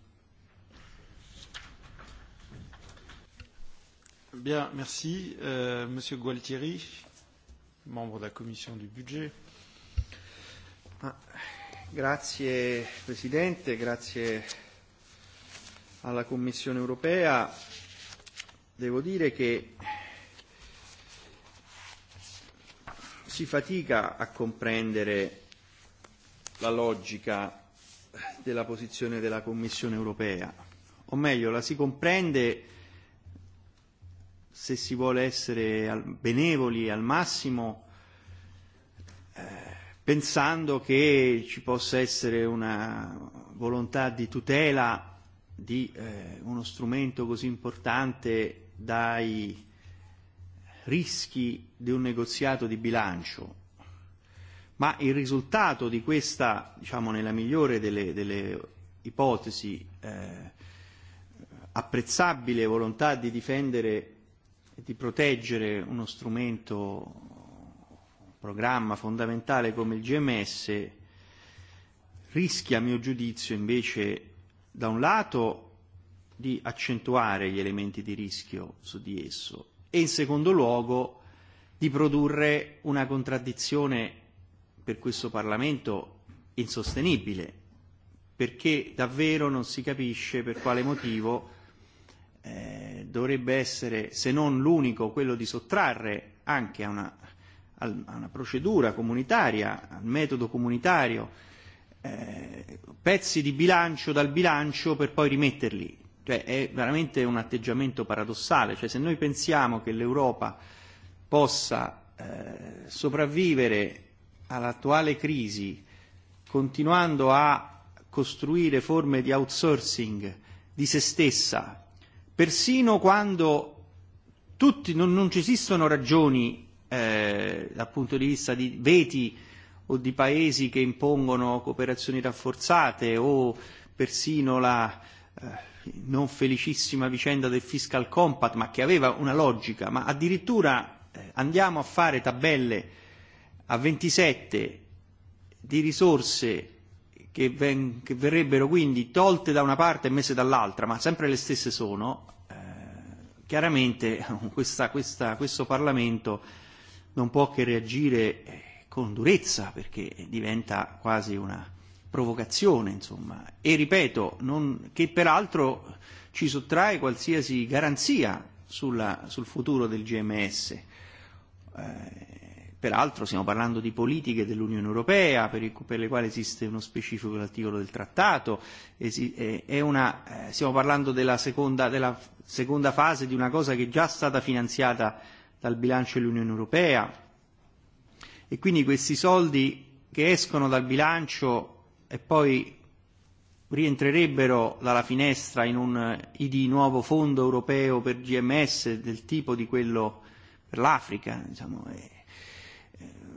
Bien, merci. Euh, Monsieur Gualtieri, membre de la commission du budget. Ah, grazie Presidente, grazie alla Commissione europea. Devo dire che si fatica a comprendere la logica della posizione della Commissione europea, o meglio la si comprende se si vuole essere al, benevoli al massimo, eh, pensando che ci possa essere una volontà di tutela di eh, uno strumento così importante dai rischi di un negoziato di bilancio. Ma il risultato di questa, diciamo nella migliore delle, delle ipotesi, eh, apprezzabile volontà di difendere E di proteggere uno strumento, un programma fondamentale come il GMS rischia, a mio giudizio, invece, da un lato di accentuare gli elementi di rischio su di esso e, in secondo luogo, di produrre una contraddizione per questo Parlamento insostenibile, perché davvero non si capisce per quale motivo Eh, dovrebbe essere, se non l'unico, quello di sottrarre anche a una, a una procedura comunitaria, al metodo comunitario, eh, pezzi di bilancio dal bilancio per poi rimetterli. Cioè, è veramente un atteggiamento paradossale. Cioè, se noi pensiamo che l'Europa possa eh, sopravvivere all'attuale crisi continuando a costruire forme di outsourcing di se stessa persino quando tutti, non, non ci esistono ragioni eh, dal punto di vista di veti o di paesi che impongono cooperazioni rafforzate o persino la eh, non felicissima vicenda del fiscal compact, ma che aveva una logica, ma addirittura eh, andiamo a fare tabelle a 27 di risorse che, ven- che verrebbero quindi tolte da una parte e messe dall'altra, ma sempre le stesse sono, eh, chiaramente questa, questa, questo Parlamento non può che reagire eh, con durezza perché diventa quasi una provocazione, insomma. E ripeto, non, che peraltro ci sottrae qualsiasi garanzia sulla, sul futuro del GMS. Eh, Peraltro stiamo parlando di politiche dell'Unione Europea per, il, per le quali esiste uno specifico articolo del trattato, esi, eh, è una, eh, stiamo parlando della seconda, della seconda fase di una cosa che è già stata finanziata dal bilancio dell'Unione Europea e quindi questi soldi che escono dal bilancio e poi rientrerebbero dalla finestra in un eh, nuovo fondo europeo per GMS del tipo di quello per l'Africa, diciamo, eh,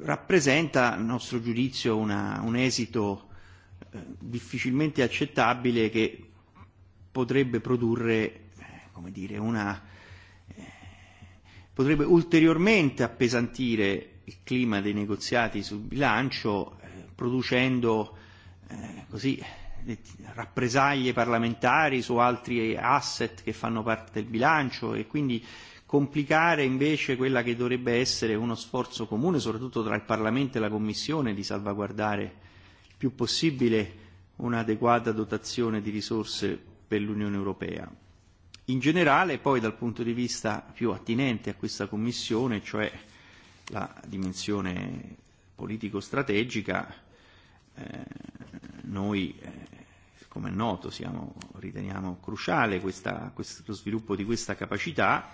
rappresenta, a nostro giudizio, una, un esito eh, difficilmente accettabile che potrebbe produrre eh, come dire, una, eh, potrebbe ulteriormente appesantire il clima dei negoziati sul bilancio, eh, producendo eh, così, rappresaglie parlamentari su altri asset che fanno parte del bilancio e quindi eh, complicare invece quella che dovrebbe essere uno sforzo comune, soprattutto tra il Parlamento e la Commissione, di salvaguardare il più possibile un'adeguata dotazione di risorse per l'Unione Europea. In generale, poi dal punto di vista più attinente a questa Commissione, cioè la dimensione politico-strategica, eh, noi, eh, come è noto, siamo, riteniamo cruciale questa, questo, lo sviluppo di questa capacità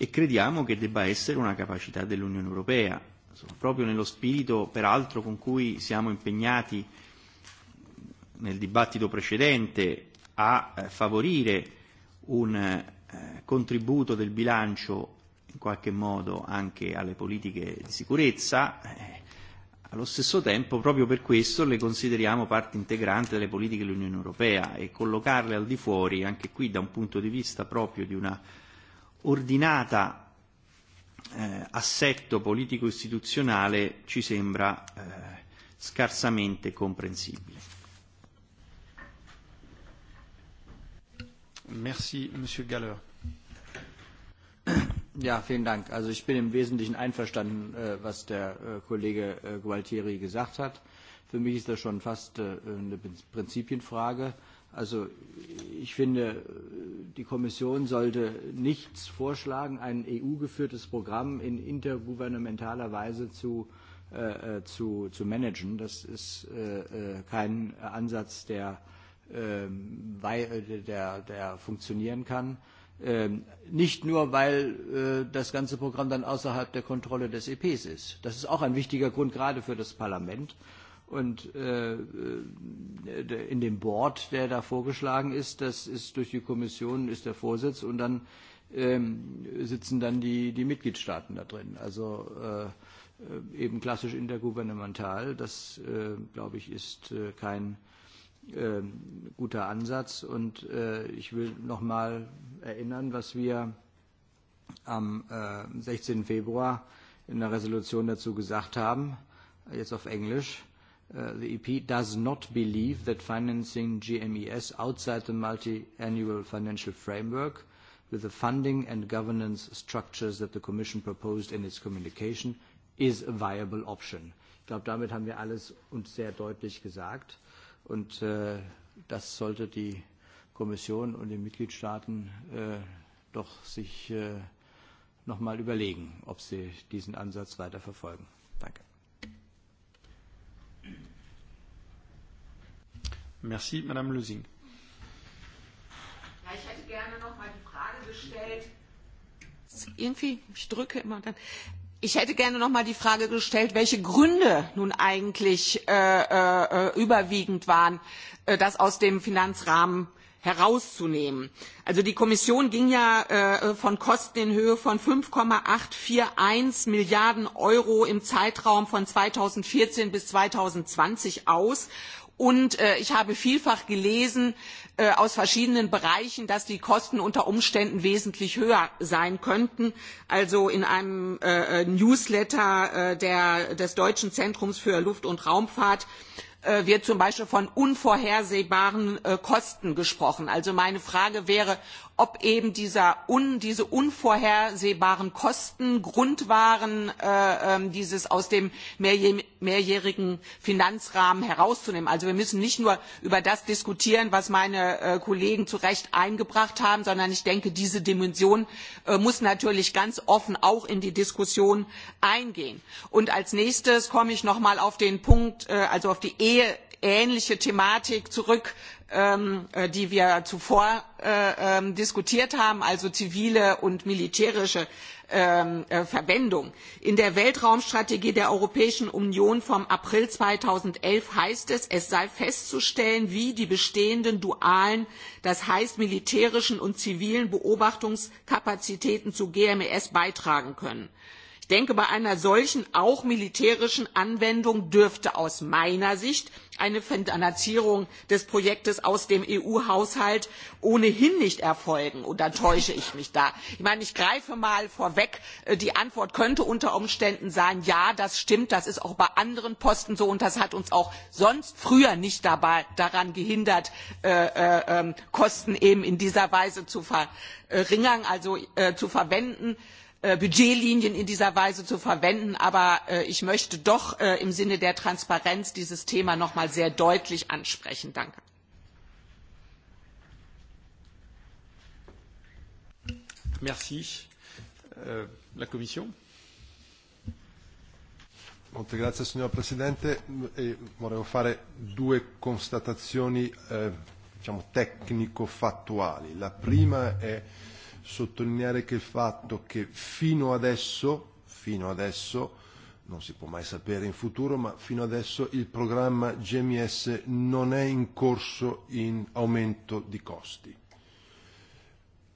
e crediamo che debba essere una capacità dell'Unione Europea, insomma, proprio nello spirito peraltro con cui siamo impegnati nel dibattito precedente a eh, favorire un eh, contributo del bilancio in qualche modo anche alle politiche di sicurezza, eh, allo stesso tempo proprio per questo le consideriamo parte integrante delle politiche dell'Unione Europea e collocarle al di fuori anche qui da un punto di vista proprio di una ordinata eh, assetto politico-istituzionale ci sembra eh, scarsamente comprensibile. Merci, Monsieur Galler. Ja, vielen Dank. Also ich bin im Wesentlichen einverstanden, äh, was der äh, Kollege äh, Gualtieri gesagt hat. Für mich ist das schon fast äh, eine Prinzipienfrage. Also ich finde, die Kommission sollte nichts vorschlagen, ein EU-geführtes Programm in intergouvernementaler Weise zu, äh, äh, zu, zu managen. Das ist äh, äh kein Ansatz, der, ähm, äh, der, der funktionieren kann. Ähm, nicht nur, weil äh, das ganze Programm dann außerhalb der Kontrolle des EPs ist. Das ist auch ein wichtiger Grund, gerade für das Parlament, Und äh, äh in dem Board, der da vorgeschlagen ist, das ist durch die Kommission, ist der Vorsitz und dann ähm, sitzen dann die, die Mitgliedstaaten da drin. Also äh, eben klassisch intergouvernemental, das äh, glaube ich ist äh, kein äh, guter Ansatz. Und äh, ich will nochmal erinnern, was wir am äh, 16. Februar in der Resolution dazu gesagt haben, jetzt auf Englisch Uh, the EP does not believe that financing GMES outside the multi-annual financial framework with the funding and governance structures that the Commission proposed in its communication is a viable option. Ich glaube, damit haben wir alles uns sehr deutlich gesagt. Und äh, das sollte die Kommission und die Mitgliedstaaten äh, doch sich äh, noch mal überlegen, ob sie diesen Ansatz weiter verfolgen. Merci, Madame Lösing. Ja, ich hätte gerne noch mal die Frage gestellt. Irgendwie, ich drücke immer dann. Ich hätte gerne noch die Frage gestellt, welche Gründe nun eigentlich äh, äh, überwiegend waren, äh, das aus dem Finanzrahmen herauszunehmen. Also die Kommission ging ja äh, von Kosten in Höhe von 5,841 Milliarden Euro im Zeitraum von 2014 bis 2020 aus und äh, ich habe vielfach gelesen äh, aus verschiedenen bereichen dass die kosten unter umständen wesentlich höher sein könnten. also in einem äh, newsletter des deutschen zentrums für luft und raumfahrt Äh, wird zum Beispiel von unvorhersehbaren äh, Kosten gesprochen. Also meine Frage wäre, ob eben diese unvorhersehbaren Kosten Grund waren, äh, ähm, dieses aus dem mehrjährigen Finanzrahmen herauszunehmen. Also wir müssen nicht nur über das diskutieren, was meine äh, Kollegen zu Recht eingebracht haben, sondern ich denke, diese Dimension muss natürlich ganz offen auch in die Diskussion eingehen. Und als nächstes komme ich noch einmal auf den Punkt, also auf die eine ähnliche thematik zurück ähm, äh, die wir zuvor äh, ähm, diskutiert haben also zivile und militärische ähm, äh, verwendung. in der weltraumstrategie der europäischen union vom april zweitausendelf heißt es es sei festzustellen wie die bestehenden dualen das heißt militärischen und zivilen beobachtungskapazitäten zu gmes beitragen können. Ich denke, bei einer solchen auch militärischen Anwendung dürfte aus meiner Sicht eine Finanzierung des Projektes aus dem EU-Haushalt ohnehin nicht erfolgen. Oder täusche ich mich da? Ich meine, ich greife mal vorweg. Äh, die Antwort könnte unter Umständen sein, ja, das stimmt, das ist auch bei anderen Posten so und das hat uns auch sonst früher nicht daran gehindert, äh, äh, ähm, Kosten eben in dieser Weise zu verringern, also zu verwenden. Äh, budgetlinien in dieser weise zu verwenden aber äh, ich möchte doch äh, im sinne der transparenz dieses thema noch einmal sehr deutlich ansprechen. danke. Merci. La Commission. Molte grazie signora Presidente. E volevo fare due constatazioni eh, diciamo tecnico-fattuali. La prima è sottolineare che il fatto che fino adesso, fino adesso, non si può mai sapere in futuro, ma fino adesso il programma GMS non è in corso in aumento di costi.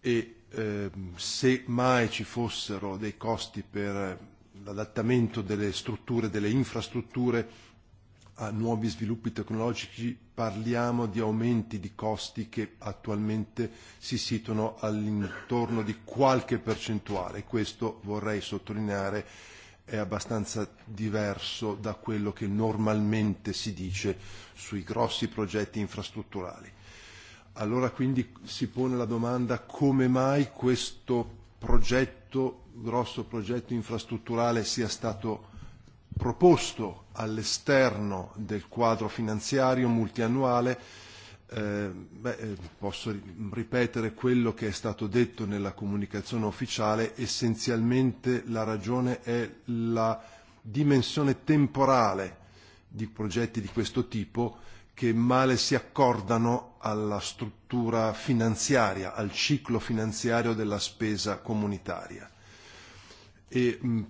E eh, se mai ci fossero dei costi per eh, l'adattamento delle strutture, delle infrastrutture, a nuovi sviluppi tecnologici parliamo di aumenti di costi che attualmente si situano all'intorno di qualche percentuale. E questo vorrei sottolineare è abbastanza diverso da quello che normalmente si dice sui grossi progetti infrastrutturali. Allora quindi si pone la domanda come mai questo progetto, grosso progetto infrastrutturale sia stato proposto all'esterno del quadro finanziario multiannuale eh, beh, eh, posso ripetere quello che è stato detto nella comunicazione ufficiale, essenzialmente la ragione è la dimensione temporale di progetti di questo tipo che male si accordano alla struttura finanziaria, al ciclo finanziario della spesa comunitaria. E, mh,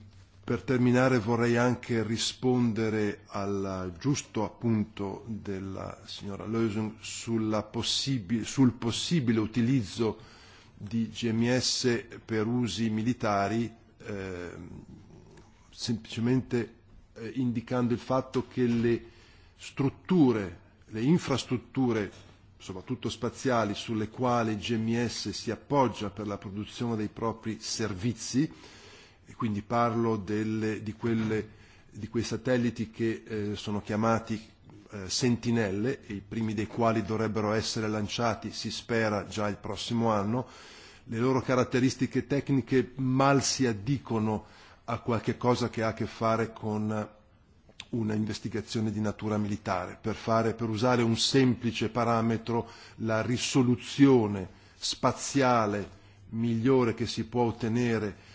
Per terminare vorrei anche rispondere al giusto appunto della signora Leusung sulla possibi- sul possibile utilizzo di GMS per usi militari, eh, semplicemente eh, indicando il fatto che le strutture, le infrastrutture, soprattutto spaziali, sulle quali GMS si appoggia per la produzione dei propri servizi, quindi parlo delle, di, quelle, di quei satelliti che eh, sono chiamati eh, sentinelle, i primi dei quali dovrebbero essere lanciati, si spera, già il prossimo anno. Le loro caratteristiche tecniche mal si addicono a qualche cosa che ha a che fare con una investigazione di natura militare, per, fare, per usare un semplice parametro la risoluzione spaziale migliore che si può ottenere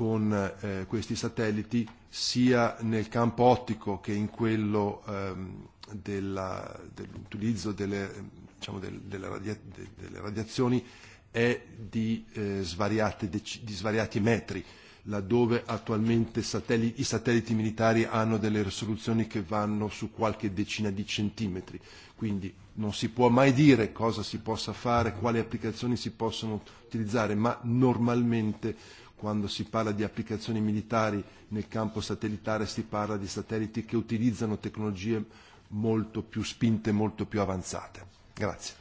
con eh, questi satelliti sia nel campo ottico che in quello ehm, della, dell'utilizzo delle, diciamo, del, della radia, de, delle radiazioni è di, eh, svariate, di svariati metri, laddove attualmente satelli- i satelliti militari hanno delle risoluzioni che vanno su qualche decina di centimetri. Quindi non si può mai dire cosa si possa fare, quali applicazioni si possono utilizzare, ma normalmente quando si parla di applicazioni militari nel campo satellitare si parla di satelliti che utilizzano tecnologie molto più spinte, molto più avanzate. Grazie.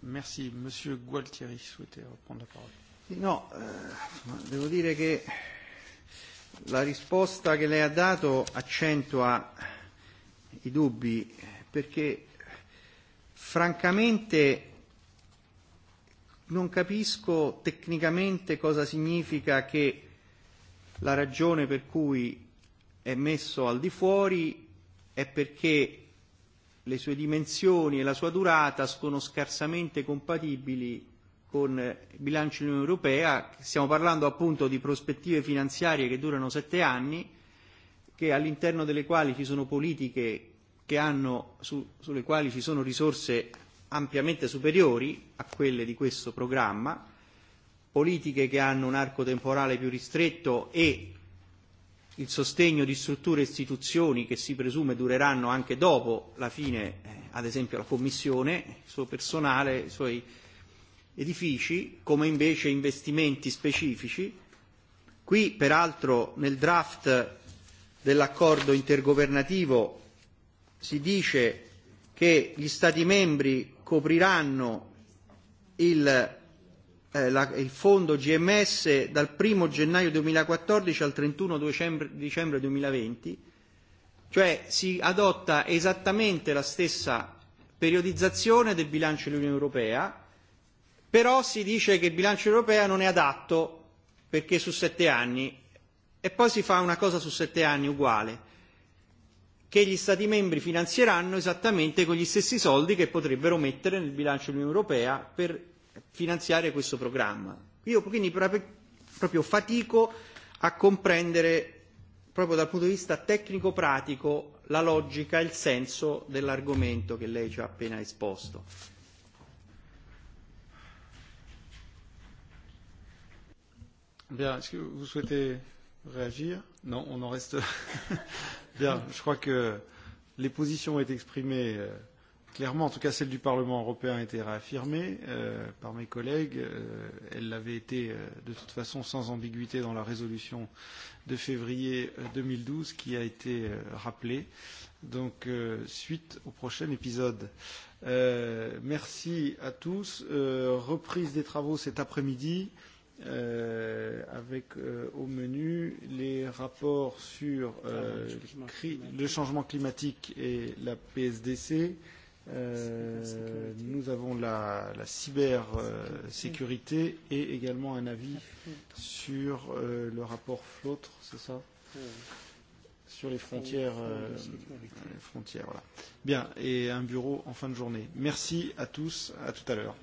Merci. Monsieur Gualtieri souhaitait reprendre la parola. No, eh, devo dire che la risposta che lei ha dato accentua i dubbi perché francamente non capisco tecnicamente cosa significa che la ragione per cui è messo al di fuori è perché le sue dimensioni e la sua durata sono scarsamente compatibili con il bilancio dell'Unione Europea. Stiamo parlando appunto di prospettive finanziarie che durano sette anni, che all'interno delle quali ci sono politiche che hanno, su, sulle quali ci sono risorse ampiamente superiori a quelle di questo programma, politiche che hanno un arco temporale più ristretto e il sostegno di strutture e istituzioni che si presume dureranno anche dopo la fine, eh, ad esempio la Commissione, il suo personale, i suoi edifici, come invece investimenti specifici. Qui, peraltro, nel draft dell'accordo intergovernativo si dice che gli Stati membri copriranno il, eh, la, il fondo GMS dal 1 gennaio 2014 al 31 dicembre, dicembre 2020, cioè si adotta esattamente la stessa periodizzazione del bilancio dell'Unione Europea, però si dice che il bilancio europeo non è adatto perché su sette anni e poi si fa una cosa su sette anni uguale che gli Stati membri finanzieranno esattamente con gli stessi soldi che potrebbero mettere nel bilancio dell'Unione Europea per finanziare questo programma. Io quindi proprio fatico a comprendere, proprio dal punto di vista tecnico-pratico, la logica e il senso dell'argomento che lei ci ha appena esposto. Bien, est-ce que vous souhaitez réagir Non, on en reste Bien, je crois que les positions ont été exprimées euh, clairement, en tout cas celle du Parlement européen a été réaffirmée euh, par mes collègues. Euh, elle l'avait été euh, de toute façon sans ambiguïté dans la résolution de février 2012 euh, qui a été euh, rappelée. Donc euh, suite au prochain épisode. Euh, merci à tous. Euh, reprise des travaux cet après-midi euh, avec euh, au menu les rapports sur euh, ah, le changement climatique et la PSDC. Euh, nous avons la, la cybersécurité euh, et également un avis sur euh, le rapport FLOTRE, c'est ça Sur les frontières. Euh, les frontières voilà. Bien, et un bureau en fin de journée. Merci à tous, à tout à l'heure.